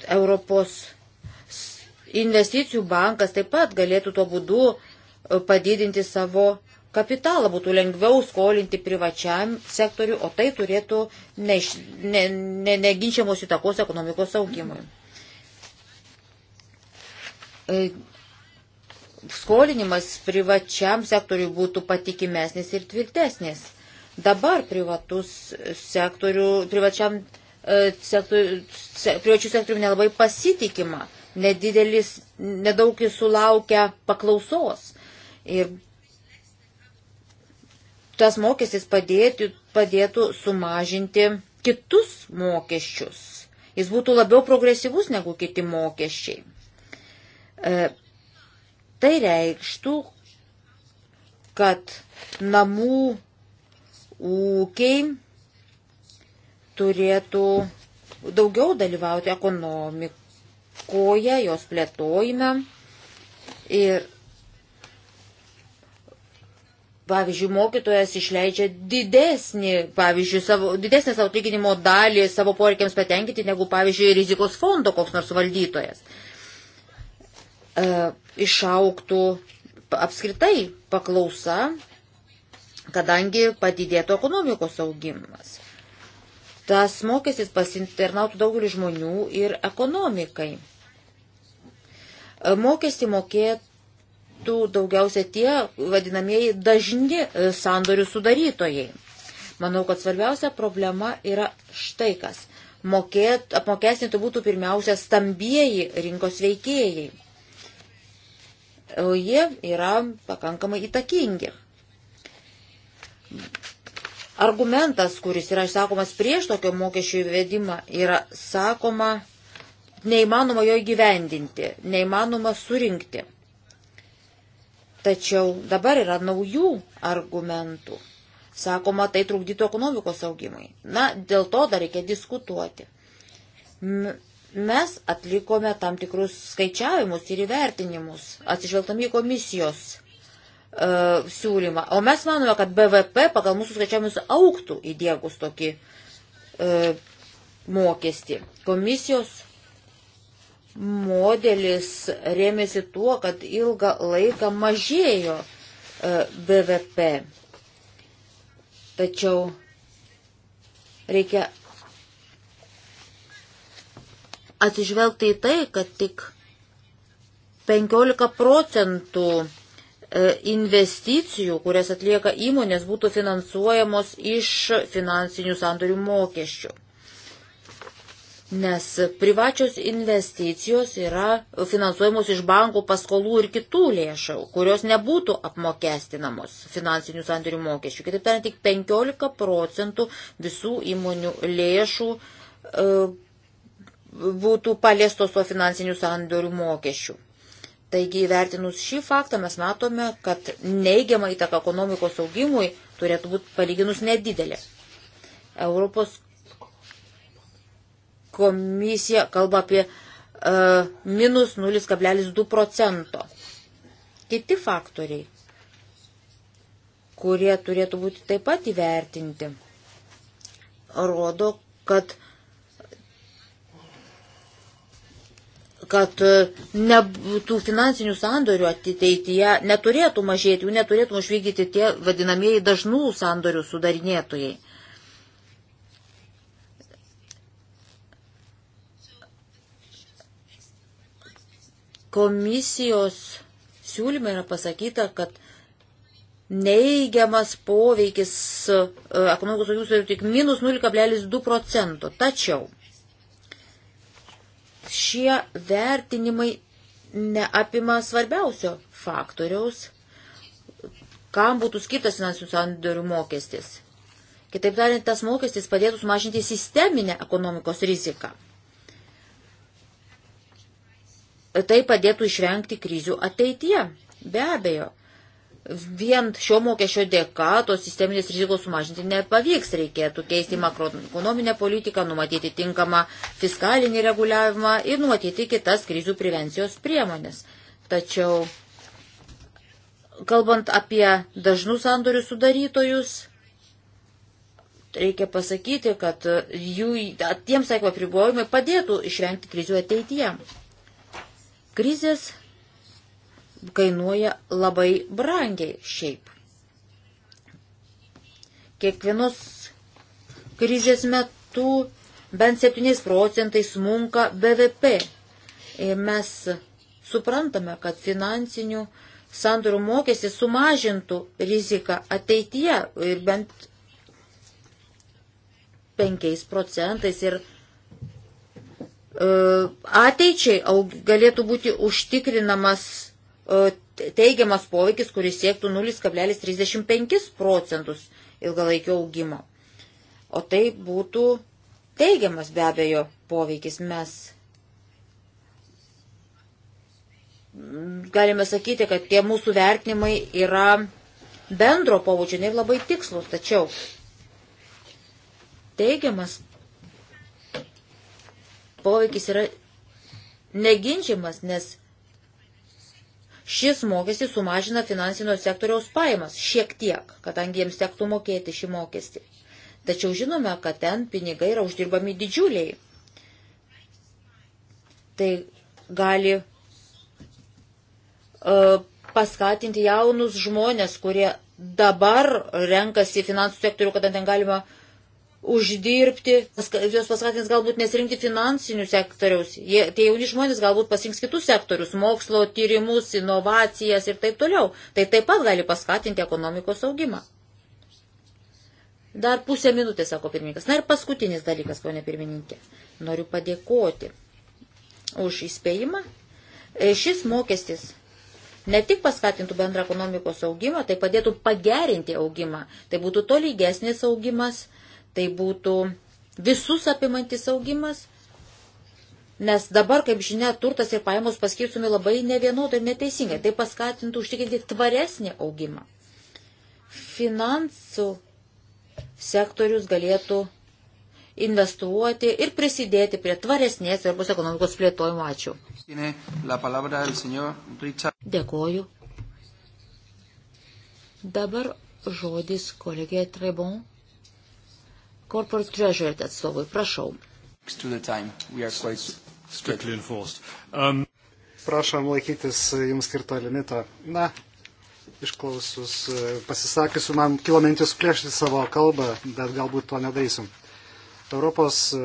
Europos investicijų bankas taip pat galėtų tuo būdu e, padidinti savo kapitalą, būtų lengviau skolinti privačiam sektoriu, o tai turėtų neiš, ne, ne, neginčiamos įtakos ekonomikos augimui. E, skolinimas privačiam sektoriu būtų patikimesnis ir tvirtesnis. Dabar privatus sektorių, privačiam sektoriu E, sektorių, se, privačių sektorių nelabai pasitikima, nedidelis, nedaug jis sulaukia paklausos. Ir tas mokestis padėtų, padėtų sumažinti kitus mokesčius. Jis būtų labiau progresyvus negu kiti mokesčiai. E, tai reikštų, kad namų ūkiai turėtų daugiau dalyvauti ekonomikoje, jos plėtojime. Ir pavyzdžiui, mokytojas išleidžia didesnį, pavyzdžiui, savo, didesnį savo atlyginimo dalį savo poreikiams patenkinti, negu, pavyzdžiui, rizikos fondo koks nors valdytojas. E, išauktų apskritai paklausa, kadangi padidėtų ekonomikos augimas tas mokestis pasinternautų daugelį žmonių ir ekonomikai. E, mokestį mokėtų daugiausia tie vadinamieji dažni e, sandorių sudarytojai. Manau, kad svarbiausia problema yra štai kas. Mokėt, apmokestinti būtų pirmiausia stambieji rinkos veikėjai. O jie yra pakankamai įtakingi Argumentas, kuris yra išsakomas prieš tokio mokesčio įvedimą, yra sakoma, neįmanoma jo įgyvendinti, neįmanoma surinkti. Tačiau dabar yra naujų argumentų. Sakoma, tai trukdytų ekonomikos augimui. Na, dėl to dar reikia diskutuoti. Mes atlikome tam tikrus skaičiavimus ir įvertinimus, atsižvelgtami į komisijos uh, siūlymą. O mes manome, kad BVP pagal mūsų skaičiavimus auktų įdėgus tokį uh, mokestį. Komisijos modelis rėmėsi tuo, kad ilgą laiką mažėjo uh, e, BVP. Tačiau reikia atsižvelgti į tai, kad tik 15 procentų E, investicijų, kurias atlieka įmonės, būtų finansuojamos iš finansinių sandorių mokesčių. Nes privačios investicijos yra finansuojamos iš bankų paskolų ir kitų lėšų, kurios nebūtų apmokestinamos finansinių sandorių mokesčių. Kitaip tariant, tik 15 procentų visų įmonių lėšų e, būtų paliestos to finansinių sandorių mokesčių. Taigi įvertinus šį faktą mes matome, kad neigiama įtaka ekonomikos augimui turėtų būti palyginus nedidelė. Europos komisija kalba apie uh, minus 0,2 procento. Kiti faktoriai, kurie turėtų būti taip pat įvertinti, rodo, kad kad e, ne, tų finansinių sandorių ateityje neturėtų mažėti, jų neturėtų užvykdyti tie vadinamieji dažnų sandorių sudarinėtojai. Komisijos siūlyme yra pasakyta, kad neigiamas poveikis e, ekonomikos augimus tik minus 0,2 procento. Tačiau šie vertinimai neapima svarbiausio faktoriaus, kam būtų skirtas finansinių sandorių mokestis. Kitaip tariant, tas mokestis padėtų sumažinti sisteminę ekonomikos riziką. Tai padėtų išvengti krizių ateityje. Be abejo, vien šio mokesčio dėka tos sisteminės rizikos sumažinti nepavyks. Reikėtų keisti makroekonominę politiką, numatyti tinkamą fiskalinį reguliavimą ir numatyti kitas krizių prevencijos priemonės. Tačiau, kalbant apie dažnus sandorių sudarytojus, reikia pasakyti, kad jų, tiems, sakoma, apribojimai padėtų išvengti krizių ateityje. Krizės kainuoja labai brangiai šiaip. Kiekvienos krizės metu bent 7 procentai smunka BVP. Ir mes suprantame, kad finansinių sandorių mokestis sumažintų riziką ateityje ir bent 5 procentais ir e, ateičiai galėtų būti užtikrinamas E, teigiamas poveikis, kuris siektų 0,35 procentus ilgalaikio augimo. O tai būtų teigiamas be abejo poveikis. Mes galime sakyti, kad tie mūsų vertinimai yra bendro pobūdžio, ne labai tikslus, tačiau teigiamas poveikis yra neginčiamas, nes Šis mokestis sumažina finansinio sektoriaus pajamas šiek tiek, kadangi jiems tektų mokėti šį mokestį. Tačiau žinome, kad ten pinigai yra uždirbami didžiuliai. Tai gali uh, paskatinti jaunus žmonės, kurie dabar renkasi finansų sektorių, kada ten galima uh, uždirbti, jos paskatins galbūt nesirinkti finansinių sektoriaus. Jie, tie jauni žmonės galbūt pasirinks kitus sektorius - mokslo, tyrimus, inovacijas ir taip toliau. Tai taip pat gali paskatinti ekonomikos augimą. Dar pusę minutės, sako pirmininkas. Na ir paskutinis dalykas, ponė pirmininkė. Noriu padėkoti už įspėjimą. E, šis mokestis ne tik paskatintų bendrą ekonomikos augimą, tai padėtų pagerinti augimą. Tai būtų tolygesnis augimas tai būtų visus apimantis augimas, nes dabar, kaip žinia, turtas ir pajamos paskirstumi labai nevienodai ir neteisingai. Tai paskatintų užtikrinti tvaresnį augimą. Finansų sektorius galėtų investuoti ir prisidėti prie tvaresnės svarbus ekonomikos plėtojimo. Ačiū. Dėkoju. Dabar žodis kolegė Trebon Corporate Treasury atstovui. Prašau. Um... Prašom laikytis jums skirto limito. Na, išklausus e, pasisakysiu, man kilo mintis priešti savo kalbą, bet galbūt to nedaisim. Europos e,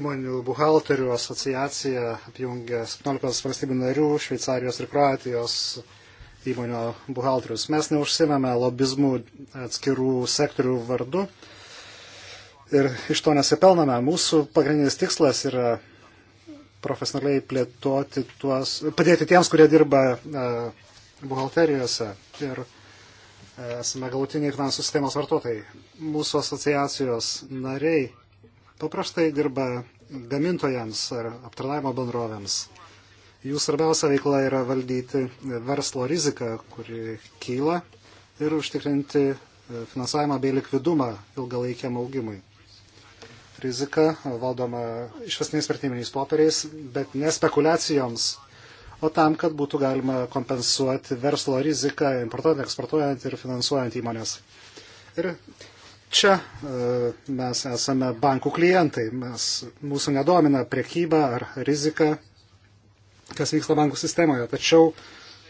įmonių buhalterių asociacija apjungia 17 valstybių narių, Šveicarijos ir Kroatijos įmonių buhalterius. Mes neužsimame lobizmų atskirų sektorių vardu, ir iš to nesipelname. Mūsų pagrindinis tikslas yra profesionaliai plėtoti tuos, padėti tiems, kurie dirba e, buhalterijose ir e, esame galutiniai finansų sistemos vartotojai. Mūsų asociacijos nariai paprastai dirba gamintojams ar aptarnaimo bendrovėms. Jų svarbiausia veikla yra valdyti verslo riziką, kuri kyla ir užtikrinti e, finansavimą bei likvidumą ilgalaikiam augimui rizika valdoma išvesniais vertybiniais popieriais, bet ne spekulacijoms, o tam, kad būtų galima kompensuoti verslo riziką importuojant, eksportuojant ir finansuojant įmonės. Ir čia e, mes esame bankų klientai, mes, mūsų nedomina priekyba ar rizika, kas vyksta bankų sistemoje, tačiau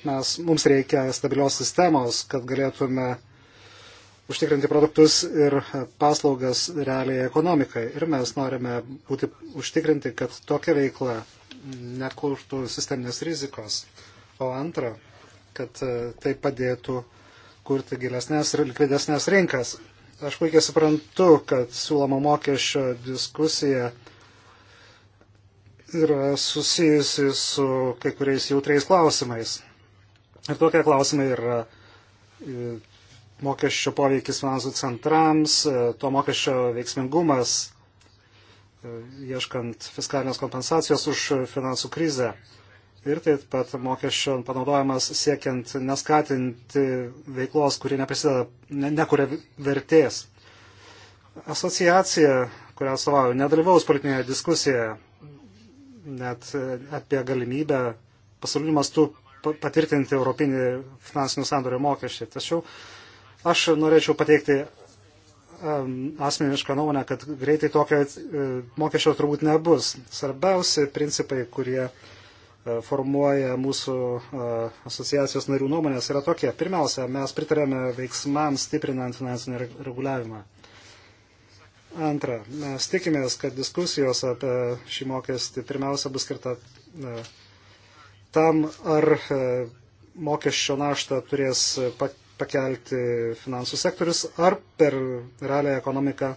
mes, mums reikia stabilios sistemos, kad galėtume užtikrinti produktus ir paslaugas realiai ekonomikai. Ir mes norime būti užtikrinti, kad tokia veikla nekurtų sisteminės rizikos. O antra, kad e, tai padėtų kurti gilesnės ir likvidesnės rinkas. Aš puikiai suprantu, kad siūloma mokesčio diskusija yra susijusi su kai kuriais jautriais klausimais. Ir tokie klausimai yra e, mokesčio poveikis finansų centrams, e, to mokesčio veiksmingumas, e, ieškant fiskalinės kompensacijos už finansų krizę. Ir taip pat mokesčio panaudojimas siekiant neskatinti veiklos, kuri neprisideda, ne, nekuria vertės. Asociacija, kurią atstovauju, nedalyvaus politinėje diskusijoje net e, apie galimybę pasauliniu mastu patvirtinti europinį finansinių sandorių mokesčių. Tačiau Aš norėčiau pateikti asmenišką nuomonę, kad greitai tokio e, mokesčio turbūt nebus. Svarbiausi principai, kurie e, formuoja mūsų e, asociacijos narių nuomonės, yra tokie. Pirmiausia, mes pritarėme veiksmams stiprinant finansinį reguliavimą. Antra, mes tikimės, kad diskusijos apie šį mokestį pirmiausia bus skirta tam, ar mokesčio naštą turės pakeisti pakelti finansų sektorius, ar per realią ekonomiką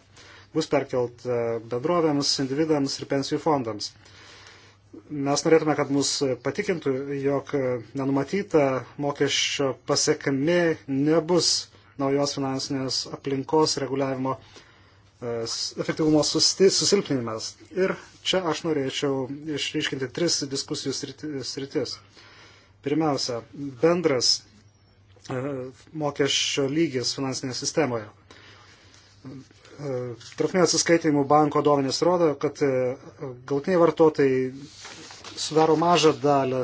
bus perkelt e, bendrovėms, individams ir pensijų fondams. Mes norėtume, kad mus patikintų, jog nenumatyta mokesčio pasiekmi nebus naujos finansinės aplinkos reguliavimo e, efektyvumo susilpninimas. Ir čia aš norėčiau išryškinti tris diskusijų sritis. Pirmiausia, bendras E, mokesčio lygis finansinėje sistemoje. E, trukmė atsiskaitimų banko duomenys rodo, kad e, galtiniai vartotojai sudaro mažą dalį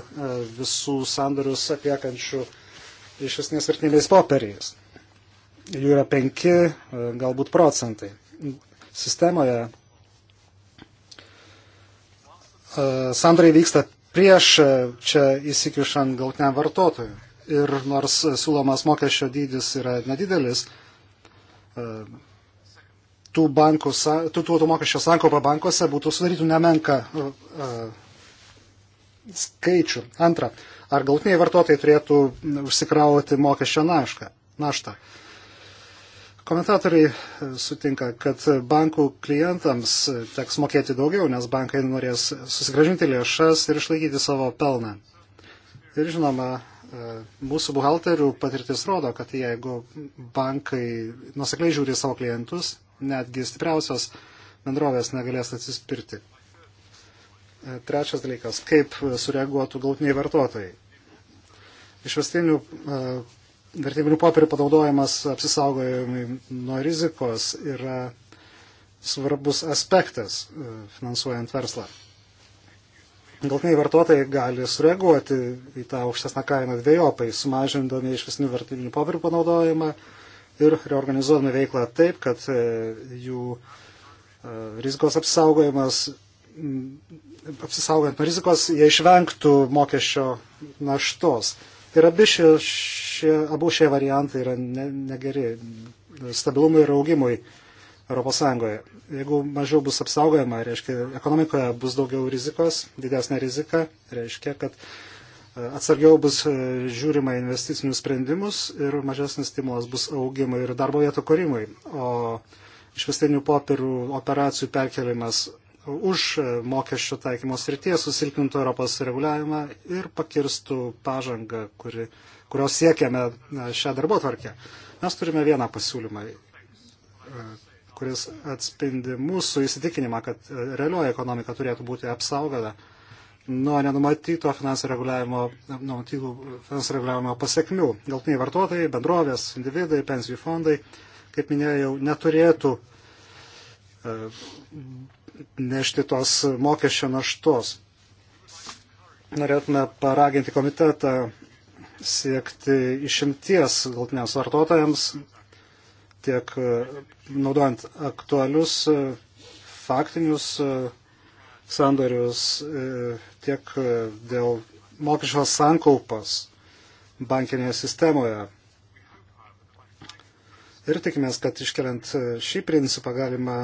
visų sandorius atliekančių iš esmės vertiniais popieriais. Jų yra 5, galbūt procentai. Sistemoje sandoriai vyksta prieš čia įsikišant galtiniam vartotojui ir nors siūlomas mokesčio dydis yra nedidelis, e, tų, bankų, tų, tų, tų mokesčio sankaupa bankuose būtų sudarytų nemenka e, e, skaičių. Antra, ar galtiniai vartotojai turėtų užsikrauti mokesčio naštą? naštą? Komentatoriai sutinka, kad bankų klientams teks mokėti daugiau, nes bankai norės susigražinti lėšas ir išlaikyti savo pelną. Ir žinoma, E, mūsų buhalterių patirtis rodo, kad jeigu bankai nusekliai žiūri savo klientus, netgi stipriausios bendrovės negalės atsispirti. E, trečias dalykas, kaip sureaguotų galtiniai vartotojai. Išvestinių e, vertybinių popierių panaudojimas apsisaugojimui nuo rizikos yra svarbus aspektas finansuojant verslą galtiniai vartotojai gali sureaguoti į tą aukštesnę kainą dviejopai, sumažindami išvisnių vertybinių popierių panaudojimą ir reorganizuodami veiklą taip, kad e, jų e, rizikos apsaugojimas, apsisaugant nuo rizikos, jie išvengtų mokesčio naštos. Ir abi šie, šie, abu šie variantai yra ne, negeri stabilumui ir augimui. ES. Jeigu mažiau bus apsaugojama, reiškia, ekonomikoje bus daugiau rizikos, didesnė rizika, reiškia, kad e, atsargiau bus e, žiūrima investicinius sprendimus ir mažesnis stimulas bus augimui ir darbo vietų kūrimui. O išvestinių popierių operacijų perkelimas už e, mokesčių taikymos ryties susilpnintų Europos reguliavimą ir pakirstų pažangą, kuri, kurios siekiame šią darbo tvarkę. Mes turime vieną pasiūlymą, kuris atspindi mūsų įsitikinimą, kad e, realioji ekonomika turėtų būti apsaugota nuo nenumatyto finansų reguliavimo, numatytų finansų reguliavimo pasiekmių. Galtiniai vartotojai, bendrovės, individai, pensijų fondai, kaip minėjau, neturėtų e, nešti tos mokesčio naštos. Norėtume paraginti komitetą siekti išimties galtiniams vartotojams tiek e, naudojant aktualius e, faktinius e, sandorius, tiek dėl mokesčio sankaupos bankinėje sistemoje. Ir tikimės, kad iškeliant šį principą galima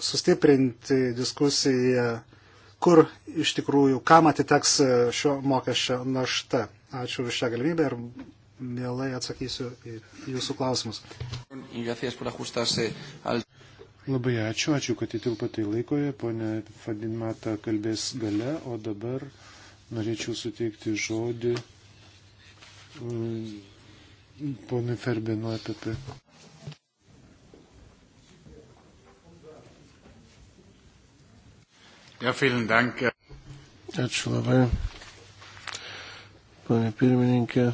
sustiprinti diskusiją, kur iš tikrųjų, kam atiteks šio mokesčio našta. Ačiū už šią galimybę ir mielai atsakysiu į jūsų klausimus. Labai ačiū, ačiū, kad įtilpote tai į laikoje. Pone Fadinmata kalbės gale, o dabar norėčiau suteikti žodį mm, ponui Ferbinu apie tai. Ja, vielen Dank. Ačiū labai, ponė pirmininkė.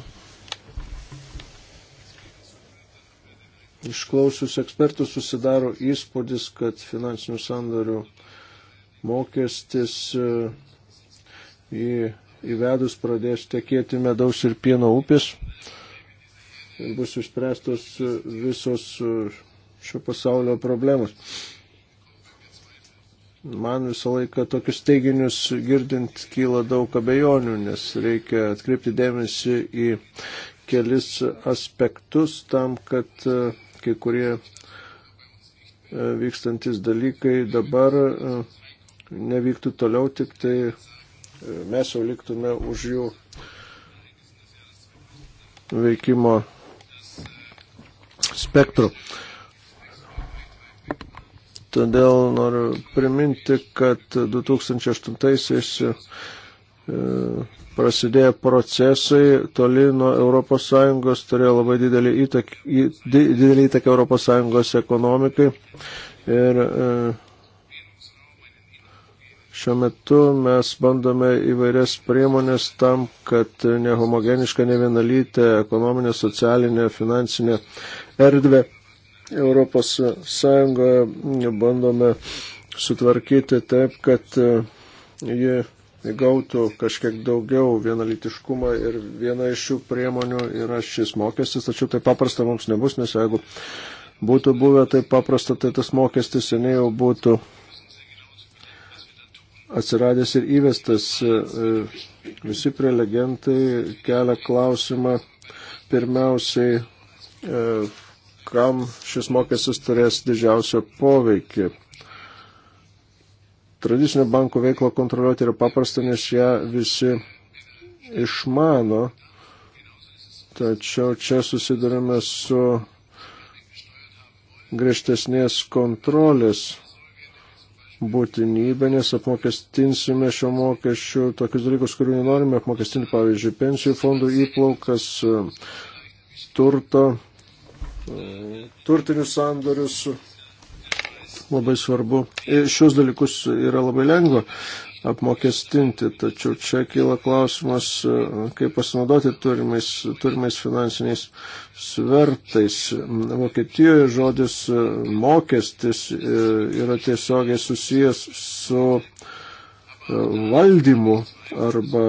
Išklausius ekspertų susidaro įspūdis, kad finansinių sandorių mokestis e, į, įvedus pradės tekėti medaus ir pieno upės ir bus išspręstos visos e, šio pasaulio problemos. Man visą laiką tokius teiginius girdint kyla daug abejonių, nes reikia atkreipti dėmesį į kelis aspektus tam, kad e, kai kurie e, vykstantis dalykai dabar e, nevyktų toliau, tik tai e, mes jau liktume už jų veikimo spektro. Todėl noriu priminti, kad 2008 E, prasidėję procesai toli nuo ES turėjo labai didelį įtaką, didelį įtaką ES ekonomikai. Ir e, šiuo metu mes bandome įvairias priemonės tam, kad nehomogeniška, nevienalytė ekonominė, socialinė, finansinė erdvė ES bandome sutvarkyti taip, kad e, ji gautų kažkiek daugiau vienalytiškumo ir viena iš šių priemonių yra šis mokestis, tačiau tai paprasta mums nebus, nes jeigu būtų buvę taip paprasta, tai tas mokestis seniai jau būtų atsiradęs ir įvestas. Visi prelegentai kelia klausimą pirmiausiai, e, kam šis mokestis turės didžiausią poveikį. Tradicinio banko veiklą kontroliuoti yra paprasta, nes ją visi išmano, tačiau čia susidurime su griežtesnės kontrolės būtinybę, nes apmokestinsime šio mokesčių tokius dalykus, kurių nenorime apmokestinti, pavyzdžiui, pensijų fondų įplaukas, turto, turtinius sandorius, labai svarbu. Ir šios dalykus yra labai lengva apmokestinti, tačiau čia kyla klausimas, kaip pasinaudoti turimais, turimais finansiniais svertais. Vokietijoje žodis e, mokestis e, yra tiesiogiai susijęs su e, valdymu arba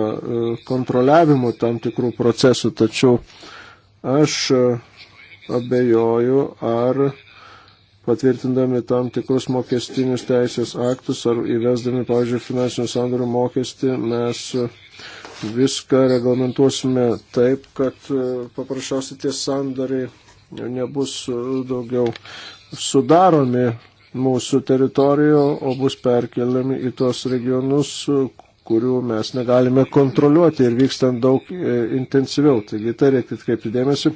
kontroliavimu tam tikrų procesų, tačiau aš abejoju, ar patvirtindami tam tikrus mokestinius teisės aktus ar įvesdami, pavyzdžiui, finansinių sandorių mokestį, mes e, viską reglamentuosime taip, kad e, paprasčiausiai tie sandoriai nebus e, daugiau sudaromi mūsų teritorijoje, o bus perkeliami į tos regionus, kurių mes negalime kontroliuoti ir vykstant daug intensyviau. Taigi tai reikia atkreipti dėmesį.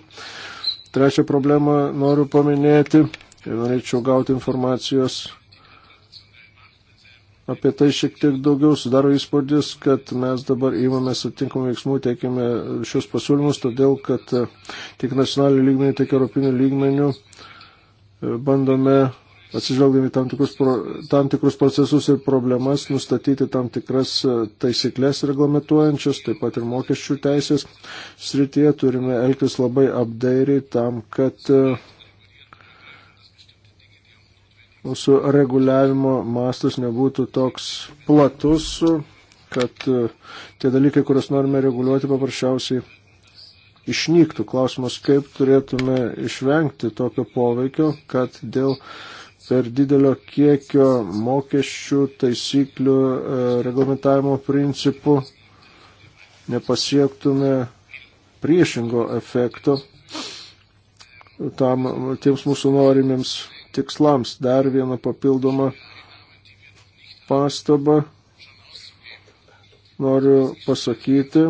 Trečią problemą noriu paminėti Ir norėčiau gauti informacijos apie tai šiek tiek daugiau. Sudaro įspūdis, kad mes dabar įmamės atitinkamų veiksmų, teikime šios pasiūlymus, todėl kad e, tiek nacionalinių lygmenių, tiek europinių lygmenių e, bandome atsižvelgdami tam tikrus, pro, tam tikrus procesus ir problemas, nustatyti tam tikras e, taisyklės reglamentuojančias, taip pat ir mokesčių teisės srityje turime elgtis labai apdairiai tam, kad uh, mūsų reguliavimo mastas nebūtų toks platus, kad e, tie dalykai, kuriuos norime reguliuoti, paprasčiausiai išnyktų. Klausimas, kaip turėtume išvengti tokio poveikio, kad dėl per didelio kiekio mokesčių, taisyklių, e, reglamentavimo principų nepasiektume priešingo efekto tam, tiems mūsų norimiems tikslams. Dar vieną papildomą pastabą noriu pasakyti.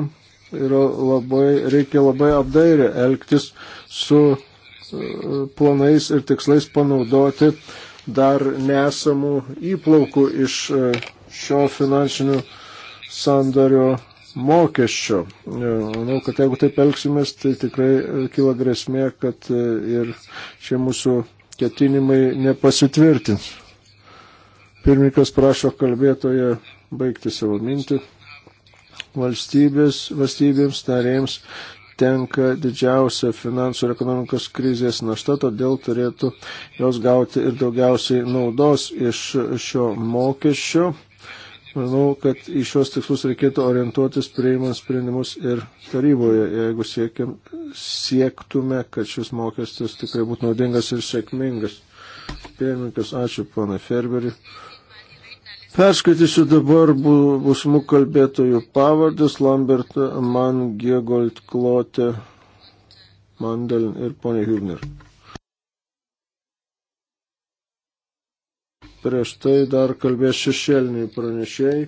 Yra labai, reikia labai apdairę elgtis su e, planais ir tikslais panaudoti dar nesamų įplaukų iš e, šio finansinių sandario mokesčio. E, manau, kad jeigu taip elgsimės, tai tikrai kyla grėsmė, kad ir šie mūsų ketinimai nepasitvirtins. Pirmininkas prašo kalbėtoje baigti savo mintį. Valstybės, valstybėms narėms tenka didžiausia finansų ir ekonomikos krizės našta, todėl turėtų jos gauti ir daugiausiai naudos iš šio mokesčio Manau, kad į šios tikslus reikėtų orientuotis priimant sprendimus ir taryboje, jeigu siekiam, siektume, kad šis mokestis tikrai būtų naudingas ir sėkmingas. Pirmininkas, ačiū ponai Ferberi. Perskaitysiu dabar būsimų kalbėtojų pavardės Lambert, Man, Giegold, Klotė, Mandel ir ponė Hübner. prieš tai dar kalbės šešėliniai pranešėjai.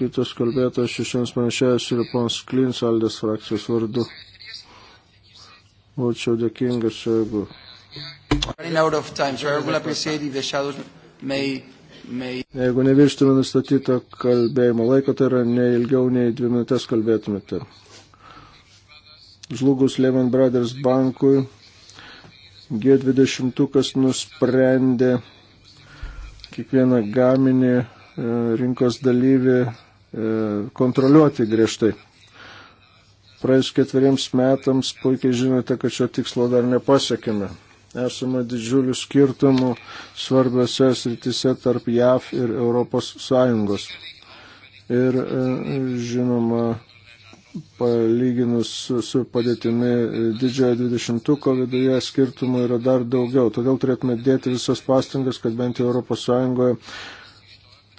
Kitas kalbėtojas šešėlinis pranešėjas yra pons Klins Aldės frakcijos vardu. Būčiau dėkingas, jeigu. Running out of time, so I will appreciate if the shadows may Jeigu nevirštume nustatyto kalbėjimo laiko, tai yra neilgiau nei dvi minutės kalbėtumėte. Žlugus Lehman Brothers bankui G20 nusprendė kiekvieną gaminį e, rinkos dalyvį e, kontroliuoti griežtai. Praėjus ketveriems metams puikiai žinote, kad šio tikslo dar nepasiekime esama didžiulių skirtumų svarbiose srityse tarp JAV ir ES. Ir e, žinoma, palyginus su padėtimi didžiojo 20-ko viduje skirtumų yra dar daugiau. Todėl turėtume dėti visas pastangas, kad bent jau ES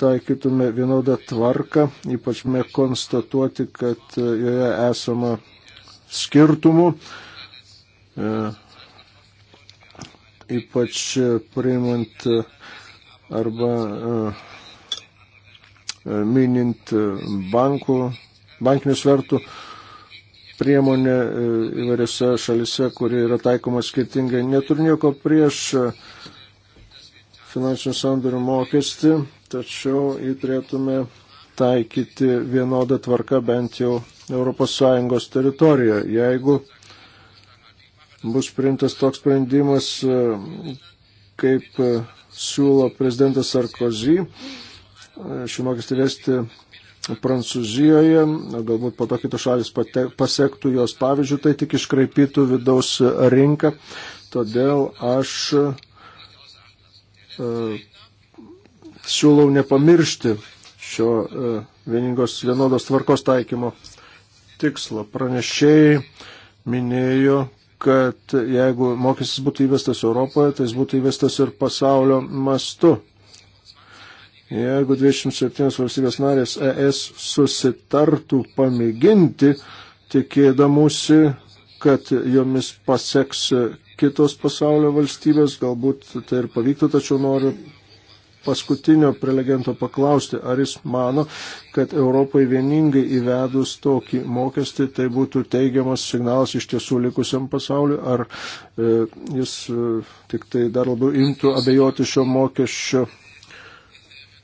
taikytume vienodą tvarką, ypač me konstatuoti, kad joje esama skirtumų. E, ypač priimant arba e, minint bankų, bankinių svertų priemonė e, įvairiose šalise, kuri yra taikoma skirtingai. Neturiu nieko prieš e, finansinių sandorių mokestį, tačiau jį turėtume taikyti vienodą tvarką bent jau ES teritorijoje. Jeigu bus priimtas toks sprendimas, e, kaip e, siūlo prezidentas Sarkozy. E, šį mokestį vesti Prancūzijoje, galbūt po to kitos šalis pate, pasektų jos pavyzdžių, tai tik iškraipytų vidaus rinką. Todėl aš e, siūlau nepamiršti šio e, vieningos vienodos tvarkos taikymo tikslo. Pranešėjai minėjo kad jeigu mokestis būtų įvestas Europoje, tai jis būtų įvestas ir pasaulio mastu. Jeigu 27 valstybės narės ES susitartų pamėginti, tikėdamusi, kad jomis paseks kitos pasaulio valstybės, galbūt tai ir pavyktų, tačiau noriu paskutinio prelegento paklausti, ar jis mano, kad Europai vieningai įvedus tokį mokestį, tai būtų teigiamas signalas iš tiesų likusiam pasauliu, ar e, jis e, tik tai dar labiau imtų abejoti šio mokesčio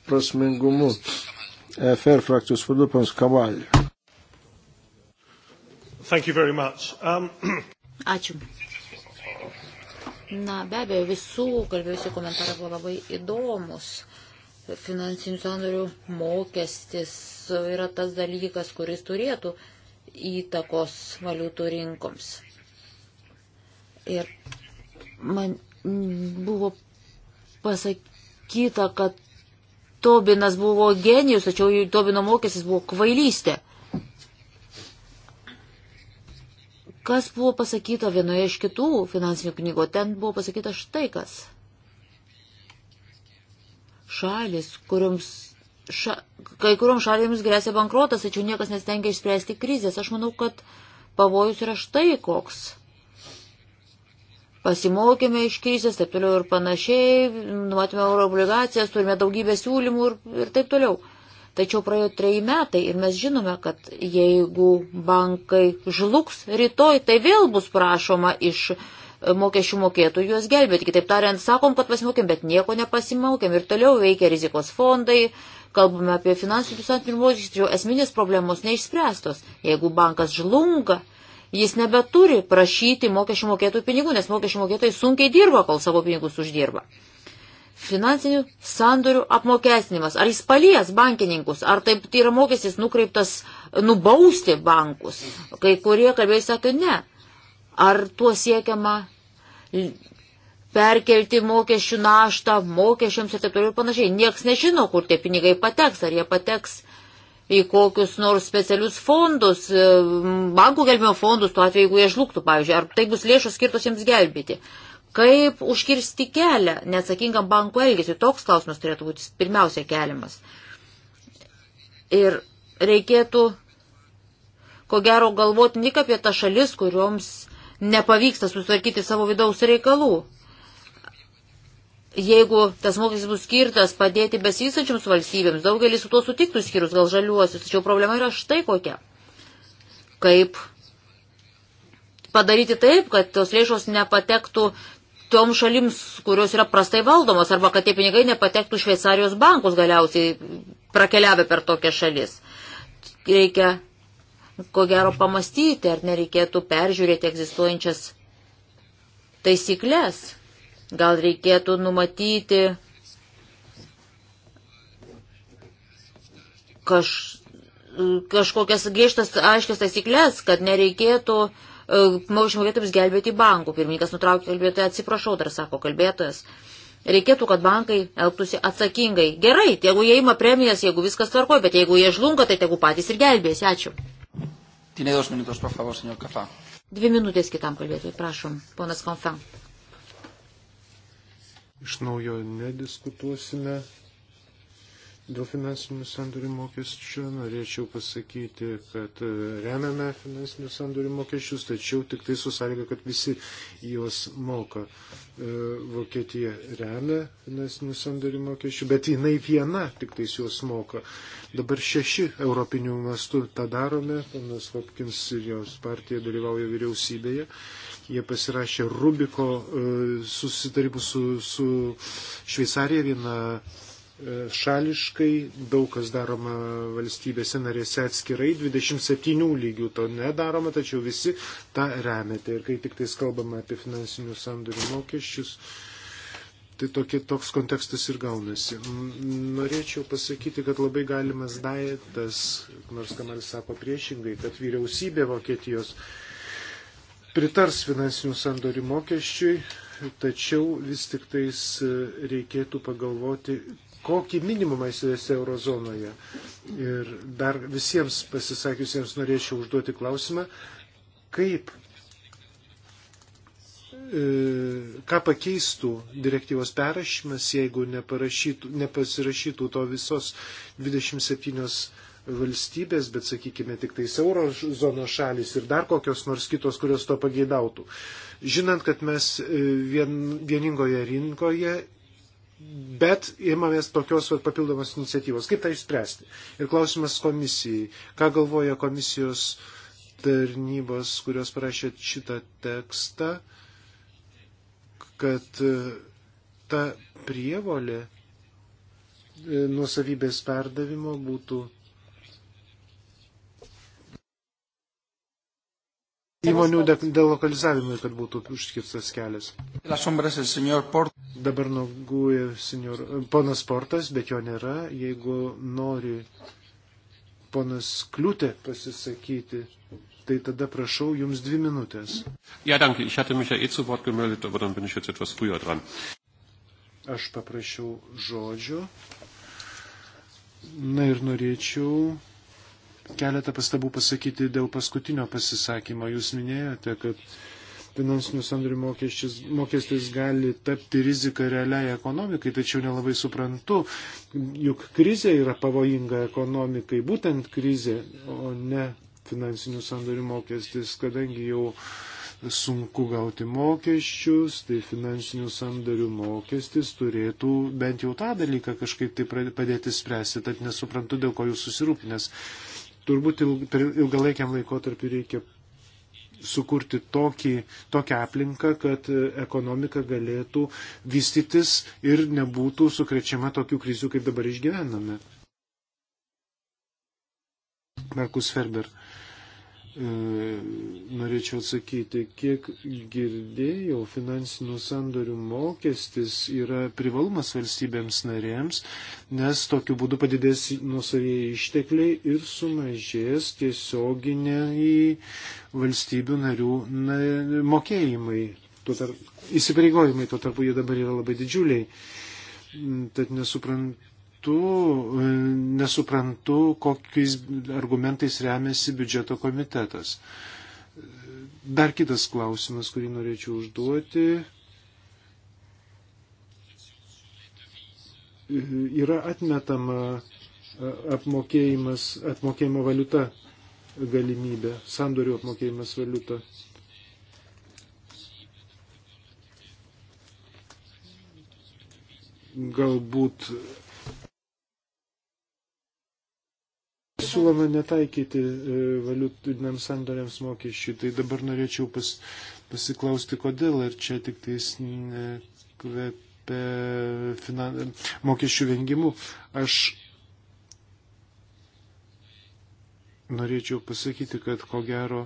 prasmingumu. EFR frakcijos vadu pans Kavalį. Um... Ačiū. Na, be abejo, visų kalbėjusių komentarai buvo labai įdomus. Finansinių sandorių mokestis yra tas dalykas, kuris turėtų įtakos valiutų rinkoms. Ir man buvo pasakyta, kad Tobinas buvo genijus, tačiau Tobino mokestis buvo kvailystė. Kas buvo pasakyta vienoje iš kitų finansinių knygų? Ten buvo pasakyta štai kas. Šalis, kuriams ša, kai kuriuom šalims grėsia bankruotas, tačiau niekas nestengia išspręsti krizės. Aš manau, kad pavojus yra štai koks. Pasimokėme iš krizės, taip toliau ir panašiai, numatėme euro obligacijas, turime daugybę siūlymų ir, ir taip toliau. Tačiau praėjo treji metai ir mes žinome, kad jeigu bankai žlugs rytoj, tai vėl bus prašoma iš mokesčių mokėtojų juos gelbėti. Kitaip tariant, sakom, kad pasimokėm, bet nieko nepasimokėm ir toliau veikia rizikos fondai, kalbame apie finansinių santykių mokesčius, tačiau esminės problemos neišspręstos. Jeigu bankas žlunga, jis nebeturi prašyti mokesčių mokėtojų pinigų, nes mokesčių mokėtojai sunkiai dirba, kol savo pinigus uždirba. Finansinių sandorių apmokestinimas. Ar jis palies bankininkus, ar taip tai yra mokestis nukreiptas nubausti bankus. Kai kurie kalbėjai sakė, ne. Ar tuo siekiama perkelti mokesčių naštą, mokesčiams ir taip toliau ir panašiai. Niekas nežino, kur tie pinigai pateks, ar jie pateks į kokius nors specialius fondus, e, bankų gelbėjimo fondus, tuo atveju, jeigu jie žlugtų, pavyzdžiui, ar tai bus lėšos skirtos jiems gelbėti. Uh, Kaip užkirsti kelią neatsakingam banko elgesiu? Toks klausimas turėtų būti pirmiausia keliamas. Ir reikėtų, ko gero, galvoti tik apie tą šalis, kurioms nepavyksta susitvarkyti savo vidaus reikalų. Jeigu tas mokestis bus skirtas padėti besivystančiams valstybėms, daugelis su tuo sutiktų skirus gal žaliuosius, tačiau problema yra štai kokia. Kaip padaryti taip, kad tos lėšos nepatektų tom šalims, kurios yra prastai valdomos, arba kad tie pinigai nepatektų Šveicarijos bankus galiausiai prakeliavę per tokią šalis. Reikia, ko gero, pamastyti, ar nereikėtų peržiūrėti egzistuojančias taisyklės. Gal reikėtų numatyti kaž, kažkokias griežtas, aiškias taisyklės, kad nereikėtų uh, E, mokesčių mokėtojams gelbėti bankų. Pirmininkas nutraukė kalbėtoją, atsiprašau, dar sako kalbėtojas. Reikėtų, kad bankai elgtųsi atsakingai. Gerai, tai jeigu jie ima premijas, jeigu viskas tvarkoja, bet jeigu jie žlunga, tai tegu patys ir gelbės. Ačiū. Tiene dos minutos, por favor, señor Kafa. Dvi minutės kitam kalbėtojui, prašom, ponas Konfa. Iš naujo nediskutuosime, Dėl finansinių sandorių mokesčių norėčiau pasakyti, kad e, remiame finansinių sandorių mokesčius, tačiau tik tai su sąlyga, kad visi juos moka. E, Vokietija remia finansinių sandorių mokesčių, bet jinai viena tik tai juos moka. Dabar šeši europinių mastų tą darome, panas Hopkins ir jos partija dalyvauja vyriausybėje. Jie pasirašė Rubiko e, susitarimus su, su Šveicarija, viena E, šališkai, daug kas daroma valstybėse narėse atskirai, 27 lygių to nedaroma, tačiau visi tą remiate. Ir kai tik tais kalbama apie finansinių sandorių mokesčius, tai tokie, toks kontekstas ir gaunasi. Norėčiau pasakyti, kad labai galimas daiktas, nors Kamalis sako priešingai, kad vyriausybė Vokietijos pritars finansinių sandorių mokesčiui, tačiau vis tik tais e, reikėtų pagalvoti, kokį minimumą įsivėsi eurozonoje. Ir dar visiems pasisakiusiems norėčiau užduoti klausimą, kaip, e, ką pakeistų direktyvos perrašymas, jeigu nepasirašytų to visos 27 valstybės, bet sakykime tik tais eurozono šalis ir dar kokios nors kitos, kurios to pageidautų. Žinant, kad mes e, vien, vieningoje rinkoje bet imamės tokios vat, papildomos iniciatyvos. Kaip tą išspręsti? Ir klausimas komisijai. Ką galvoja komisijos tarnybos, kurios parašė šitą tekstą, kad e, ta prievolė e, nuosavybės perdavimo būtų įmonių delokalizavimui, kad būtų užskirstas kelias. Dabar nuguoja senior, ponas Portas, bet jo nėra. Jeigu nori ponas Kliūtė pasisakyti, tai tada prašau jums dvi minutės. Ja, danke, ich hatte mich ja eh zu Wort gemeldet, aber dann bin ich jetzt etwas früher dran. Aš paprašiau žodžio. Na ir norėčiau keletą pastabų pasakyti dėl paskutinio pasisakymo. Jūs minėjote, kad finansinių sandorių mokestis, mokestis gali tapti rizika realiai ekonomikai, tačiau nelabai suprantu, juk krizė yra pavojinga ekonomikai, būtent krizė, o ne finansinių sandorių mokestis, kadangi jau sunku gauti mokesčius, tai finansinių sandarių mokestis turėtų bent jau tą dalyką kažkaip tai padėti spręsti, tad nesuprantu, dėl ko jūs susirūpinęs. Turbūt ilgalaikiam laikotarpiu reikia sukurti tokį, tokią aplinką, kad e, ekonomika galėtų vystytis ir nebūtų sukrečiama tokių krizių, kaip dabar išgyvename. Markus Ferber. E, norėčiau atsakyti, kiek girdėjau, finansinių sandorių mokestis yra privalumas valstybėms narėms, nes tokiu būdu padidės nusavėjai ištekliai ir sumažės tiesioginiai valstybių narių na, mokėjimai. Tuo tarp, įsipareigojimai tuo tarpu jie dabar yra labai didžiuliai. Tad nesuprantu metu e, nesuprantu, kokiais argumentais remiasi biudžeto komitetas. Dar kitas klausimas, kurį norėčiau užduoti. Yra atmetama e, apmokėjimo valiuta galimybė, sandorių apmokėjimas valiuta. Galbūt Siūloma netaikyti e, valiutiniams sandoriams mokesčių. Tai dabar norėčiau pas, pasiklausti, kodėl ar čia tik tais kvepia finan... mokesčių vengimu. Aš norėčiau pasakyti, kad ko gero,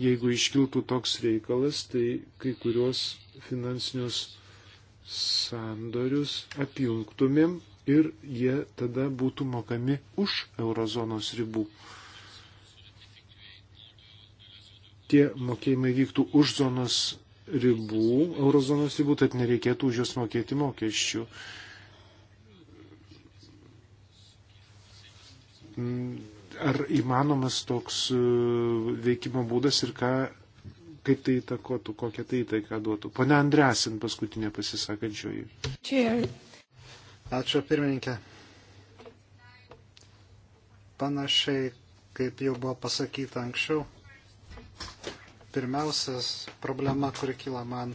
jeigu iškiltų toks reikalas, tai kai kurios finansinius sandorius apjungtumėm ir jie tada būtų mokami už eurozonos ribų. Tie mokėjimai vyktų už zonos ribų, eurozonos ribų, tad nereikėtų už juos mokėti mokesčių. Mm, ar įmanomas toks e, veikimo būdas ir ką, kaip tai įtakotų, kokią tai įtaką duotų? Pone Andresin, paskutinė pasisakančioji. Čia Ačiū pirmininkė. Panašiai, kaip jau buvo pasakyta anksčiau, pirmiausias problema, kuri kyla man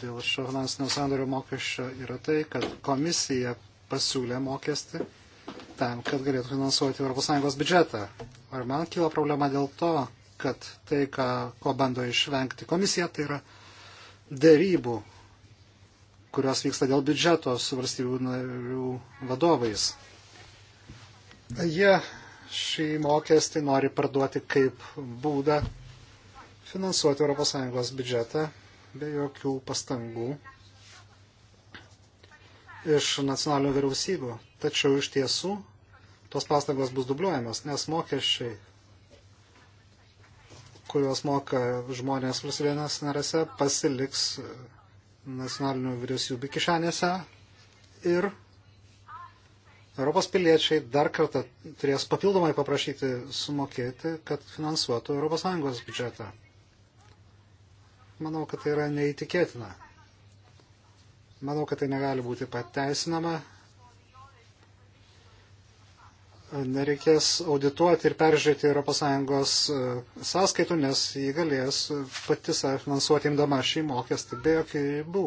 dėl šio finansinio sandorio mokesčio yra tai, kad komisija pasiūlė mokestį tam, kad galėtų finansuoti ES biudžetą. Ar man kyla problema dėl to, kad tai, ką, ko bando išvengti komisija, tai yra dėrybų kurios vyksta dėl biudžeto su valstybių narių vadovais. Jie šį mokestį nori parduoti kaip būdą finansuoti ES biudžetą be jokių pastangų iš nacionalinių vyriausybių. Tačiau iš tiesų tos pastangos bus dubliuojamas, nes mokesčiai, kuriuos moka žmonės valstybės narėse, pasiliks nacionalinių vyriausybių kišenėse ir Europos piliečiai dar kartą turės papildomai paprašyti sumokėti, kad finansuotų ES biudžetą. Manau, kad tai yra neįtikėtina. Manau, kad tai negali būti pateisinama nereikės audituoti ir peržiūrėti ES e, sąskaitų, nes jį galės pati save finansuoti imdama šį mokestį be jokių ribų.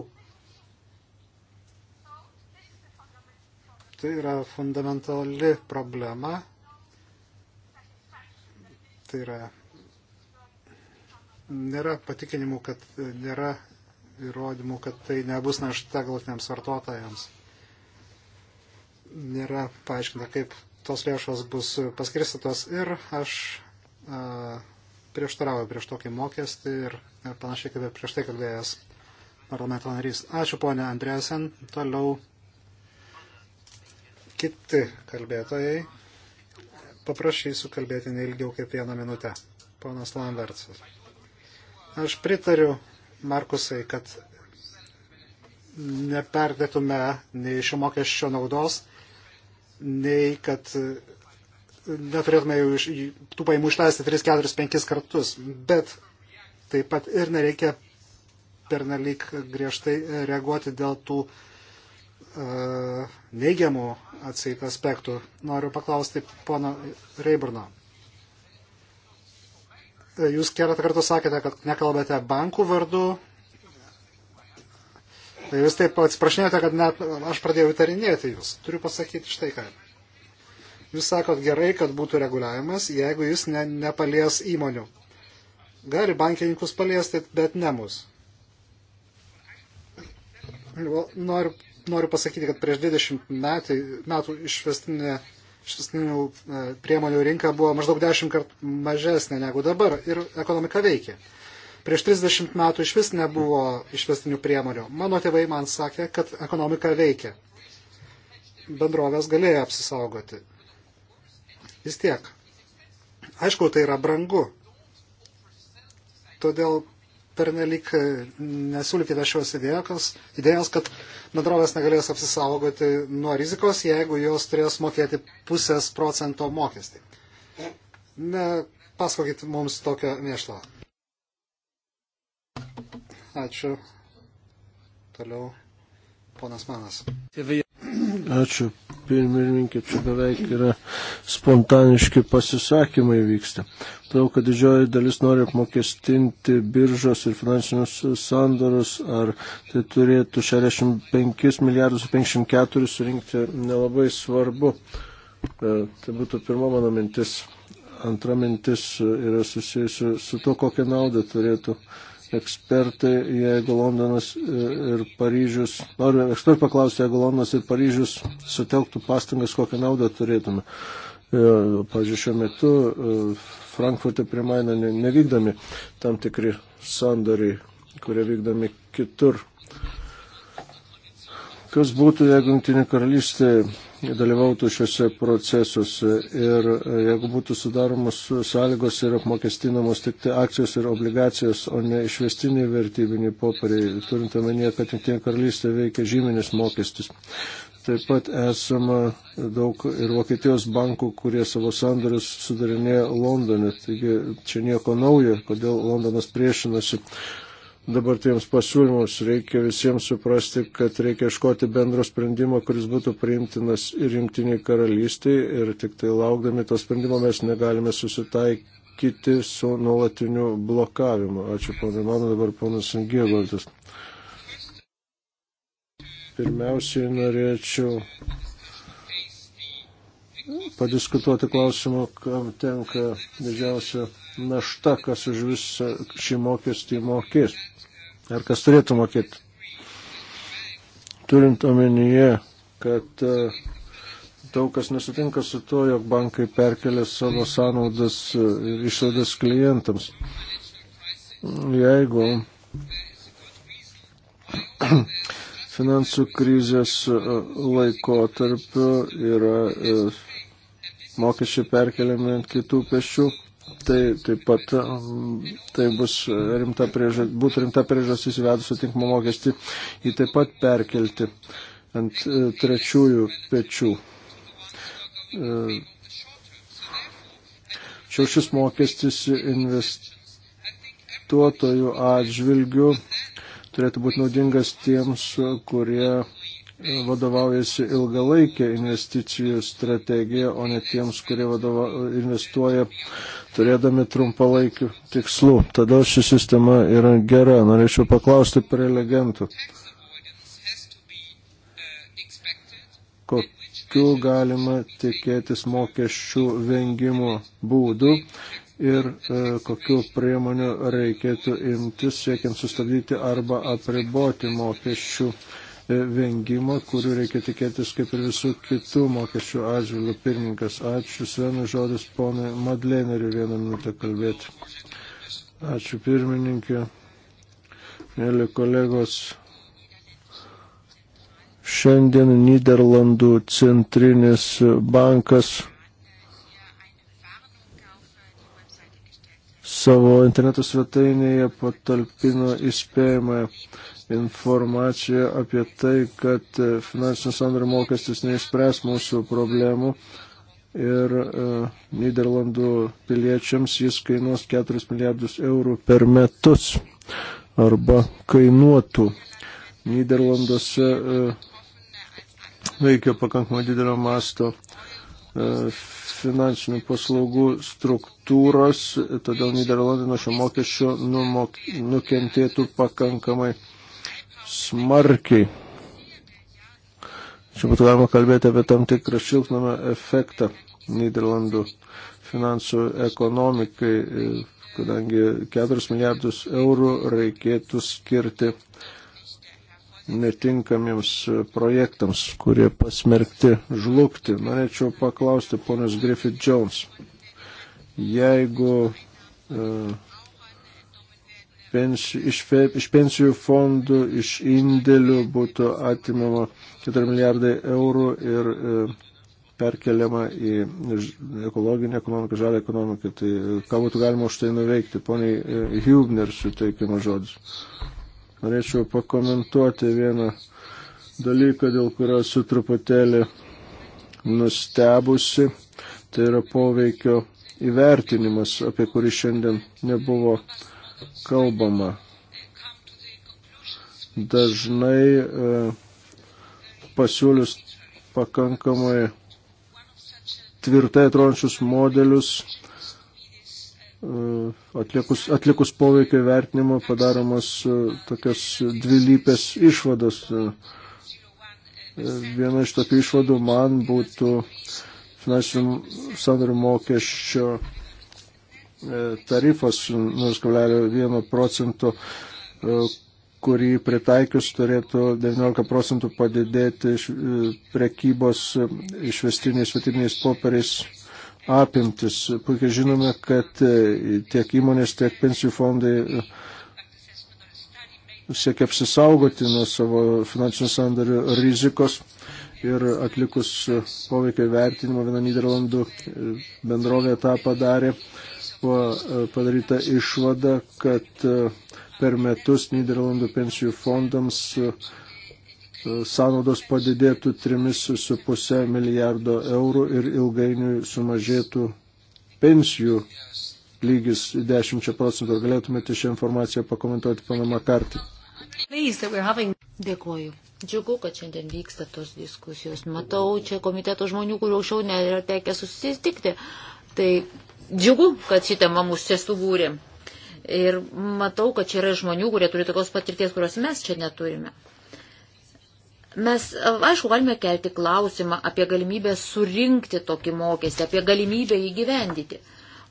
Tai yra fundamentali problema. Tai yra, nėra patikinimų, kad nėra įrodymų, kad tai nebus našta galutiniams vartotojams. Nėra paaiškinta, kaip tos lėšos bus paskirstytos ir aš prieštarauju prieš tokį mokestį ir, ir panašiai kaip ir prieš tai kalbėjęs parlamento narys. Ačiū ponė Andresen. Toliau kiti kalbėtojai. Paprašysiu kalbėti neilgiau kaip vieną minutę. Ponas Lambertsas. Aš pritariu Markusai, kad neperdėtume nei šio mokesčio naudos nei kad neturėtume jau iš, tų paimų išleisti 3, 4, 5 kartus. Bet taip pat ir nereikia pernelyg griežtai reaguoti dėl tų uh, neigiamų atseit aspektų. Noriu paklausti pono Reiburno. E, jūs keletą kartų sakėte, kad nekalbate bankų vardu, Tai jūs taip atsiprašinėjote, kad net aš pradėjau įtarinėti jūs. Turiu pasakyti štai ką. Jūs sakot gerai, kad būtų reguliavimas, jeigu jis ne, nepalies įmonių. Gali bankininkus paliesti, bet ne mus. Noriu, noriu pasakyti, kad prieš 20 metų, metų išvestinė išvestinių e, priemonių rinka buvo maždaug 10 kart mažesnė negu dabar ir ekonomika veikia. Prieš 30 metų iš vis nebuvo išvestinių priemonių. Mano tėvai man sakė, kad ekonomika veikia. Bendrovės galėjo apsisaugoti. Vis tiek. Aišku, tai yra brangu. Todėl pernelik nesiūlykite šios idėjos, idėjos, kad bendrovės negalės apsisaugoti nuo rizikos, jeigu jos turės mokėti pusės procento mokestį. Ne, pasakokit mums tokio mėšlo. Ačiū. Toliau ponas Manas. Ačiū. Pirmininkė, čia beveik yra spontaniški pasisakymai vyksta. Todėl, kad didžioji dalis nori apmokestinti biržos ir finansinius sandorus, ar tai turėtų 65 milijardus 54 surinkti, nelabai svarbu. Tai būtų pirma mano mintis. Antra mintis yra susijusi su to, kokią naudą turėtų uh, ekspertai, jeigu Londonas e, ir Paryžius, noriu ekspertų paklausti, jeigu Londonas ir Paryžius sutelktų pastangas, kokią naudą turėtume. E, pavyzdžiui, šiuo metu e, Frankfurte prie Maino nevykdami tam tikri sandoriai, kurie vykdami kitur. Kas būtų, jeigu Junktinė karalystė dalyvautų šiuose procesuose ir e, jeigu būtų sudaromos sąlygos ir apmokestinamos tik tai akcijos ir obligacijos, o ne išvestiniai vertybiniai popieriai, turint omenyje, kad Junktinė karalystė veikia žyminis mokestis. Taip pat esama daug ir Vokietijos bankų, kurie savo sandorius sudarinėja Londone, taigi čia nieko naujo, kodėl Londonas priešinasi dabar tiems pasiūlymus. Reikia visiems suprasti, kad reikia iškoti bendro sprendimo, kuris būtų priimtinas ir jungtiniai karalystiai ir tik tai laukdami to sprendimo mes negalime susitaikyti su nuolatiniu blokavimu. Ačiū, ponai, mano dabar ponas Angėgoldas. Pirmiausiai norėčiau padiskutuoti klausimu, kam tenka didžiausia našta, kas už visą šį mokestį mokės ar kas turėtų mokėti. Turint omenyje, kad e, daug kas nesutinka su to, jog bankai perkelia savo sąnaudas e, ir išlaidas klientams. Jeigu finansų krizės e, laikotarpiu yra mokesčiai perkeliami ant kitų pešių, Tai taip pat um, tai bus rimta priežastis, būtų rimta priežastis įvedus atinkamą mokestį jį taip pat perkelti ant e, trečiųjų pečių. E, čia šis mokestis investuotojų atžvilgių turėtų būti naudingas tiems, kurie e, vadovaujasi ilgalaikė investicijų strategija, o ne tiems, kurie vadova, investuoja turėdami trumpalaikių tikslų. Todėl ši sistema yra gera. Norėčiau paklausti prelegentų. Kokių galima tikėtis mokesčių vengimo būdų ir e, kokių priemonių reikėtų imtis siekiant sustabdyti arba apriboti mokesčių vengimą vengimo, kurių reikia tikėtis kaip ir visų kitų mokesčių atžvilgių. Pirmininkas, ačiū. Svenų žodis ponui Madleneriu vieną minutę kalbėti. Ačiū pirmininkė. Mėly kolegos, šiandien Niderlandų centrinis bankas savo interneto svetainėje patalpino įspėjimą informacija apie tai, kad finansinio sandario mokestis neišspręs mūsų problemų ir uh, Niderlandų piliečiams jis kainuos 4 milijardus eurų per metus arba kainuotų. Niderlanduose uh, veikia pakankamai didelio masto uh, finansinių paslaugų struktūros, todėl Niderlandai nuo šio mokesčio numok, nukentėtų pakankamai smarkiai. Čia būtų galima kalbėti apie tam tikrą šiltnamą efektą Niderlandų finansų ekonomikai, kadangi 4 milijardus eurų reikėtų skirti netinkamiems projektams, kurie pasmerkti žlugti. Norėčiau paklausti ponios Griffith Jones, jeigu uh, pensijų, iš, iš pensijų fondų, iš indėlių būtų atimama 4 milijardai eurų ir e, perkeliama į ekologinę ekonomiką, žalę ekonomiką. Tai e, ką būtų galima už tai nuveikti? Poniai e, Hubner suteikiamas žodis. Norėčiau pakomentuoti vieną dalyką, dėl kurio su truputėlį nustebusi. Tai yra poveikio įvertinimas, apie kurį šiandien nebuvo kalbama. Dažnai e, pasiūlius pakankamai tvirtai atrodančius modelius, e, atlikus, atlikus poveikio vertinimą padaromas e, tokias dvilypės išvadas. E, viena iš tokių išvadų man būtų finansinių sandarių mokesčio E, tarifas 0,1 procento, e, kurį pritaikius turėtų 19 procentų padidėti e, prekybos išvestiniais svetiniais popieriais apimtis. Puikiai žinome, kad tiek įmonės, tiek pensijų fondai siekia apsisaugoti nuo savo finansinių sandarių rizikos ir atlikus poveikio vertinimą viena Niderlandų bendrovė tą padarė Buvo e, padaryta išvada, kad e, per metus Niderlandų pensijų fondams e, sąnaudos padidėtų 3,5 milijardo eurų ir ilgainiui sumažėtų pensijų lygis 10 procentų. Ar galėtumėte šią informaciją pakomentuoti, pana Makartį? Dėkuoju. Džiugu, kad šiandien vyksta tos diskusijos. Matau čia komiteto žmonių, kurių anksčiau nėra tekę susitikti. Tai džiugu, kad ši tema mus čia subūrė. Ir matau, kad čia yra žmonių, kurie turi tokios patirties, kurios mes čia neturime. Mes, aišku, galime kelti klausimą apie galimybę surinkti tokį mokestį, apie galimybę įgyvendyti.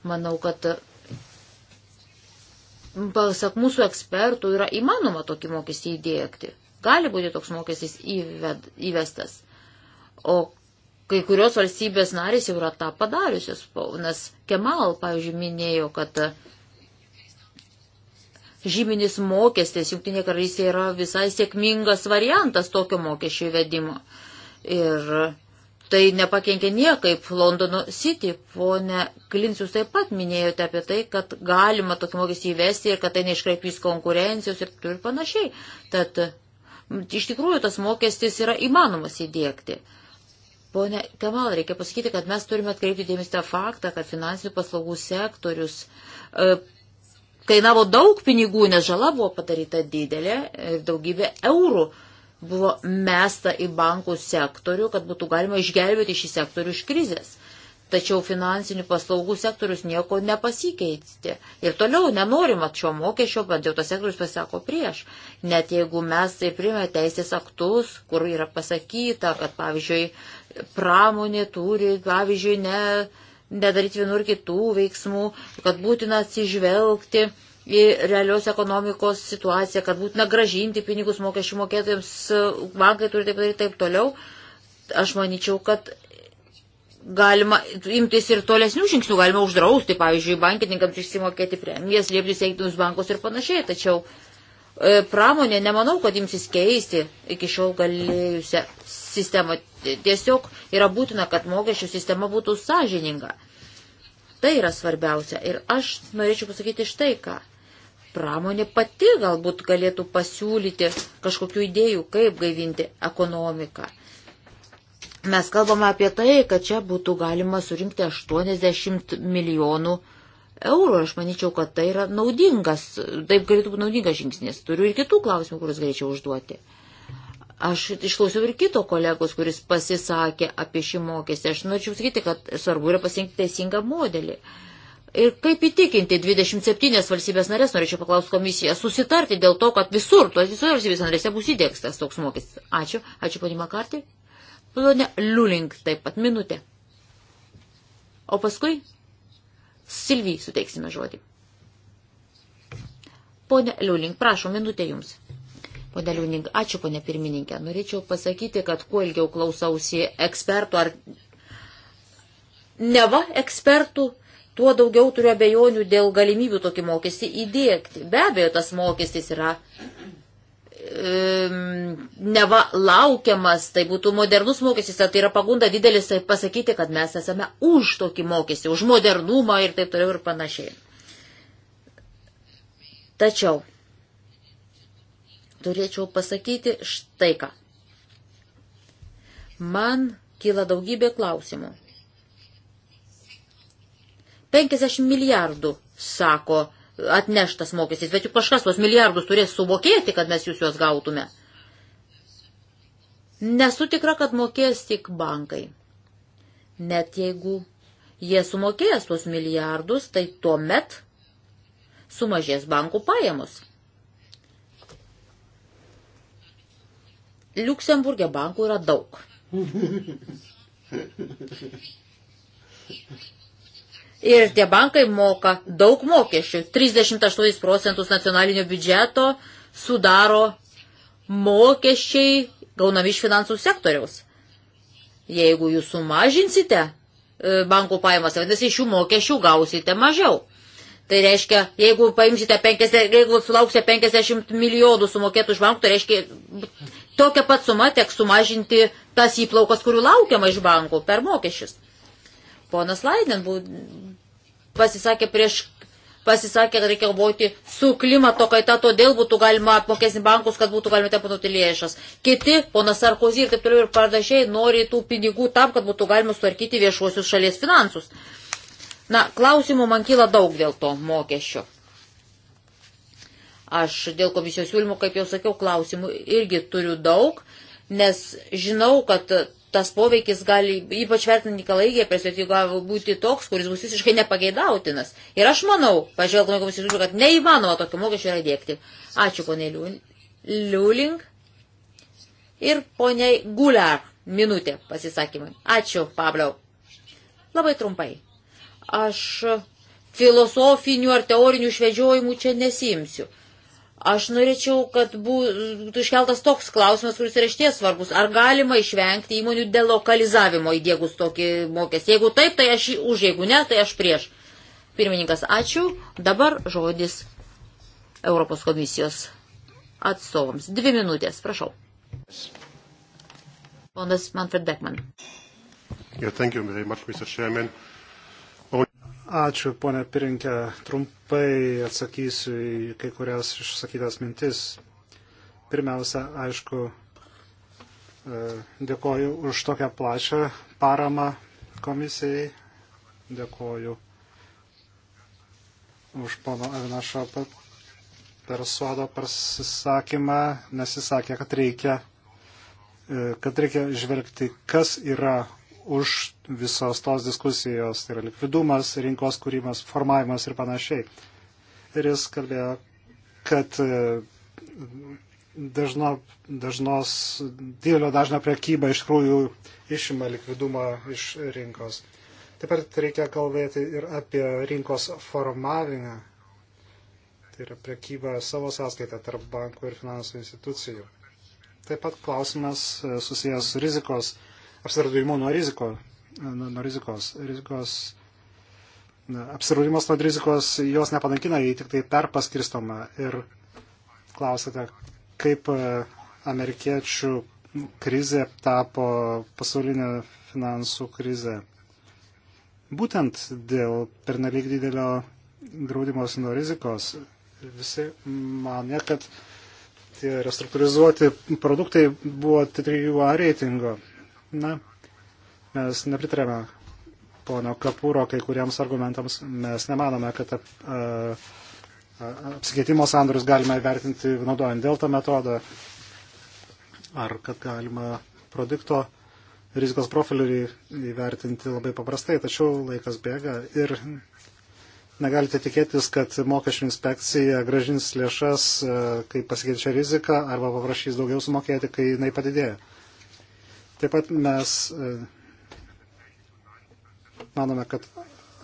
Manau, kad pasak mūsų ekspertų, yra įmanoma tokį mokestį įdėkti. Gali būti toks mokestis įved, įvestas. O Kai kurios valstybės narys jau yra tą padariusios. Nes Kemal, pavyzdžiui, minėjo, kad žyminis mokestis Junktinė karalystė yra visai sėkmingas variantas tokio mokesčio įvedimo. Ir tai nepakenkė niekaip Londono City. Pone Klins, jūs taip pat minėjote apie tai, kad galima tokį mokestį įvesti ir kad tai neiškraipys konkurencijos ir, ir panašiai. Tad iš tikrųjų tas mokestis yra įmanomas įdėkti. Pone Kamal, reikia pasakyti, kad mes turime atkreipti dėmesį tą faktą, kad finansinių paslaugų sektorius e, kainavo daug pinigų, nes žala buvo padaryta didelė ir daugybė eurų buvo mesta į bankų sektorių, kad būtų galima išgelbėti šį sektorių iš krizės. Tačiau finansinių paslaugų sektorius nieko nepasikeisti. Ir toliau nenorima šio mokesčio, bent jau tas sektorius pasako prieš. Net jeigu mes tai primė teisės aktus, kur yra pasakyta, kad pavyzdžiui pramonė turi, pavyzdžiui, ne, nedaryti vienų ir kitų veiksmų, kad būtina atsižvelgti į realios ekonomikos situaciją, kad būtina gražinti pinigus mokesčių mokėtojams, bankai turi taip daryti taip toliau. Aš manyčiau, kad galima imtis ir tolesnių žingsnių, galima uždrausti, pavyzdžiui, bankininkams išsimokėti premijas, liepti seiktinius bankus ir panašiai, tačiau e, pramonė nemanau, kad imsis keisti iki šiol galėjusią sistemą. Tiesiog yra būtina, kad mokesčių sistema būtų sąžininga. Tai yra svarbiausia. Ir aš norėčiau pasakyti štai ką. Pramonė pati galbūt galėtų pasiūlyti kažkokių idėjų, kaip gaivinti ekonomiką. Mes kalbame apie tai, kad čia būtų galima surinkti 80 milijonų eurų. Aš manyčiau, kad tai yra naudingas, taip galėtų būti naudingas žingsnis. Turiu ir kitų klausimų, kuriuos galėčiau užduoti. Aš išklausiau ir kito kolegos, kuris pasisakė apie šį mokestį. Aš norėčiau sakyti, kad svarbu yra pasirinkti teisingą modelį. Ir kaip įtikinti 27 valstybės narės, norėčiau paklausti komisiją, susitarti dėl to, kad visur, tos visoje valstybės narėse bus įdėkstas toks mokestis. Ačiū, ačiū ponima Kartį. Plone Liulink taip pat minutė. O paskui Silvijai suteiksime žodį. Pone Liulink, prašom, minutė jums. Pone Liūning, ačiū, pone pirmininkė. Norėčiau pasakyti, kad kuo ilgiau klausausi ekspertų ar neva ekspertų, tuo daugiau turiu abejonių dėl galimybių tokį mokestį įdėkti. Be abejo, tas mokestis yra neva laukiamas, tai būtų modernus mokestis, tai yra pagunda didelis tai pasakyti, kad mes esame už tokį mokestį, už modernumą ir taip toliau ir panašiai. Tačiau turėčiau pasakyti štai ką. Man kyla daugybė klausimų. 50 milijardų, sako, atneštas mokestis, bet juk kažkas tuos milijardus turės sumokėti, kad mes jūs juos gautume. Nesu tikra, kad mokės tik bankai. Net jeigu jie sumokės tuos milijardus, tai tuomet sumažės bankų pajamos. Liuksemburgė bankų yra daug. Ir tie bankai moka daug mokesčių. 38 procentus nacionalinio biudžeto sudaro mokesčiai gaunami iš finansų sektoriaus. Jeigu jūs sumažinsite e, bankų pajamas, vadinasi, iš jų mokesčių gausite mažiau. Tai reiškia, jeigu paimsite 50, jeigu sulauksite 50 milijonų sumokėtų iš bankų, tai reiškia, tokia pat suma teks sumažinti tas įplaukas, kurių laukiama iš bankų per mokesčius. Ponas Laidin pasisakė prieš pasisakė, kad reikia kovoti su klimato kaita, todėl būtų galima apmokestinti bankus, kad būtų galima ten panaudoti lėšas. Kiti, ponas Sarkozy ir taip toliau ir pardažiai, nori tų pinigų tam, kad būtų galima sutvarkyti viešuosius šalies finansus. Na, klausimų man kyla daug dėl to mokesčio. Aš dėl komisijos siūlymų, kaip jau sakiau, klausimų irgi turiu daug, nes žinau, kad tas poveikis gali, ypač vertinant Nikolaigiją, perspektyvą gali būti toks, kuris bus visiškai nepageidautinas. Ir aš manau, pažvelgdami komisijos siūlymų, kad neįmanoma tokio mokesčio yra dėkti. Ačiū, ponė Liuling. Ir poniai Guliar, minutė pasisakymai. Ačiū, Pabliau. Labai trumpai. Aš filosofinių ar teorinių švedžiojimų čia nesimsiu. Aš norėčiau, kad būtų iškeltas toks klausimas, kuris yra išties svarbus. Ar galima išvengti įmonių delokalizavimo įdėgus tokį mokestį? Jeigu taip, tai aš už, jeigu ne, tai aš prieš. Pirmininkas, ačiū. Dabar žodis Europos komisijos atstovams. Dvi minutės, prašau. Ponas Manfred Beckman. Yeah, thank you very much, Mr. Chairman. Uh, Ačiū, ponė Pirinkė. Trumpai atsakysiu į kai kurias išsakytas mintis. Pirmiausia, aišku, e, dėkoju už tokią plačią paramą komisijai. Dėkoju už pono Evinašo persuado pasisakymą, nes jis sakė, kad reikia, e, kad reikia žvelgti, kas yra už visos tos diskusijos, tai yra likvidumas, rinkos kūrimas, formavimas ir panašiai. Ir jis kalbėjo, kad e, dažno, dažnos, didelio dažno prekyba iš tikrųjų išima likvidumą iš rinkos. Taip pat reikia kalbėti ir apie rinkos formavimą. Tai yra prekyba savo sąskaitą tarp bankų ir finansų institucijų. Taip pat klausimas e, susijęs su rizikos, apsarduimu nuo riziko, nuo nu, rizikos. rizikos Apsirūdimas nuo rizikos jos nepanaikina, jį tik tai perpaskirstoma. Ir klausėte, kaip e, amerikiečių krizė tapo pasaulinė finansų krizė. Būtent dėl pernelyg didelio draudimos nuo rizikos visi mane, kad tie restruktūrizuoti produktai buvo 3A reitingo. Na, Mes nepritarėme pono Kapūro kai kuriems argumentams. Mes nemanome, kad ap, apsikeitimo sandorius galima įvertinti naudojant delta metodą ar kad galima produkto rizikos profilį įvertinti labai paprastai, tačiau laikas bėga ir negalite tikėtis, kad mokesčių inspekcija gražins lėšas, kai pasikeičia rizika, arba paprašys daugiau sumokėti, kai jinai padidėja. Taip pat mes manome, kad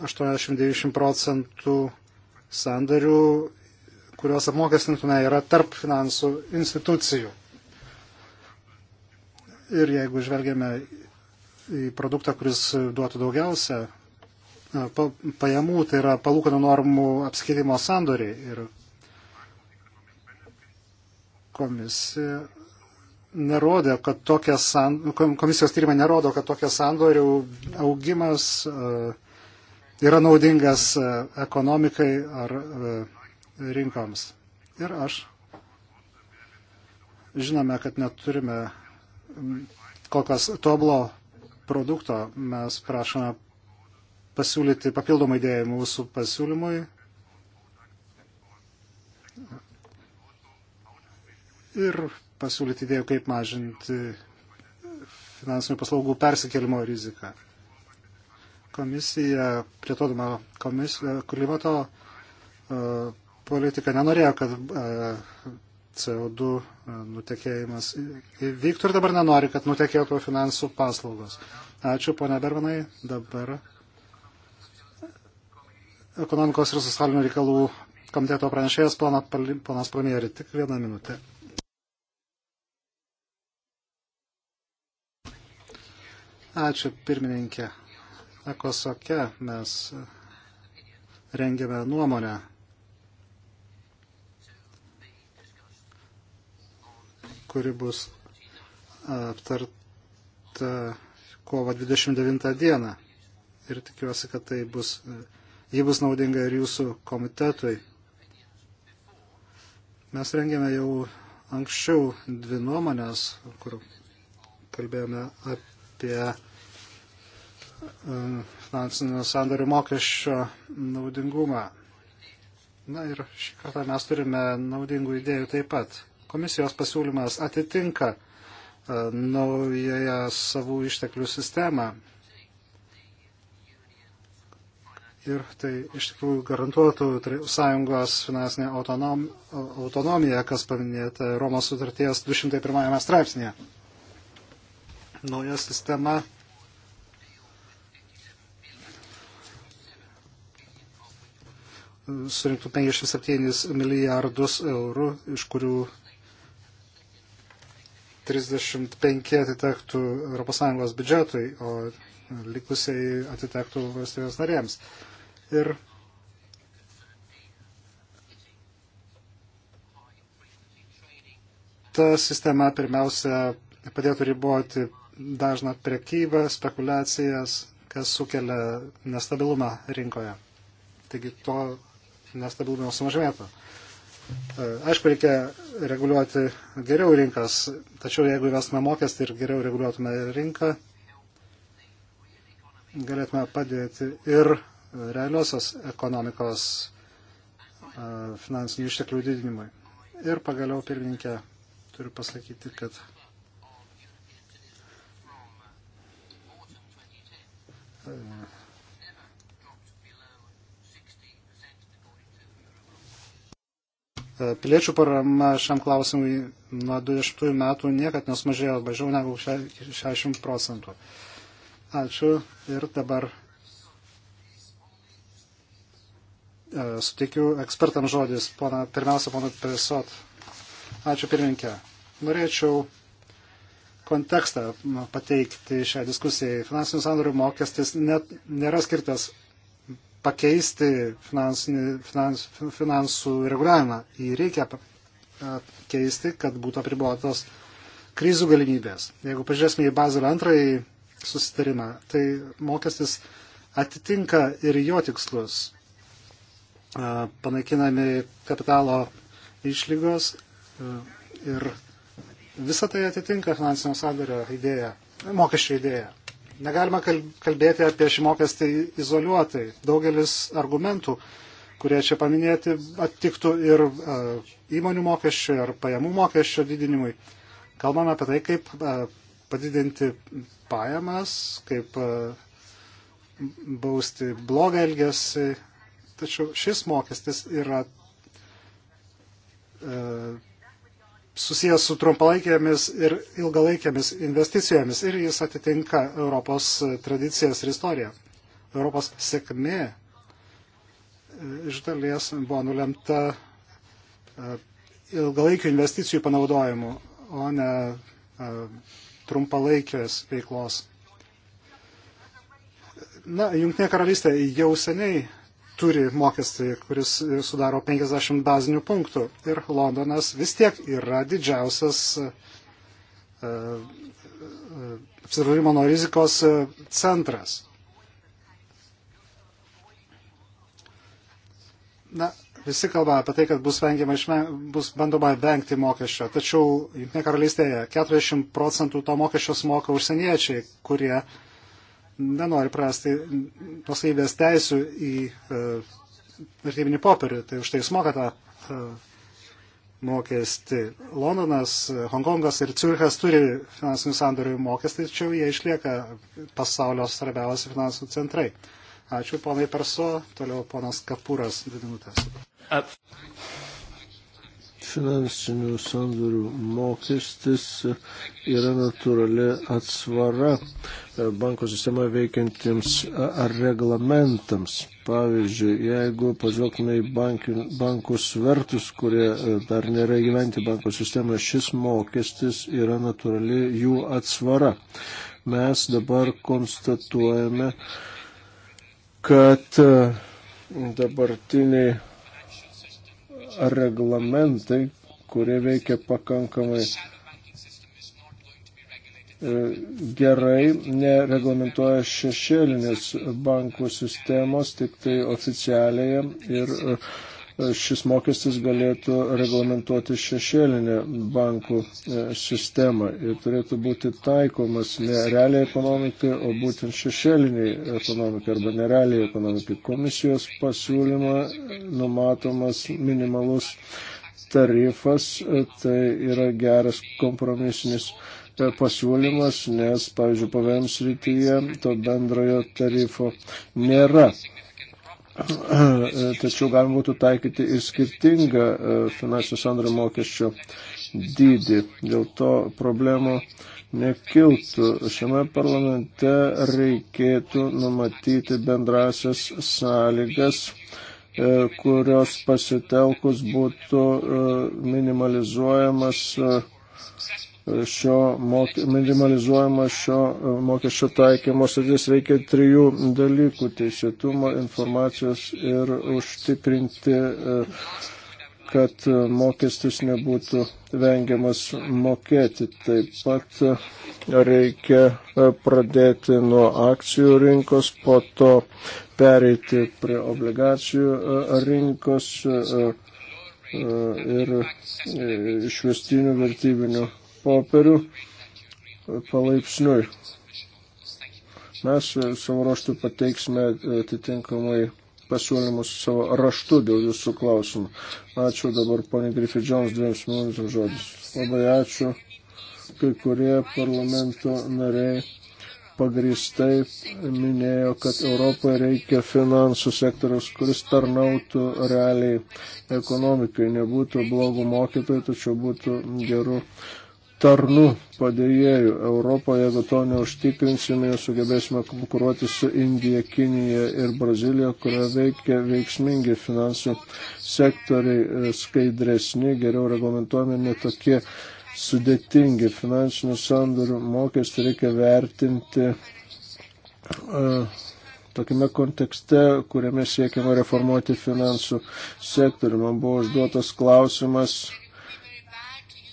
80-90 procentų sandarių, kuriuos apmokestintume, yra tarp finansų institucijų. Ir jeigu žvelgiame į produktą, kuris duotų daugiausia pajamų, tai yra palūkanų normų apskaitimo sandoriai. Ir komisija nerodė, kad tokia san, komisijos tyrimai nerodo, kad tokia sandorių augimas e, yra naudingas e, ekonomikai ar e, rinkoms. Ir aš žinome, kad neturime kol kas toblo produkto. Mes prašome pasiūlyti papildomą idėją mūsų pasiūlymui. Ir pasiūlyti idėjų, kaip mažinti finansinių paslaugų persikėlimo riziką. Komisija, plėtodama komis, klimato e, politika nenorėjo, kad e, CO2 e, nutekėjimas vyktų ir dabar nenori, kad nutekėtų finansų paslaugos. Ačiū, ponia Bermanai. Dabar ekonomikos ir socialinių reikalų komiteto pranešėjas ponas Premjeri. Tik vieną minutę. Ačiū pirmininkė. Ekosoke mes rengiame nuomonę. kuri bus aptarta kovo 29 dieną. Ir tikiuosi, kad tai bus, ji bus naudinga ir jūsų komitetui. Mes rengėme jau anksčiau dvi nuomonės, kur kalbėjome apie Mm, finansinių sandorių mokesčio naudingumą. Na ir šį kartą mes turime naudingų idėjų taip pat. Komisijos pasiūlymas atitinka e, naująją savų išteklių sistemą. Ir tai iš tikrųjų garantuotų sąjungos finansinę autonom, autonomiją, kas paminėta Romos sutarties 201 straipsnėje. Nauja sistema surinktų 57 milijardus eurų, iš kurių 35 atitektų ES biudžetui, o likusiai atitektų valstybės narėms. Ir ta sistema pirmiausia padėtų riboti dažną prekybą, spekulacijas, kas sukelia nestabilumą rinkoje. Taigi to nestabilumo sumažėtų. E, aišku, reikia reguliuoti geriau rinkas, tačiau jeigu įvestume mokestį ir geriau reguliuotume rinką, galėtume padėti ir realiosios ekonomikos e, finansinių išteklių didinimui. Ir pagaliau, pirmininkė, turiu pasakyti, kad E, piliečių parama šiam klausimui nuo 20 metų niekad nesumažėjo mažiau negu 60 procentų. Ačiū ir dabar e, sutikiu ekspertam žodis. Pana, pirmiausia, pana Pesot. Ačiū pirmininkė. Norėčiau kontekstą pateikti šią diskusiją. Finansinių sandorių mokestis net nėra skirtas pakeisti finans, finansų reguliavimą. Jį reikia keisti, kad būtų apribuotos krizų galimybės. Jeigu pažiūrėsime į Bazilio antrąjį susitarimą, tai mokestis atitinka ir jo tikslus. Panaikinami kapitalo išlygos ir visą tai atitinka finansinio sandario idėją, mokesčio idėją. Negalima kalbėti apie šį mokestį izoliuotai. Daugelis argumentų, kurie čia paminėti, attiktų ir e, įmonių mokesčio, ir pajamų mokesčio didinimui. Kalbame apie tai, kaip e, padidinti pajamas, kaip e, bausti blogą elgesį. Tačiau šis mokestis yra susijęs su trumpalaikėmis ir ilgalaikėmis investicijomis ir jis atitinka Europos tradicijas ir istoriją. Europos sėkmė e, iš dalies buvo nulemta e, ilgalaikių investicijų panaudojimu, o ne e, trumpalaikės veiklos. Na, Junktinė karalystė jau seniai turi mokestį, kuris sudaro 50 bazinių punktų. Ir Londonas vis tiek yra didžiausias e, e, apsidraudimo nuo rizikos e, centras. Na, visi kalba apie tai, kad bus, vengiama, bus bandoma vengti mokesčio, tačiau Junktinė karalystėje 40 procentų to mokesčio sumoka užsieniečiai, kurie uh, nenori prasti nusaivės teisų į e, vertybinį popierių, tai už tai jis moka tą e, mokestį. Londonas, e, Hongkongas ir Ciurichas turi finansinių sandorių mokestį, tačiau jie išlieka pasaulio svarbiausi finansų centrai. Ačiū ponai Perso, toliau ponas Kapūras, dvi minutės finansinių sandorių mokestis yra natūrali atsvara e, banko sistemoje veikiantiems e, reglamentams. Pavyzdžiui, jeigu pažvelgtume į bankų svertus, kurie e, dar nėra gyventi banko sistemoje, šis mokestis yra natūrali jų atsvara. Mes dabar konstatuojame, kad dabartiniai reglamentai, kurie veikia pakankamai e, gerai, nereglamentuoja šešėlinės bankų sistemos, tik tai oficialiai ir uh, šis mokestis galėtų reglamentuoti šešėlinę bankų e, sistemą ir turėtų būti taikomas ne realiai ekonomikai, o būtent šešėliniai ekonomikai arba nerealiai ekonomikai. Komisijos pasiūlyma numatomas minimalus tarifas, e, tai yra geras kompromisinis e, pasiūlymas, nes, pavyzdžiui, PVM srityje to bendrojo tarifo nėra. tačiau galima būtų taikyti ir skirtingą e, finansinių sandorių mokesčio dydį. Dėl to problemų nekiltų. Šiame parlamente reikėtų numatyti bendrasias sąlygas, e, kurios pasitelkus būtų e, minimalizuojamas šio mok, minimalizuojama šio e, mokesčio taikymo sritis reikia trijų dalykų - teisėtumo, informacijos ir užtikrinti, e, kad mokestis nebūtų vengiamas mokėti. Taip pat e, reikia pradėti nuo akcijų rinkos, po to pereiti prie obligacijų rinkos ir išvestinių vertybinių popierių palaipsniui. Mes e, savo ruoštų pateiksime e, atitinkamai pasiūlymus savo raštu dėl jūsų klausimų. Ačiū dabar ponė Griffith Jones dviems minutėms žodis. Labai ačiū. Kai kurie parlamento nariai pagristai minėjo, kad Europoje reikia finansų sektoriaus, kuris tarnautų realiai ekonomikai, nebūtų blogų mokytojų, tačiau būtų gerų tarnų padėjėjų Europoje, jeigu to neužtikrinsime, sugebėsime konkuruoti su Indija, Kinija ir Brazilija, kurioje veikia veiksmingi finansų sektoriai, e, skaidresni, geriau reglamentuojami, netokie sudėtingi. Finansinių sandorių mokestį reikia vertinti. Uh, e, Tokime kontekste, kuriame siekiama reformuoti finansų sektorių, man buvo užduotas klausimas,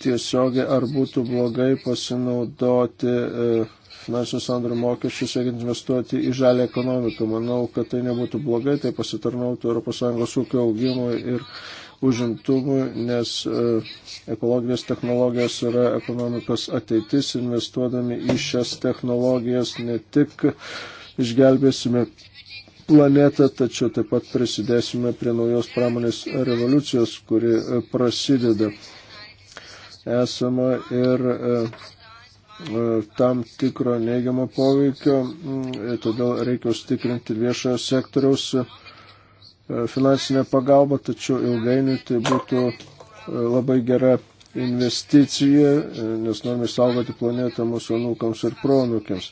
tiesiogiai, ar būtų blogai pasinaudoti e, finansinių sandorių mokesčių, siekiant investuoti į žalę ekonomiką. Manau, kad tai nebūtų blogai, tai pasitarnautų ES ūkio augimui ir užimtumui, nes e, ekologinės technologijos yra ekonomikos ateitis, investuodami į šias technologijas ne tik išgelbėsime planetą, tačiau taip pat prisidėsime prie naujos pramonės revoliucijos, kuri e, prasideda esama ir e, e, tam tikro neigiamo poveikio, e, todėl reikia užtikrinti viešojo sektoriaus finansinę pagalbą, tačiau ilgainiui tai būtų labai gera investicija, nes norime saugoti planetą mūsų anūkams ir pronukiams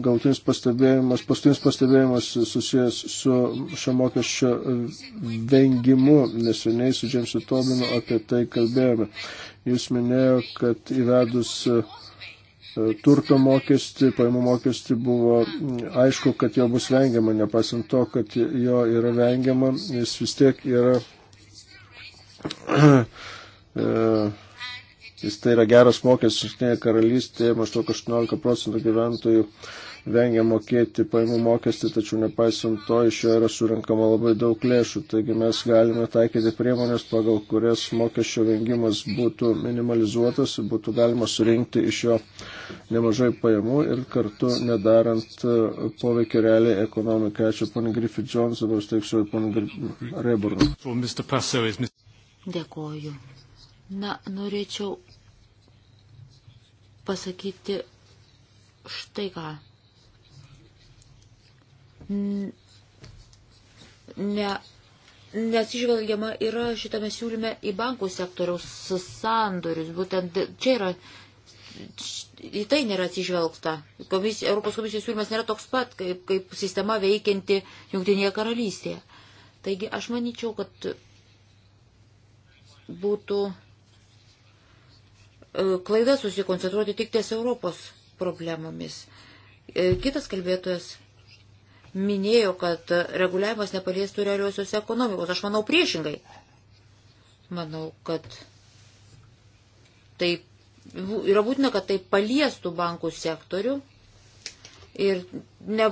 galtinis pastebėjimas, paskutinis pastebėjimas susijęs su šio mokesčio vengimu, neseniai su Džemsu Tobinu apie tai kalbėjome. Jūs minėjo, kad įvedus e, turto mokestį, paimų mokestį buvo aišku, kad jo bus vengiama, nepasant to, kad jo yra vengiama, jis vis tiek yra e, Jis tai yra geras mokestis, jungtinėje karalystėje maždaug 18 procentų gyventojų vengia mokėti paimų mokestį, tačiau nepaisant to iš jo yra surinkama labai daug lėšų. Taigi mes galime taikyti priemonės, pagal kurias mokesčio vengimas būtų minimalizuotas, būtų galima surinkti iš jo nemažai pajamų ir kartu nedarant e, poveikio realiai ekonomikai. Ačiū, pan Griffith Jones, dabar steiksiu ir pan Reburn. Dėkoju. Na, norėčiau pasakyti štai ką. Ne, nesižvelgiama yra šitame siūlyme į bankų sektoriaus sandorius. Būtent čia yra, į tai nėra atsižvelgta. Komisija, Europos komisijos siūlymas nėra toks pat, kaip, kaip sistema veikianti Junktinėje karalystėje. Taigi aš manyčiau, kad būtų E, klaidas susikoncentruoti tik ties Europos problemomis. E, kitas kalbėtojas minėjo, kad reguliavimas nepaliestų realiosios ekonomikos. Aš manau priešingai. Manau, kad tai yra būtina, kad tai paliestų bankų sektorių ir, ne,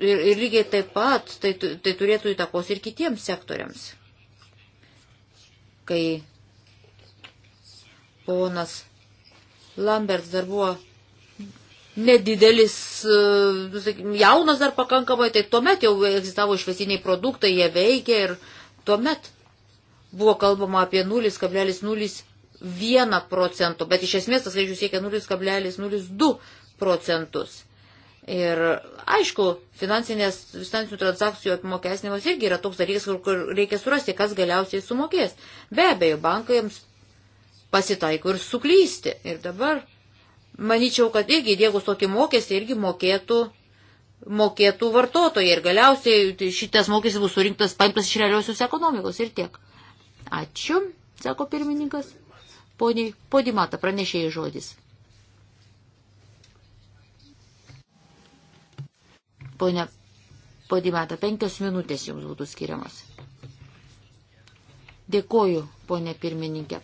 ir, ir lygiai taip pat tai, tai turėtų įtakos ir kitiems sektoriams, kai Ponas Lamberts dar buvo nedidelis, e, nu, jaunas dar pakankamai, tai tuomet jau egzistavo išvesiniai produktai, jie veikė ir tuomet buvo kalbama apie 0,01 procentų, bet iš esmės tas skaičius siekia 0,02 procentus. Ir aišku, finansinės, finansinių transakcijų apmokesnimas irgi yra toks dalykas, kur reikia surasti, kas galiausiai sumokės. Be abejo, bankams pasitaiko ir suklysti. Ir dabar manyčiau, kad irgi dėgus tokį mokestį irgi mokėtų, mokėtų vartotojai ir galiausiai tai šitas mokestis bus surinktas, paimtas iš realiosios ekonomikos ir tiek. Ačiū, sako pirmininkas. Poniai, podimata pranešėjai žodis. Pone podimata, penkios minutės jums būtų skiriamas. Dėkoju, ponė pirmininkė.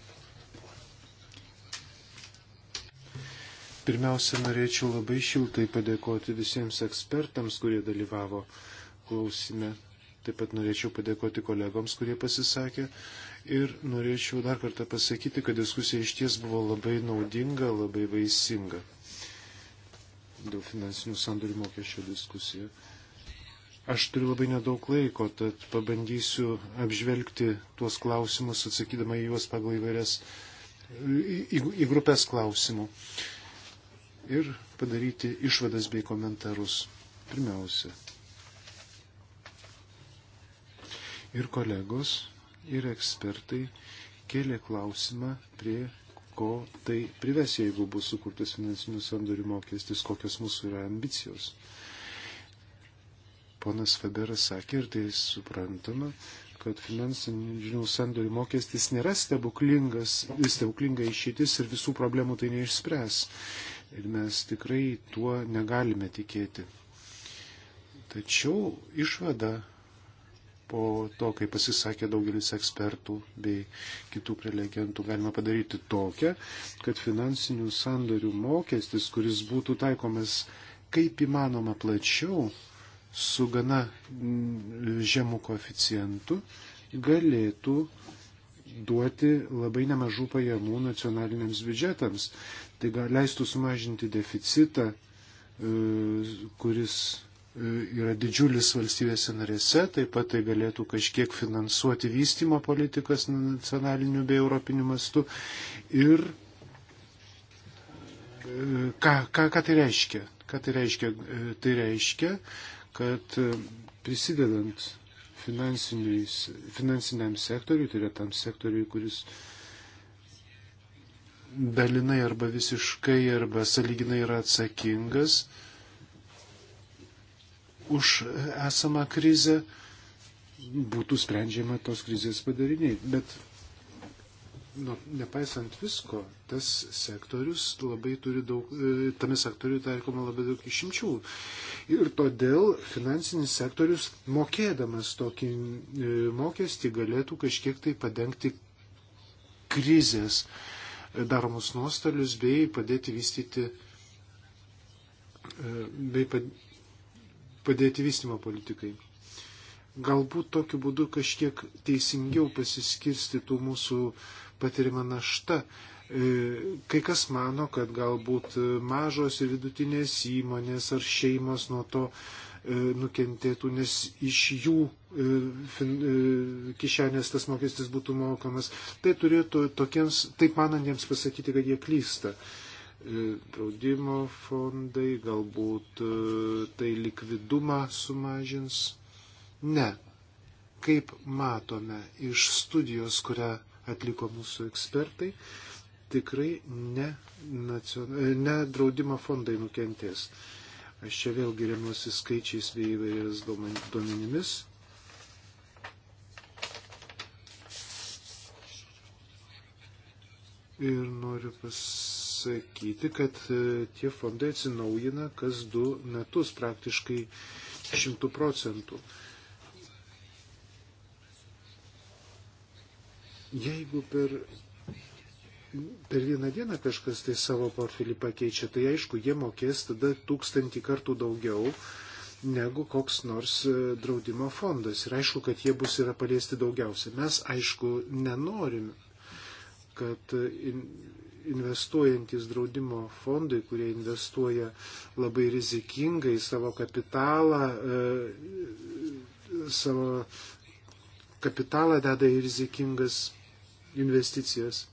Pirmiausia, norėčiau labai šiltai padėkoti visiems ekspertams, kurie dalyvavo klausime. Taip pat norėčiau padėkoti kolegoms, kurie pasisakė. Ir norėčiau dar kartą pasakyti, kad diskusija iš ties buvo labai naudinga, labai vaisinga. Dėl finansinių sandorių mokesčio diskusija. Aš turiu labai nedaug laiko, tad pabandysiu apžvelgti tuos klausimus, atsakydama į juos pagal įvairias į, į, į grupės klausimų. Uh, ir padaryti išvadas bei komentarus. Pirmiausia. Ir kolegos, ir ekspertai kėlė klausimą, prie ko tai prives, jeigu bus sukurtas finansinių sandorių mokestis, kokios mūsų yra ambicijos. Ponas Faberas sakė, ir tai suprantama, kad finansinių sandorių mokestis nėra stebuklingas, stebuklinga išeitis ir visų problemų tai neišspręs ir mes tikrai tuo negalime tikėti. Tačiau išvada po to, kai pasisakė daugelis ekspertų bei kitų prelegentų, galima padaryti tokią, kad finansinių sandorių mokestis, kuris būtų taikomas kaip įmanoma plačiau, su gana mm, žemų koeficientu, galėtų duoti labai nemažų pajamų nacionaliniams biudžetams. Tai gal leistų sumažinti deficitą, e, kuris e, yra didžiulis valstybėse narėse, taip pat tai galėtų kažkiek finansuoti vystimo politikas nacionaliniu bei europiniu mastu. Ir e, ką, ką, ką tai reiškia? Ką tai reiškia? Tai reiškia, kad prisidedant finansiniam sektoriui, tai yra tam sektoriui, kuris uh, dalinai arba visiškai arba saliginai yra atsakingas už esamą krizę, būtų sprendžiama tos krizės padariniai. Bet nu, nepaisant visko, tas sektorius labai turi daug, e, tame sektoriuje taikoma labai daug išimčių. Ir todėl finansinis sektorius, mokėdamas tokį e, mokestį, galėtų kažkiek tai padengti krizės daromus nuostolius bei padėti vystyti e, bei padėti vystimo politikai. Galbūt tokiu būdu kažkiek teisingiau pasiskirstytų mūsų patiriama našta. E, kai kas mano, kad galbūt mažos ir vidutinės įmonės ar šeimos nuo to e, nukentėtų, nes iš jų E, e, kišenės tas mokestis būtų mokamas. Tai turėtų tokiems, taip manantiems pasakyti, kad jie klysta. E, draudimo fondai galbūt tai likvidumą sumažins. Ne. Kaip matome iš studijos, kurią atliko mūsų ekspertai, tikrai ne, naciona, ne draudimo fondai nukentės. Aš čia vėlgi remiuosi skaičiais bei įvairiais duomenimis. Ir noriu pasakyti, kad e, tie fondai atsinaujina kas du metus praktiškai šimtų procentų. Jeigu per per vieną dieną kažkas tai savo portfelį pakeičia, tai aišku, jie mokės tada tūkstantį kartų daugiau negu koks nors e, draudimo fondas. Ir aišku, kad jie bus yra paliesti daugiausia. Mes, aišku, nenorim kad investuojantis draudimo fondai, kurie investuoja labai rizikingai savo kapitalą, e, savo kapitalą deda į rizikingas investicijas.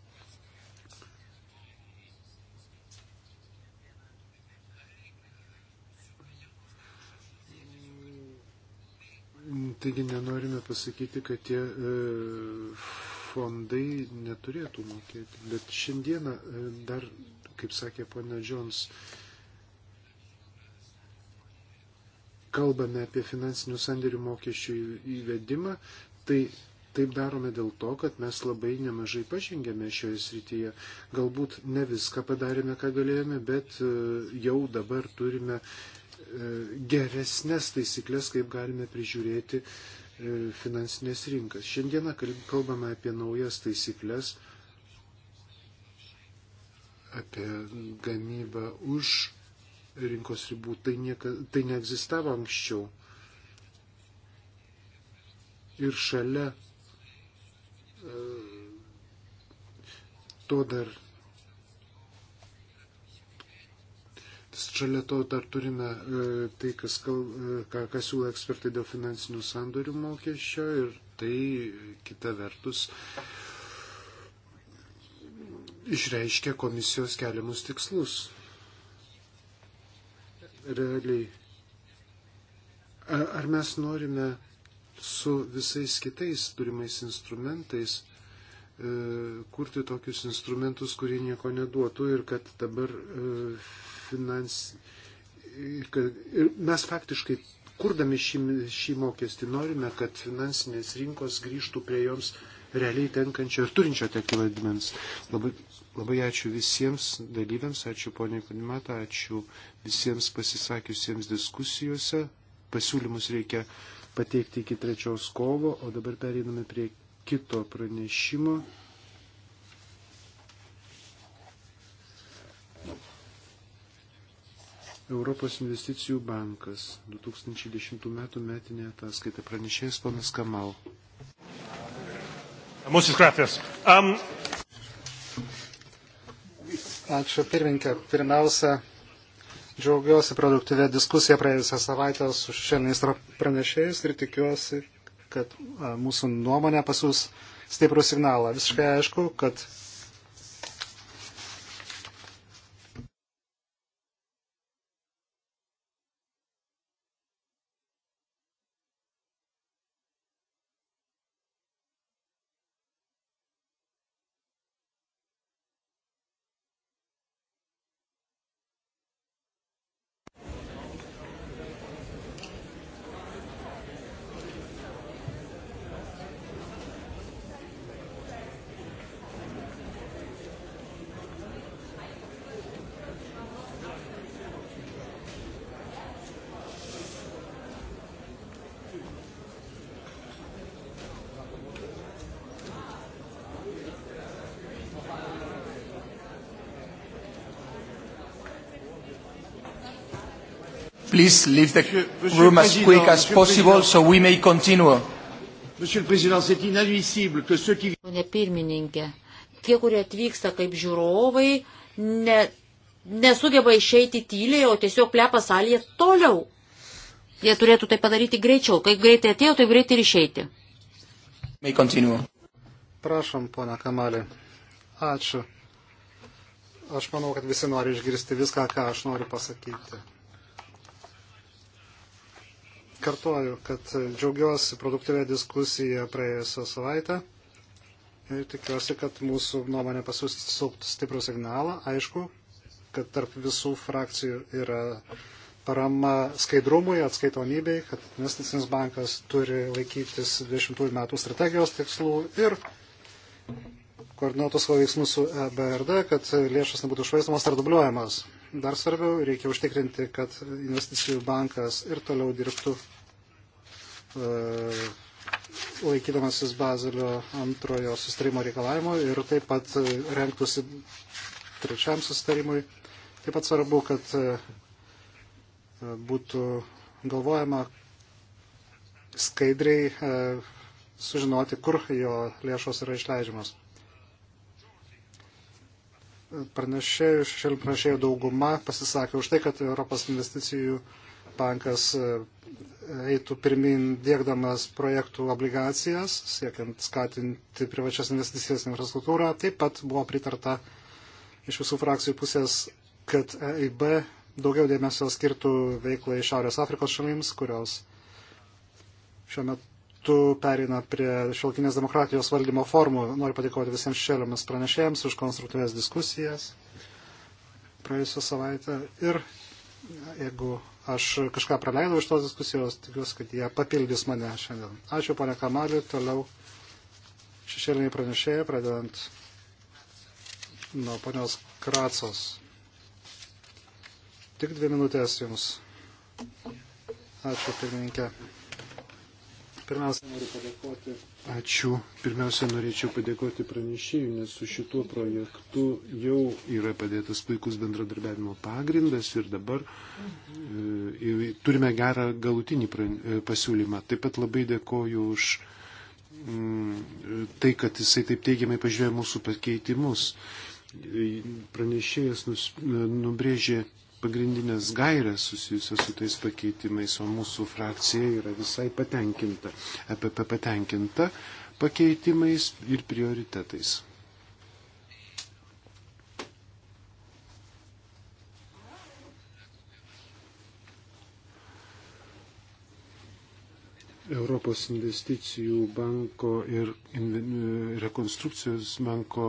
Taigi nenorime pasakyti, kad tie e, fondai neturėtų mokėti. Bet šiandieną e, dar, kaip sakė pana Džons, kalbame apie finansinių sandėrių mokesčių įvedimą, tai taip darome dėl to, kad mes labai nemažai pažengėme šioje srityje. Galbūt ne viską padarėme, ką galėjome, bet e, jau dabar turime e, geresnės taisyklės, kaip galime prižiūrėti uh, E, finansinės rinkas. Šiandieną kalbame apie naujas taisyklės, apie gamybą už rinkos ribų. Tai, nieka, tai neegzistavo anksčiau. Ir šalia e, to dar Šalia to dar turime e, tai, kas, kal, e, ką, ką siūlo ekspertai dėl finansinių sandorių mokesčio ir tai kita vertus išreiškia komisijos keliamus tikslus. Realiai. Ar mes norime su visais kitais turimais instrumentais e, kurti tokius instrumentus, kurie nieko neduotų ir kad dabar finans... Ir mes faktiškai, kurdami šį, šį mokestį, norime, kad finansinės rinkos grįžtų prie joms realiai tenkančio ir turinčio tekti vaidmens. Labai, labai ačiū visiems dalyviams, ačiū poniai Kudimata, ačiū visiems pasisakiusiems diskusijose. Pasiūlymus reikia pateikti iki trečios kovo, o dabar pereiname prie kito pranešimo. Europos investicijų bankas 2010 m. metinė ataskaita pranešėjas ponas Kamal. Muchas gracias. Um... Ačiū pirmininkė. Pirmiausia, džiaugiuosi produktyvę diskusiją praėjusią savaitę su šiandien ministro pranešėjais ir tikiuosi, kad mūsų nuomonė pasiūs stiprų signalą. Visiškai aišku, kad please leave the Monsieur, room Monsieur as quick as Monsieur possible so we may continue. Monsieur le Président, c'est inadmissible que ceux qui... Pone pirmininkė, tie, kurie atvyksta kaip žiūrovai, ne, nesugeba išeiti tyliai, o tiesiog plepa salėje toliau. Jie turėtų tai padaryti greičiau. Kaip greitai atėjo, taip greitai ir išeiti. May continue. Prašom, pona Kamalė. Ačiū. Aš manau, kad visi nori išgirsti viską, ką aš noriu pasakyti kartuoju, kad džiaugiuosi produktyvę diskusiją praėjusią savaitę ir tikiuosi, kad mūsų nuomonė pasiūs stiprų signalą. Aišku, kad tarp visų frakcijų yra parama skaidrumui, atskaitomybei, kad investicinis bankas turi laikytis 20 metų strategijos tikslų ir koordinuotų savo veiksmus su EBRD, kad lėšas nebūtų švaistamos ar dubliuojamos. Dar svarbiau, reikia užtikrinti, kad investicijų bankas ir toliau dirbtų E, laikydamasis Bazilio antrojo sustarimo reikalavimo ir taip pat e, renktųsi trečiam sustarimui. Taip pat svarbu, kad e, būtų galvojama skaidriai sužinoti, kur jo lėšos yra išleidžiamos. Pranešėjų, šešėlių pranešėjų dauguma pasisakė už tai, kad Europos investicijų bankas eitų pirmin dėkdamas projektų obligacijas, siekiant skatinti privačias investicijas į infrastruktūrą. Taip pat buvo pritarta iš visų frakcijų pusės, kad EIB daugiau dėmesio skirtų veiklai Šiaurės Afrikos šalims, kurios šiuo metu perina prie šiolkinės demokratijos valdymo formų. Noriu padėkoti visiems šėliamas pranešėjams už konstruktyvės diskusijas praėjusią savaitę ir jeigu aš kažką praleidau iš tos diskusijos, tikiuosi, kad jie papildys mane šiandien. Ačiū, ponia Kamalė, toliau šešėliniai pranešėjai, pradedant nuo ponios Kracos. Tik dvi minutės jums. Ačiū, pirmininkė. Pirmiausia, noriu padėkoti. Ačiū. Pirmiausia, norėčiau padėkoti pranešėjui, nes su šituo projektu jau yra padėtas puikus bendradarbiavimo pagrindas ir dabar e, turime gerą galutinį e, pasiūlymą. Taip pat labai dėkoju už mm, tai, kad jisai taip teigiamai pažiūrėjo mūsų pakeitimus. E, pranešėjas nus, e, nubrėžė pagrindinės gairės susijusios su tais pakeitimais, o mūsų frakcija yra visai patenkinta, EPP patenkinta pakeitimais ir prioritetais. Europos investicijų banko ir rekonstrukcijos banko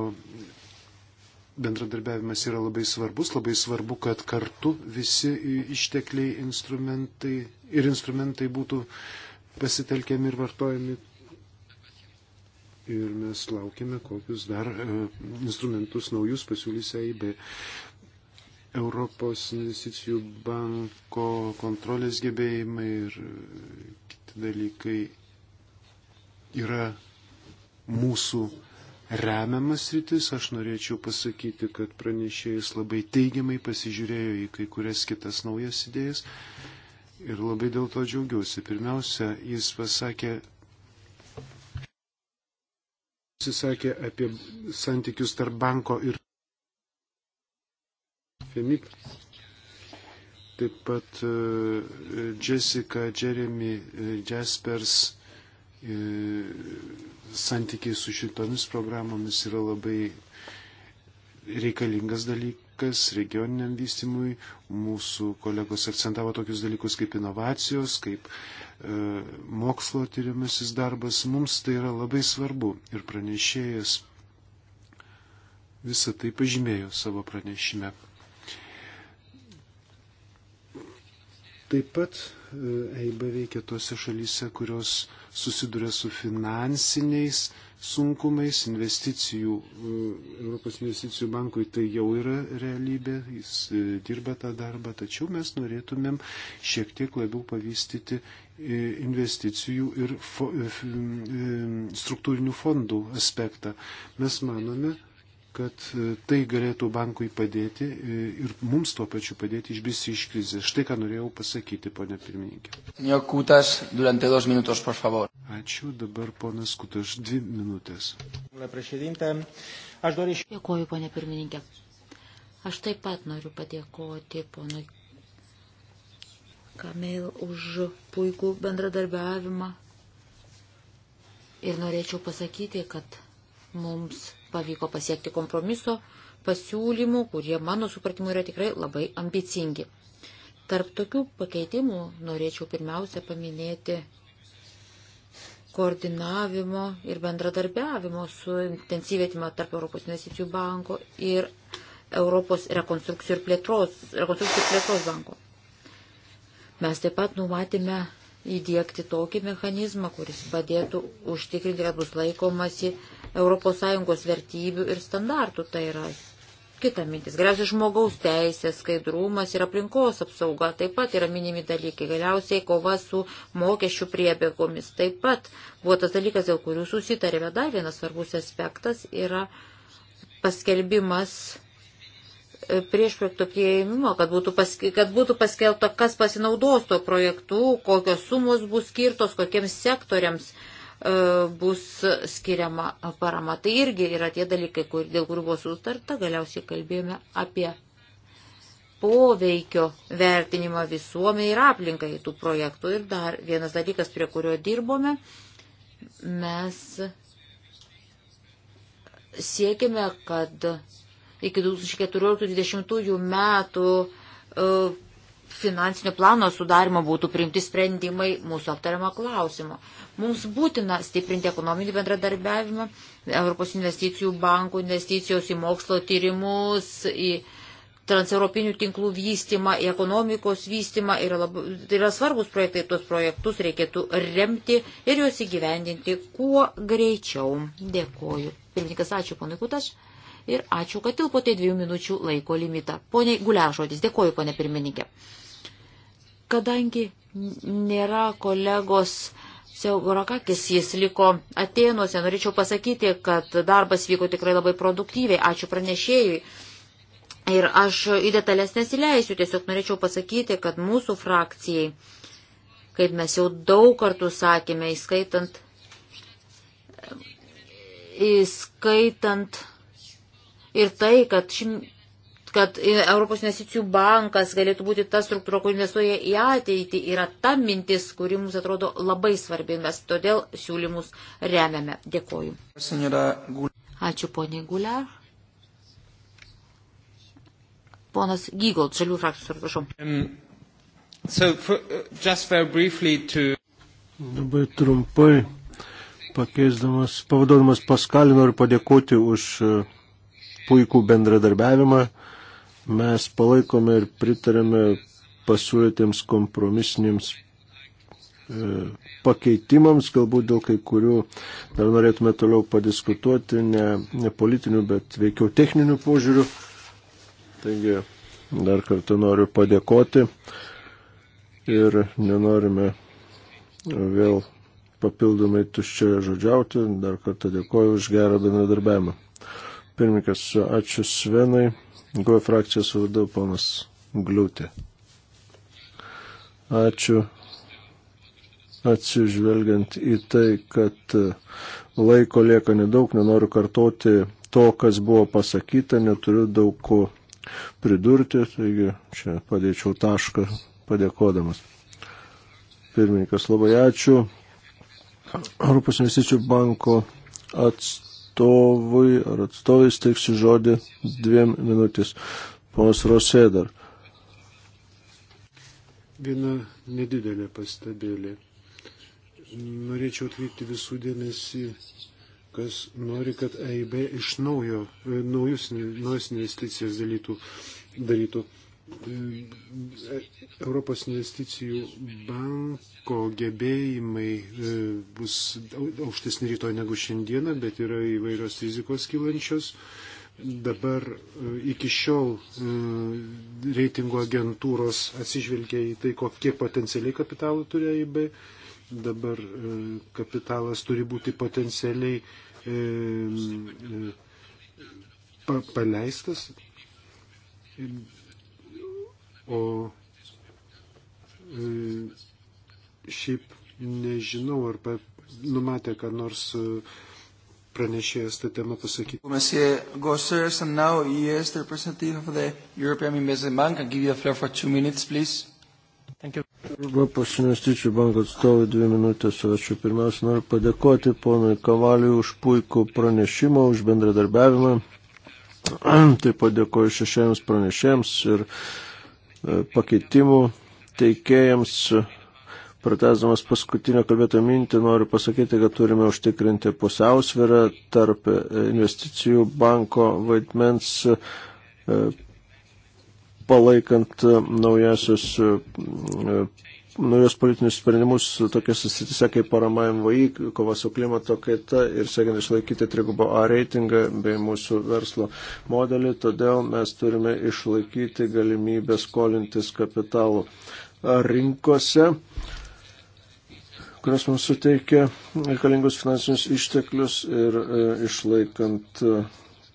bendradarbiavimas yra labai svarbus, labai svarbu, kad kartu visi ištekliai instrumentai ir instrumentai būtų pasitelkiami ir vartojami. Ir mes laukime, kokius dar e, instrumentus naujus pasiūlys EIB. Europos investicijų banko kontrolės gebėjimai ir e, kiti dalykai yra mūsų remiamas rytis. Aš norėčiau pasakyti, kad pranešėjas labai teigiamai pasižiūrėjo į kai kurias kitas naujas idėjas ir labai dėl to džiaugiausi. Pirmiausia, jis pasakė, susisakė apie santykius tarp banko ir FEMIP. Taip pat e, Jessica, Jeremy, e, Jaspers e, santykiai su šitomis programomis yra labai reikalingas dalykas regioniniam vystimui. Mūsų kolegos akcentavo tokius dalykus kaip inovacijos, kaip e, mokslo tyriamasis darbas. Mums tai yra labai svarbu ir pranešėjas visą tai pažymėjo savo pranešime. Taip pat E, EIB veikia tose šalyse, kurios susiduria su finansiniais sunkumais, investicijų, e, Europos investicijų bankui tai jau yra realybė, jis e, dirba tą darbą, tačiau mes norėtumėm šiek tiek labiau pavystyti investicijų ir fo, struktūrinių fondų aspektą. Mes manome, kad e, tai galėtų bankui padėti e, ir mums tuo pačiu padėti išbristi iš krizės. Štai ką norėjau pasakyti, ponė pirmininkė. Kutas, durante dos minutos, por favor. Ačiū, dabar ponas Kutas, dvi minutės. Dėkuoju, ponė pirmininkė. Aš taip pat noriu padėkoti ponui Kamil už puikų bendradarbiavimą ir norėčiau pasakyti, kad mums pavyko pasiekti kompromiso pasiūlymų, kurie mano supratimu yra tikrai labai ambicingi. Tarp tokių pakeitimų norėčiau pirmiausia paminėti koordinavimo ir bendradarbiavimo su intensyvėtima tarp Europos investicijų banko ir Europos rekonstrukcijų ir plėtros, rekonstrukcijų ir plėtros banko. Mes taip pat numatėme įdėkti tokį mechanizmą, kuris padėtų užtikrinti, kad bus laikomasi ES vertybių ir standartų. Tai yra kita mintis. Galiausiai žmogaus teisės, skaidrumas ir aplinkos apsauga taip pat yra minimi dalykai. Galiausiai kova su mokesčių priebėgomis taip pat buvo tas dalykas, dėl kurių susitarėme. Dar vienas svarbus aspektas yra paskelbimas e, prieš projekto prieimimo, kad būtų, paske, kad būtų paskelbta, kas pasinaudos tuo projektu, kokios sumos bus skirtos, kokiems sektoriams. Uh, E, bus skiriama parama. Tai irgi yra tie dalykai, kur, dėl kurių buvo sutarta, galiausiai kalbėjome apie poveikio vertinimą visuomeniai ir aplinkai tų projektų. Ir dar vienas dalykas, prie kurio dirbome, mes siekime, kad iki 2014-2020 metų e, finansinio plano sudarimo būtų priimti sprendimai mūsų aptariamo klausimo. Mums būtina stiprinti ekonominį bendradarbiavimą, Europos investicijų bankų investicijos į mokslo tyrimus, į transeuropinių tinklų vystimą, į ekonomikos vystimą yra, labai, tai yra svarbus projektai, tuos projektus reikėtų remti ir juos įgyvendinti kuo greičiau. Dėkoju. Pirmininkas, ačiū, ponai Kutaš ir ačiū, kad tilpote dviejų minučių laiko limitą. Pone Guliašodis, dėkoju, pone pirmininkė. Kadangi nėra kolegos Seugorakakis, jis liko Atenuose, norėčiau pasakyti, kad darbas vyko tikrai labai produktyviai, ačiū pranešėjui. Ir aš į detalės nesileisiu, tiesiog norėčiau pasakyti, kad mūsų frakcijai, kaip mes jau daug kartų sakėme, įskaitant, įskaitant ir tai, kad, šim, kad Europos investicijų bankas galėtų būti ta struktūra, kur investuoja į ateitį, yra ta mintis, kuri mums atrodo labai svarbi. Mes todėl siūlymus remiame. Dėkoju. Ačiū, ponė Gulia. Ponas Gygold, žalių frakcijų, prašau. Um, so for, uh, to... Labai trumpai pakeisdamas, pavadodamas Paskalį noriu padėkoti už uh, puikų bendradarbiavimą. Mes palaikome ir pritarėme pasiūlytiems kompromisiniams e, pakeitimams, galbūt dėl kai kurių dar norėtume toliau padiskutuoti, ne, ne politinių, bet veikiau techninių požiūrių. Taigi dar kartą noriu padėkoti ir nenorime vėl papildomai tuščioje žodžiauti. Dar kartą dėkoju už gerą bendradarbiavimą. Pirmininkas, ačiū Svenai. Goja frakcijos vardu ponas Gliūtė. Ačiū. Atsižvelgiant į tai, kad e, laiko lieka nedaug, nenoriu kartoti to, kas buvo pasakyta, neturiu daug ko pridurti, taigi čia padėčiau tašką padėkodamas. Pirmininkas, labai ačiū. Europos investicijų banko atstovas atstovui ar atstovai steiksiu žodį dviem minutės. Ponas Rosė dar. Viena nedidelė pastabėlė. Norėčiau atkreipti visų dėmesį, kas nori, kad EIB iš naujo, e, naujus, naujas investicijas dalytų, darytų. Europos investicijų banko gebėjimai e, bus aukštesni rytoj negu šiandieną, bet yra įvairios rizikos kylančios. Dabar e, iki šiol e, reitingo agentūros atsižvelgia į tai, kiek potencialiai kapitalų turi AIB. Dabar kapitalas turi būti potencialiai paleistas O e, šiaip nežinau, ar numatė, kad nors e, pranešėjas tą temą pasakyti. Monsieur Gossers, and now he is the representative of the European Investment Bank. I'll give you the floor for two minutes, please. Europos investicijų banko atstovai dvi minutės. Ačiū. Pirmiausia, noriu padėkoti ponui Kavaliui už puikų pranešimą, už bendradarbiavimą. Taip pat dėkoju šešiems pranešėjams ir uh, E, pakeitimų teikėjams. Pratesdamas paskutinio kalbėto mintį, noriu pasakyti, kad turime užtikrinti pusiausvirą tarp e, investicijų banko vaidmens e, palaikant naujasius naujos politinius sprendimus tokiuose sritise kaip parama MVI, kova su klimato kaita ir siekiant išlaikyti trigubo A reitingą bei mūsų verslo modelį, todėl mes turime išlaikyti galimybę skolintis kapitalų rinkose kurios mums suteikia reikalingus finansinius išteklius ir e, išlaikant e,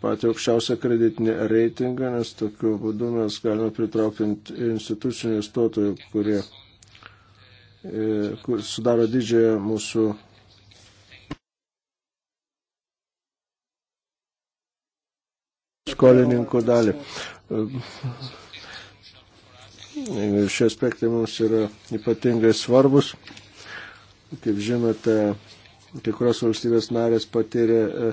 patį aukščiausią kreditinį reitingą, nes tokiu būdu mes galime pritraukti institucinių investuotojų, kurie E, kuris sudaro didžiąją mūsų skolininkų dalį. E, šie aspektai mums yra ypatingai svarbus. Kaip žinote, kai kurios valstybės narės patyrė e,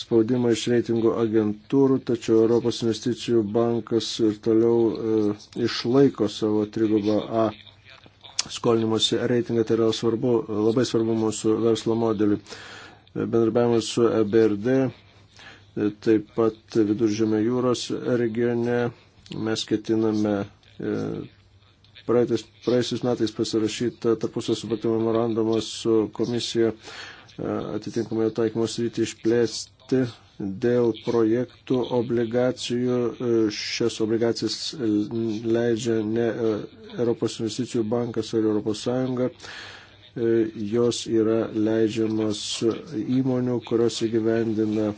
spaudimą iš reitingų agentūrų, tačiau Europos investicijų bankas ir toliau išlaiko savo trigubą A skolinimuose reitingą, tai yra svarbu, labai svarbu mūsų verslo modeliui. Bendarbiavimas su EBRD, taip pat Viduržėmio jūros regione mes ketiname e, praeitais, praeisiais metais pasirašytą tarpusio supratimo memorandumą su komisija e, atitinkamai taikymo sritį išplėsti dėl projektų obligacijų. E, šias obligacijas e, leidžia ne e, Europos investicijų bankas ar Europos Sąjunga. Jos yra leidžiamas įmonių, kurios įgyvendina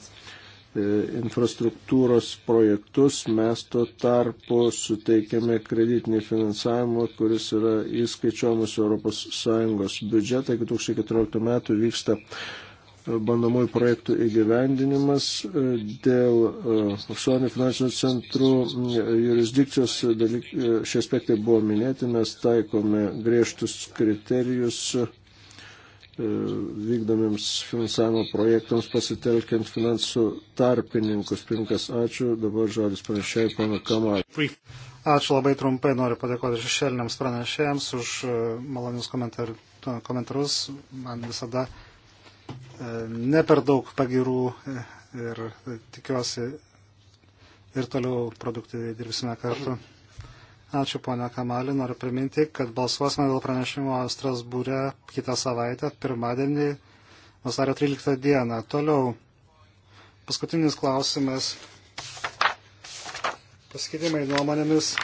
infrastruktūros projektus, mes tuo tarpu suteikiame kreditinį finansavimą, kuris yra įskaičiuomas ES biudžetai. 2014 metų vyksta bandomųjų projektų įgyvendinimas e, dėl e, užsienio finansinių centrų jurisdikcijos dalyk, e, šie aspektai buvo minėti, mes taikome griežtus kriterijus vykdomiems finansavimo projektams pasitelkiant finansų tarpininkus. Pinkas, ačiū. Dabar žodis pranešėjai, pana Kamalė. Ačiū labai trumpai, noriu padėkoti šešėliniams pranešėjams už malonius komentar, komentarus. Man visada uh, E, ne per daug pagirų e, ir e, tikiuosi ir toliau produktyviai dirbsime kartu. Ačiū ponia Kamalį, noriu priminti, kad balsuosime dėl pranešimo Strasbūrė kitą savaitę, pirmadienį, vasario 13 dieną. Toliau, paskutinis klausimas. Pasikeitimai nuomonėmis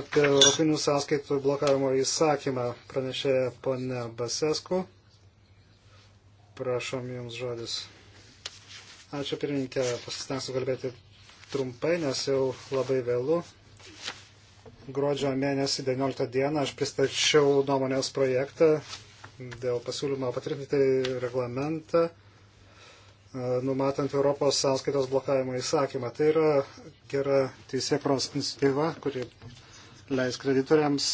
apie Europinių sąskaitų blokavimo įsakymą pranešė ponia Basesku. Prašom Jums žodis. Ačiū pirmininkė, pasistengsiu kalbėti trumpai, nes jau labai vėlu. Gruodžio mėnesį 19 dieną aš pristačiau nuomonės projektą dėl pasiūlymo patvirtinti reglamentą e, numatant Europos sąskaitos blokavimo įsakymą. Tai yra gera teisėkros iniciatyva, kuri leis kreditoriams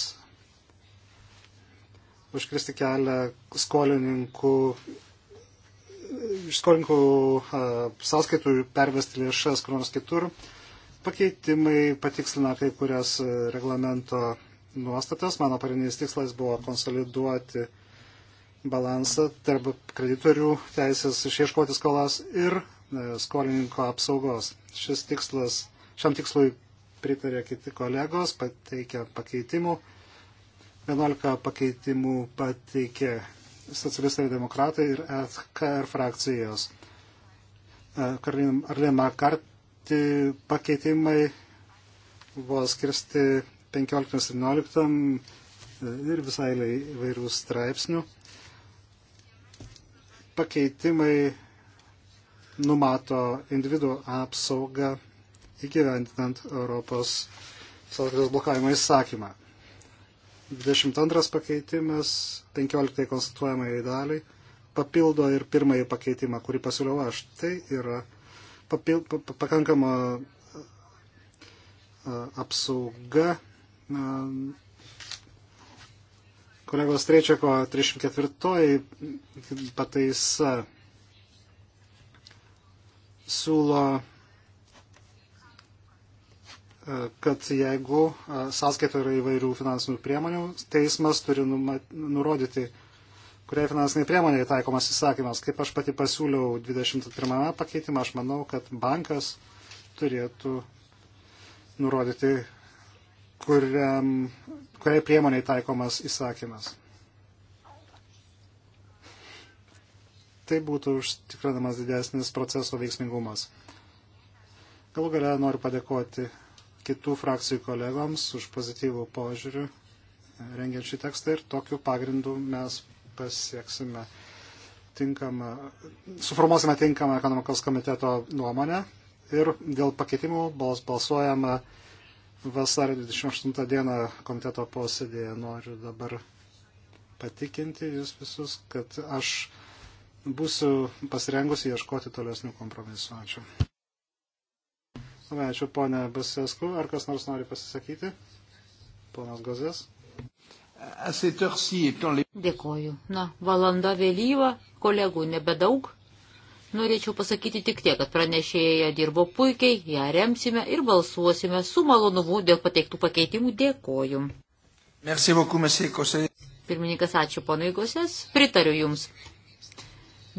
užkristi kelią skolininkų iš skolinkų sąskaitų pervesti lėšas kur nors kitur. Pakeitimai patikslina kai kurias e, reglamento nuostatas. Mano pagrindinis tikslas buvo konsoliduoti balansą tarp kreditorių teisės išieškoti skolas ir e, skolininko apsaugos. Šis tikslas, šiam tikslui pritarė kiti kolegos, pateikė pakeitimų. 11 pakeitimų pateikė socialistai demokratai ir FKR frakcijos. E, Arlin Makarti pakeitimai buvo skirsti 15-17 e, ir visai įvairių straipsnių. Pakeitimai numato individų apsaugą įgyvendinant Europos sąlygos blokavimo įsakymą. 22 pakeitimas 15 konstatuojamai daliai papildo ir pirmąjį pakeitimą, kurį pasiūliau aš. Tai yra papil, pakankama apsauga kolegos Trečiako 304 pataisa siūlo kad jeigu sąskaito yra įvairių finansinių priemonių, teismas turi nurodyti, kuriai finansiniai priemoniai taikomas įsakymas. Kaip aš pati pasiūliau 21 pakeitimą, aš manau, kad bankas turėtų nurodyti, kuriam, kuriai priemoniai taikomas įsakymas. Tai būtų užtikrinamas didesnis proceso veiksmingumas. Galų galę noriu padėkoti kitų frakcijų kolegoms už pozityvų požiūrį e, rengiant šį tekstą ir tokiu pagrindu mes pasieksime tinkamą, suformuosime tinkamą ekonomikos komiteto nuomonę ir dėl pakeitimų bus balsuojama vasario 28 dieną komiteto posėdėje. Noriu dabar patikinti jūs visus, kad aš būsiu pasirengusi ieškoti tolesnių kompromisų. Ačiū. Ačiū, ponė Basesku. Ar kas nors nori pasisakyti? Ponas Gozės. Dėkoju. Na, valanda vėlyva, kolegų nebedaug. Norėčiau pasakyti tik tiek, kad pranešėja dirbo puikiai, ją remsime ir balsuosime su malonumu dėl pateiktų pakeitimų. Dėkoju. Merci beaucoup, monsieur Kosės. Pirmininkas, ačiū ponui Kosės. Pritariu Jums.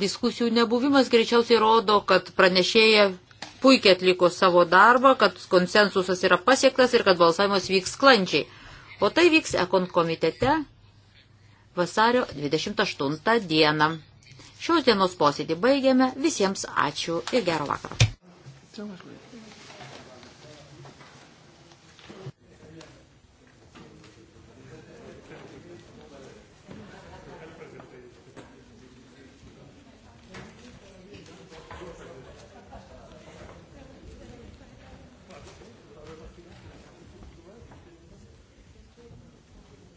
Diskusijų nebuvimas greičiausiai rodo, kad pranešėja puikiai atliko savo darbą, kad konsensusas yra pasiektas ir kad balsavimas vyks sklandžiai. O tai vyks Ekon komitete vasario 28 dieną. Šios dienos posėdį baigiame. Visiems ačiū ir gero vakaro.